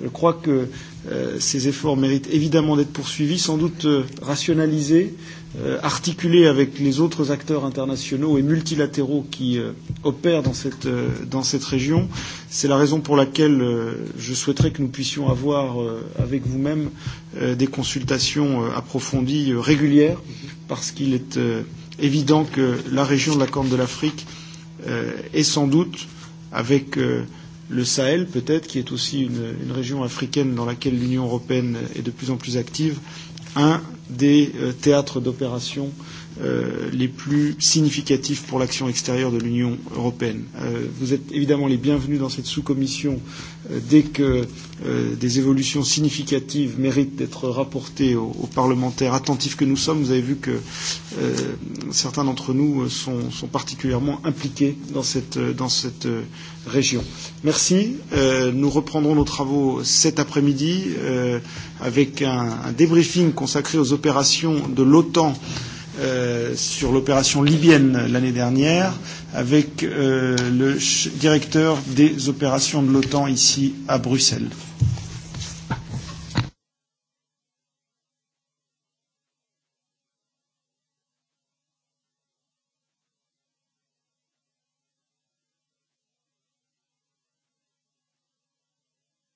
Je crois que Euh, ces efforts méritent évidemment d'être poursuivis, sans doute euh, rationalisés, euh, articulés avec les autres acteurs internationaux et multilatéraux qui opèrent dans cette, dans cette région. C'est la raison pour laquelle je souhaiterais que nous puissions avoir avec vous-même des consultations approfondies régulières, parce qu'il est évident que la région de la Corne de l'Afrique est sans doute, avec le Sahel peut-être, qui est aussi une, une région africaine dans laquelle l'Union européenne est de plus en plus active, un des euh, théâtres d'opération Euh, les plus significatifs pour l'action extérieure de l'Union européenne. Euh, vous êtes évidemment les bienvenus dans cette sous-commission euh, dès que euh, des évolutions significatives méritent d'être rapportées aux, aux parlementaires attentifs que nous sommes. Vous avez vu que euh, certains d'entre nous sont, sont particulièrement impliqués dans cette, dans cette région. Merci. Euh, nous reprendrons nos travaux cet après-midi euh, avec un, un débriefing consacré aux opérations de l'OTAN. Euh, sur l'opération libyenne l'année dernière avec euh, le directeur des opérations de l'OTAN ici à Bruxelles.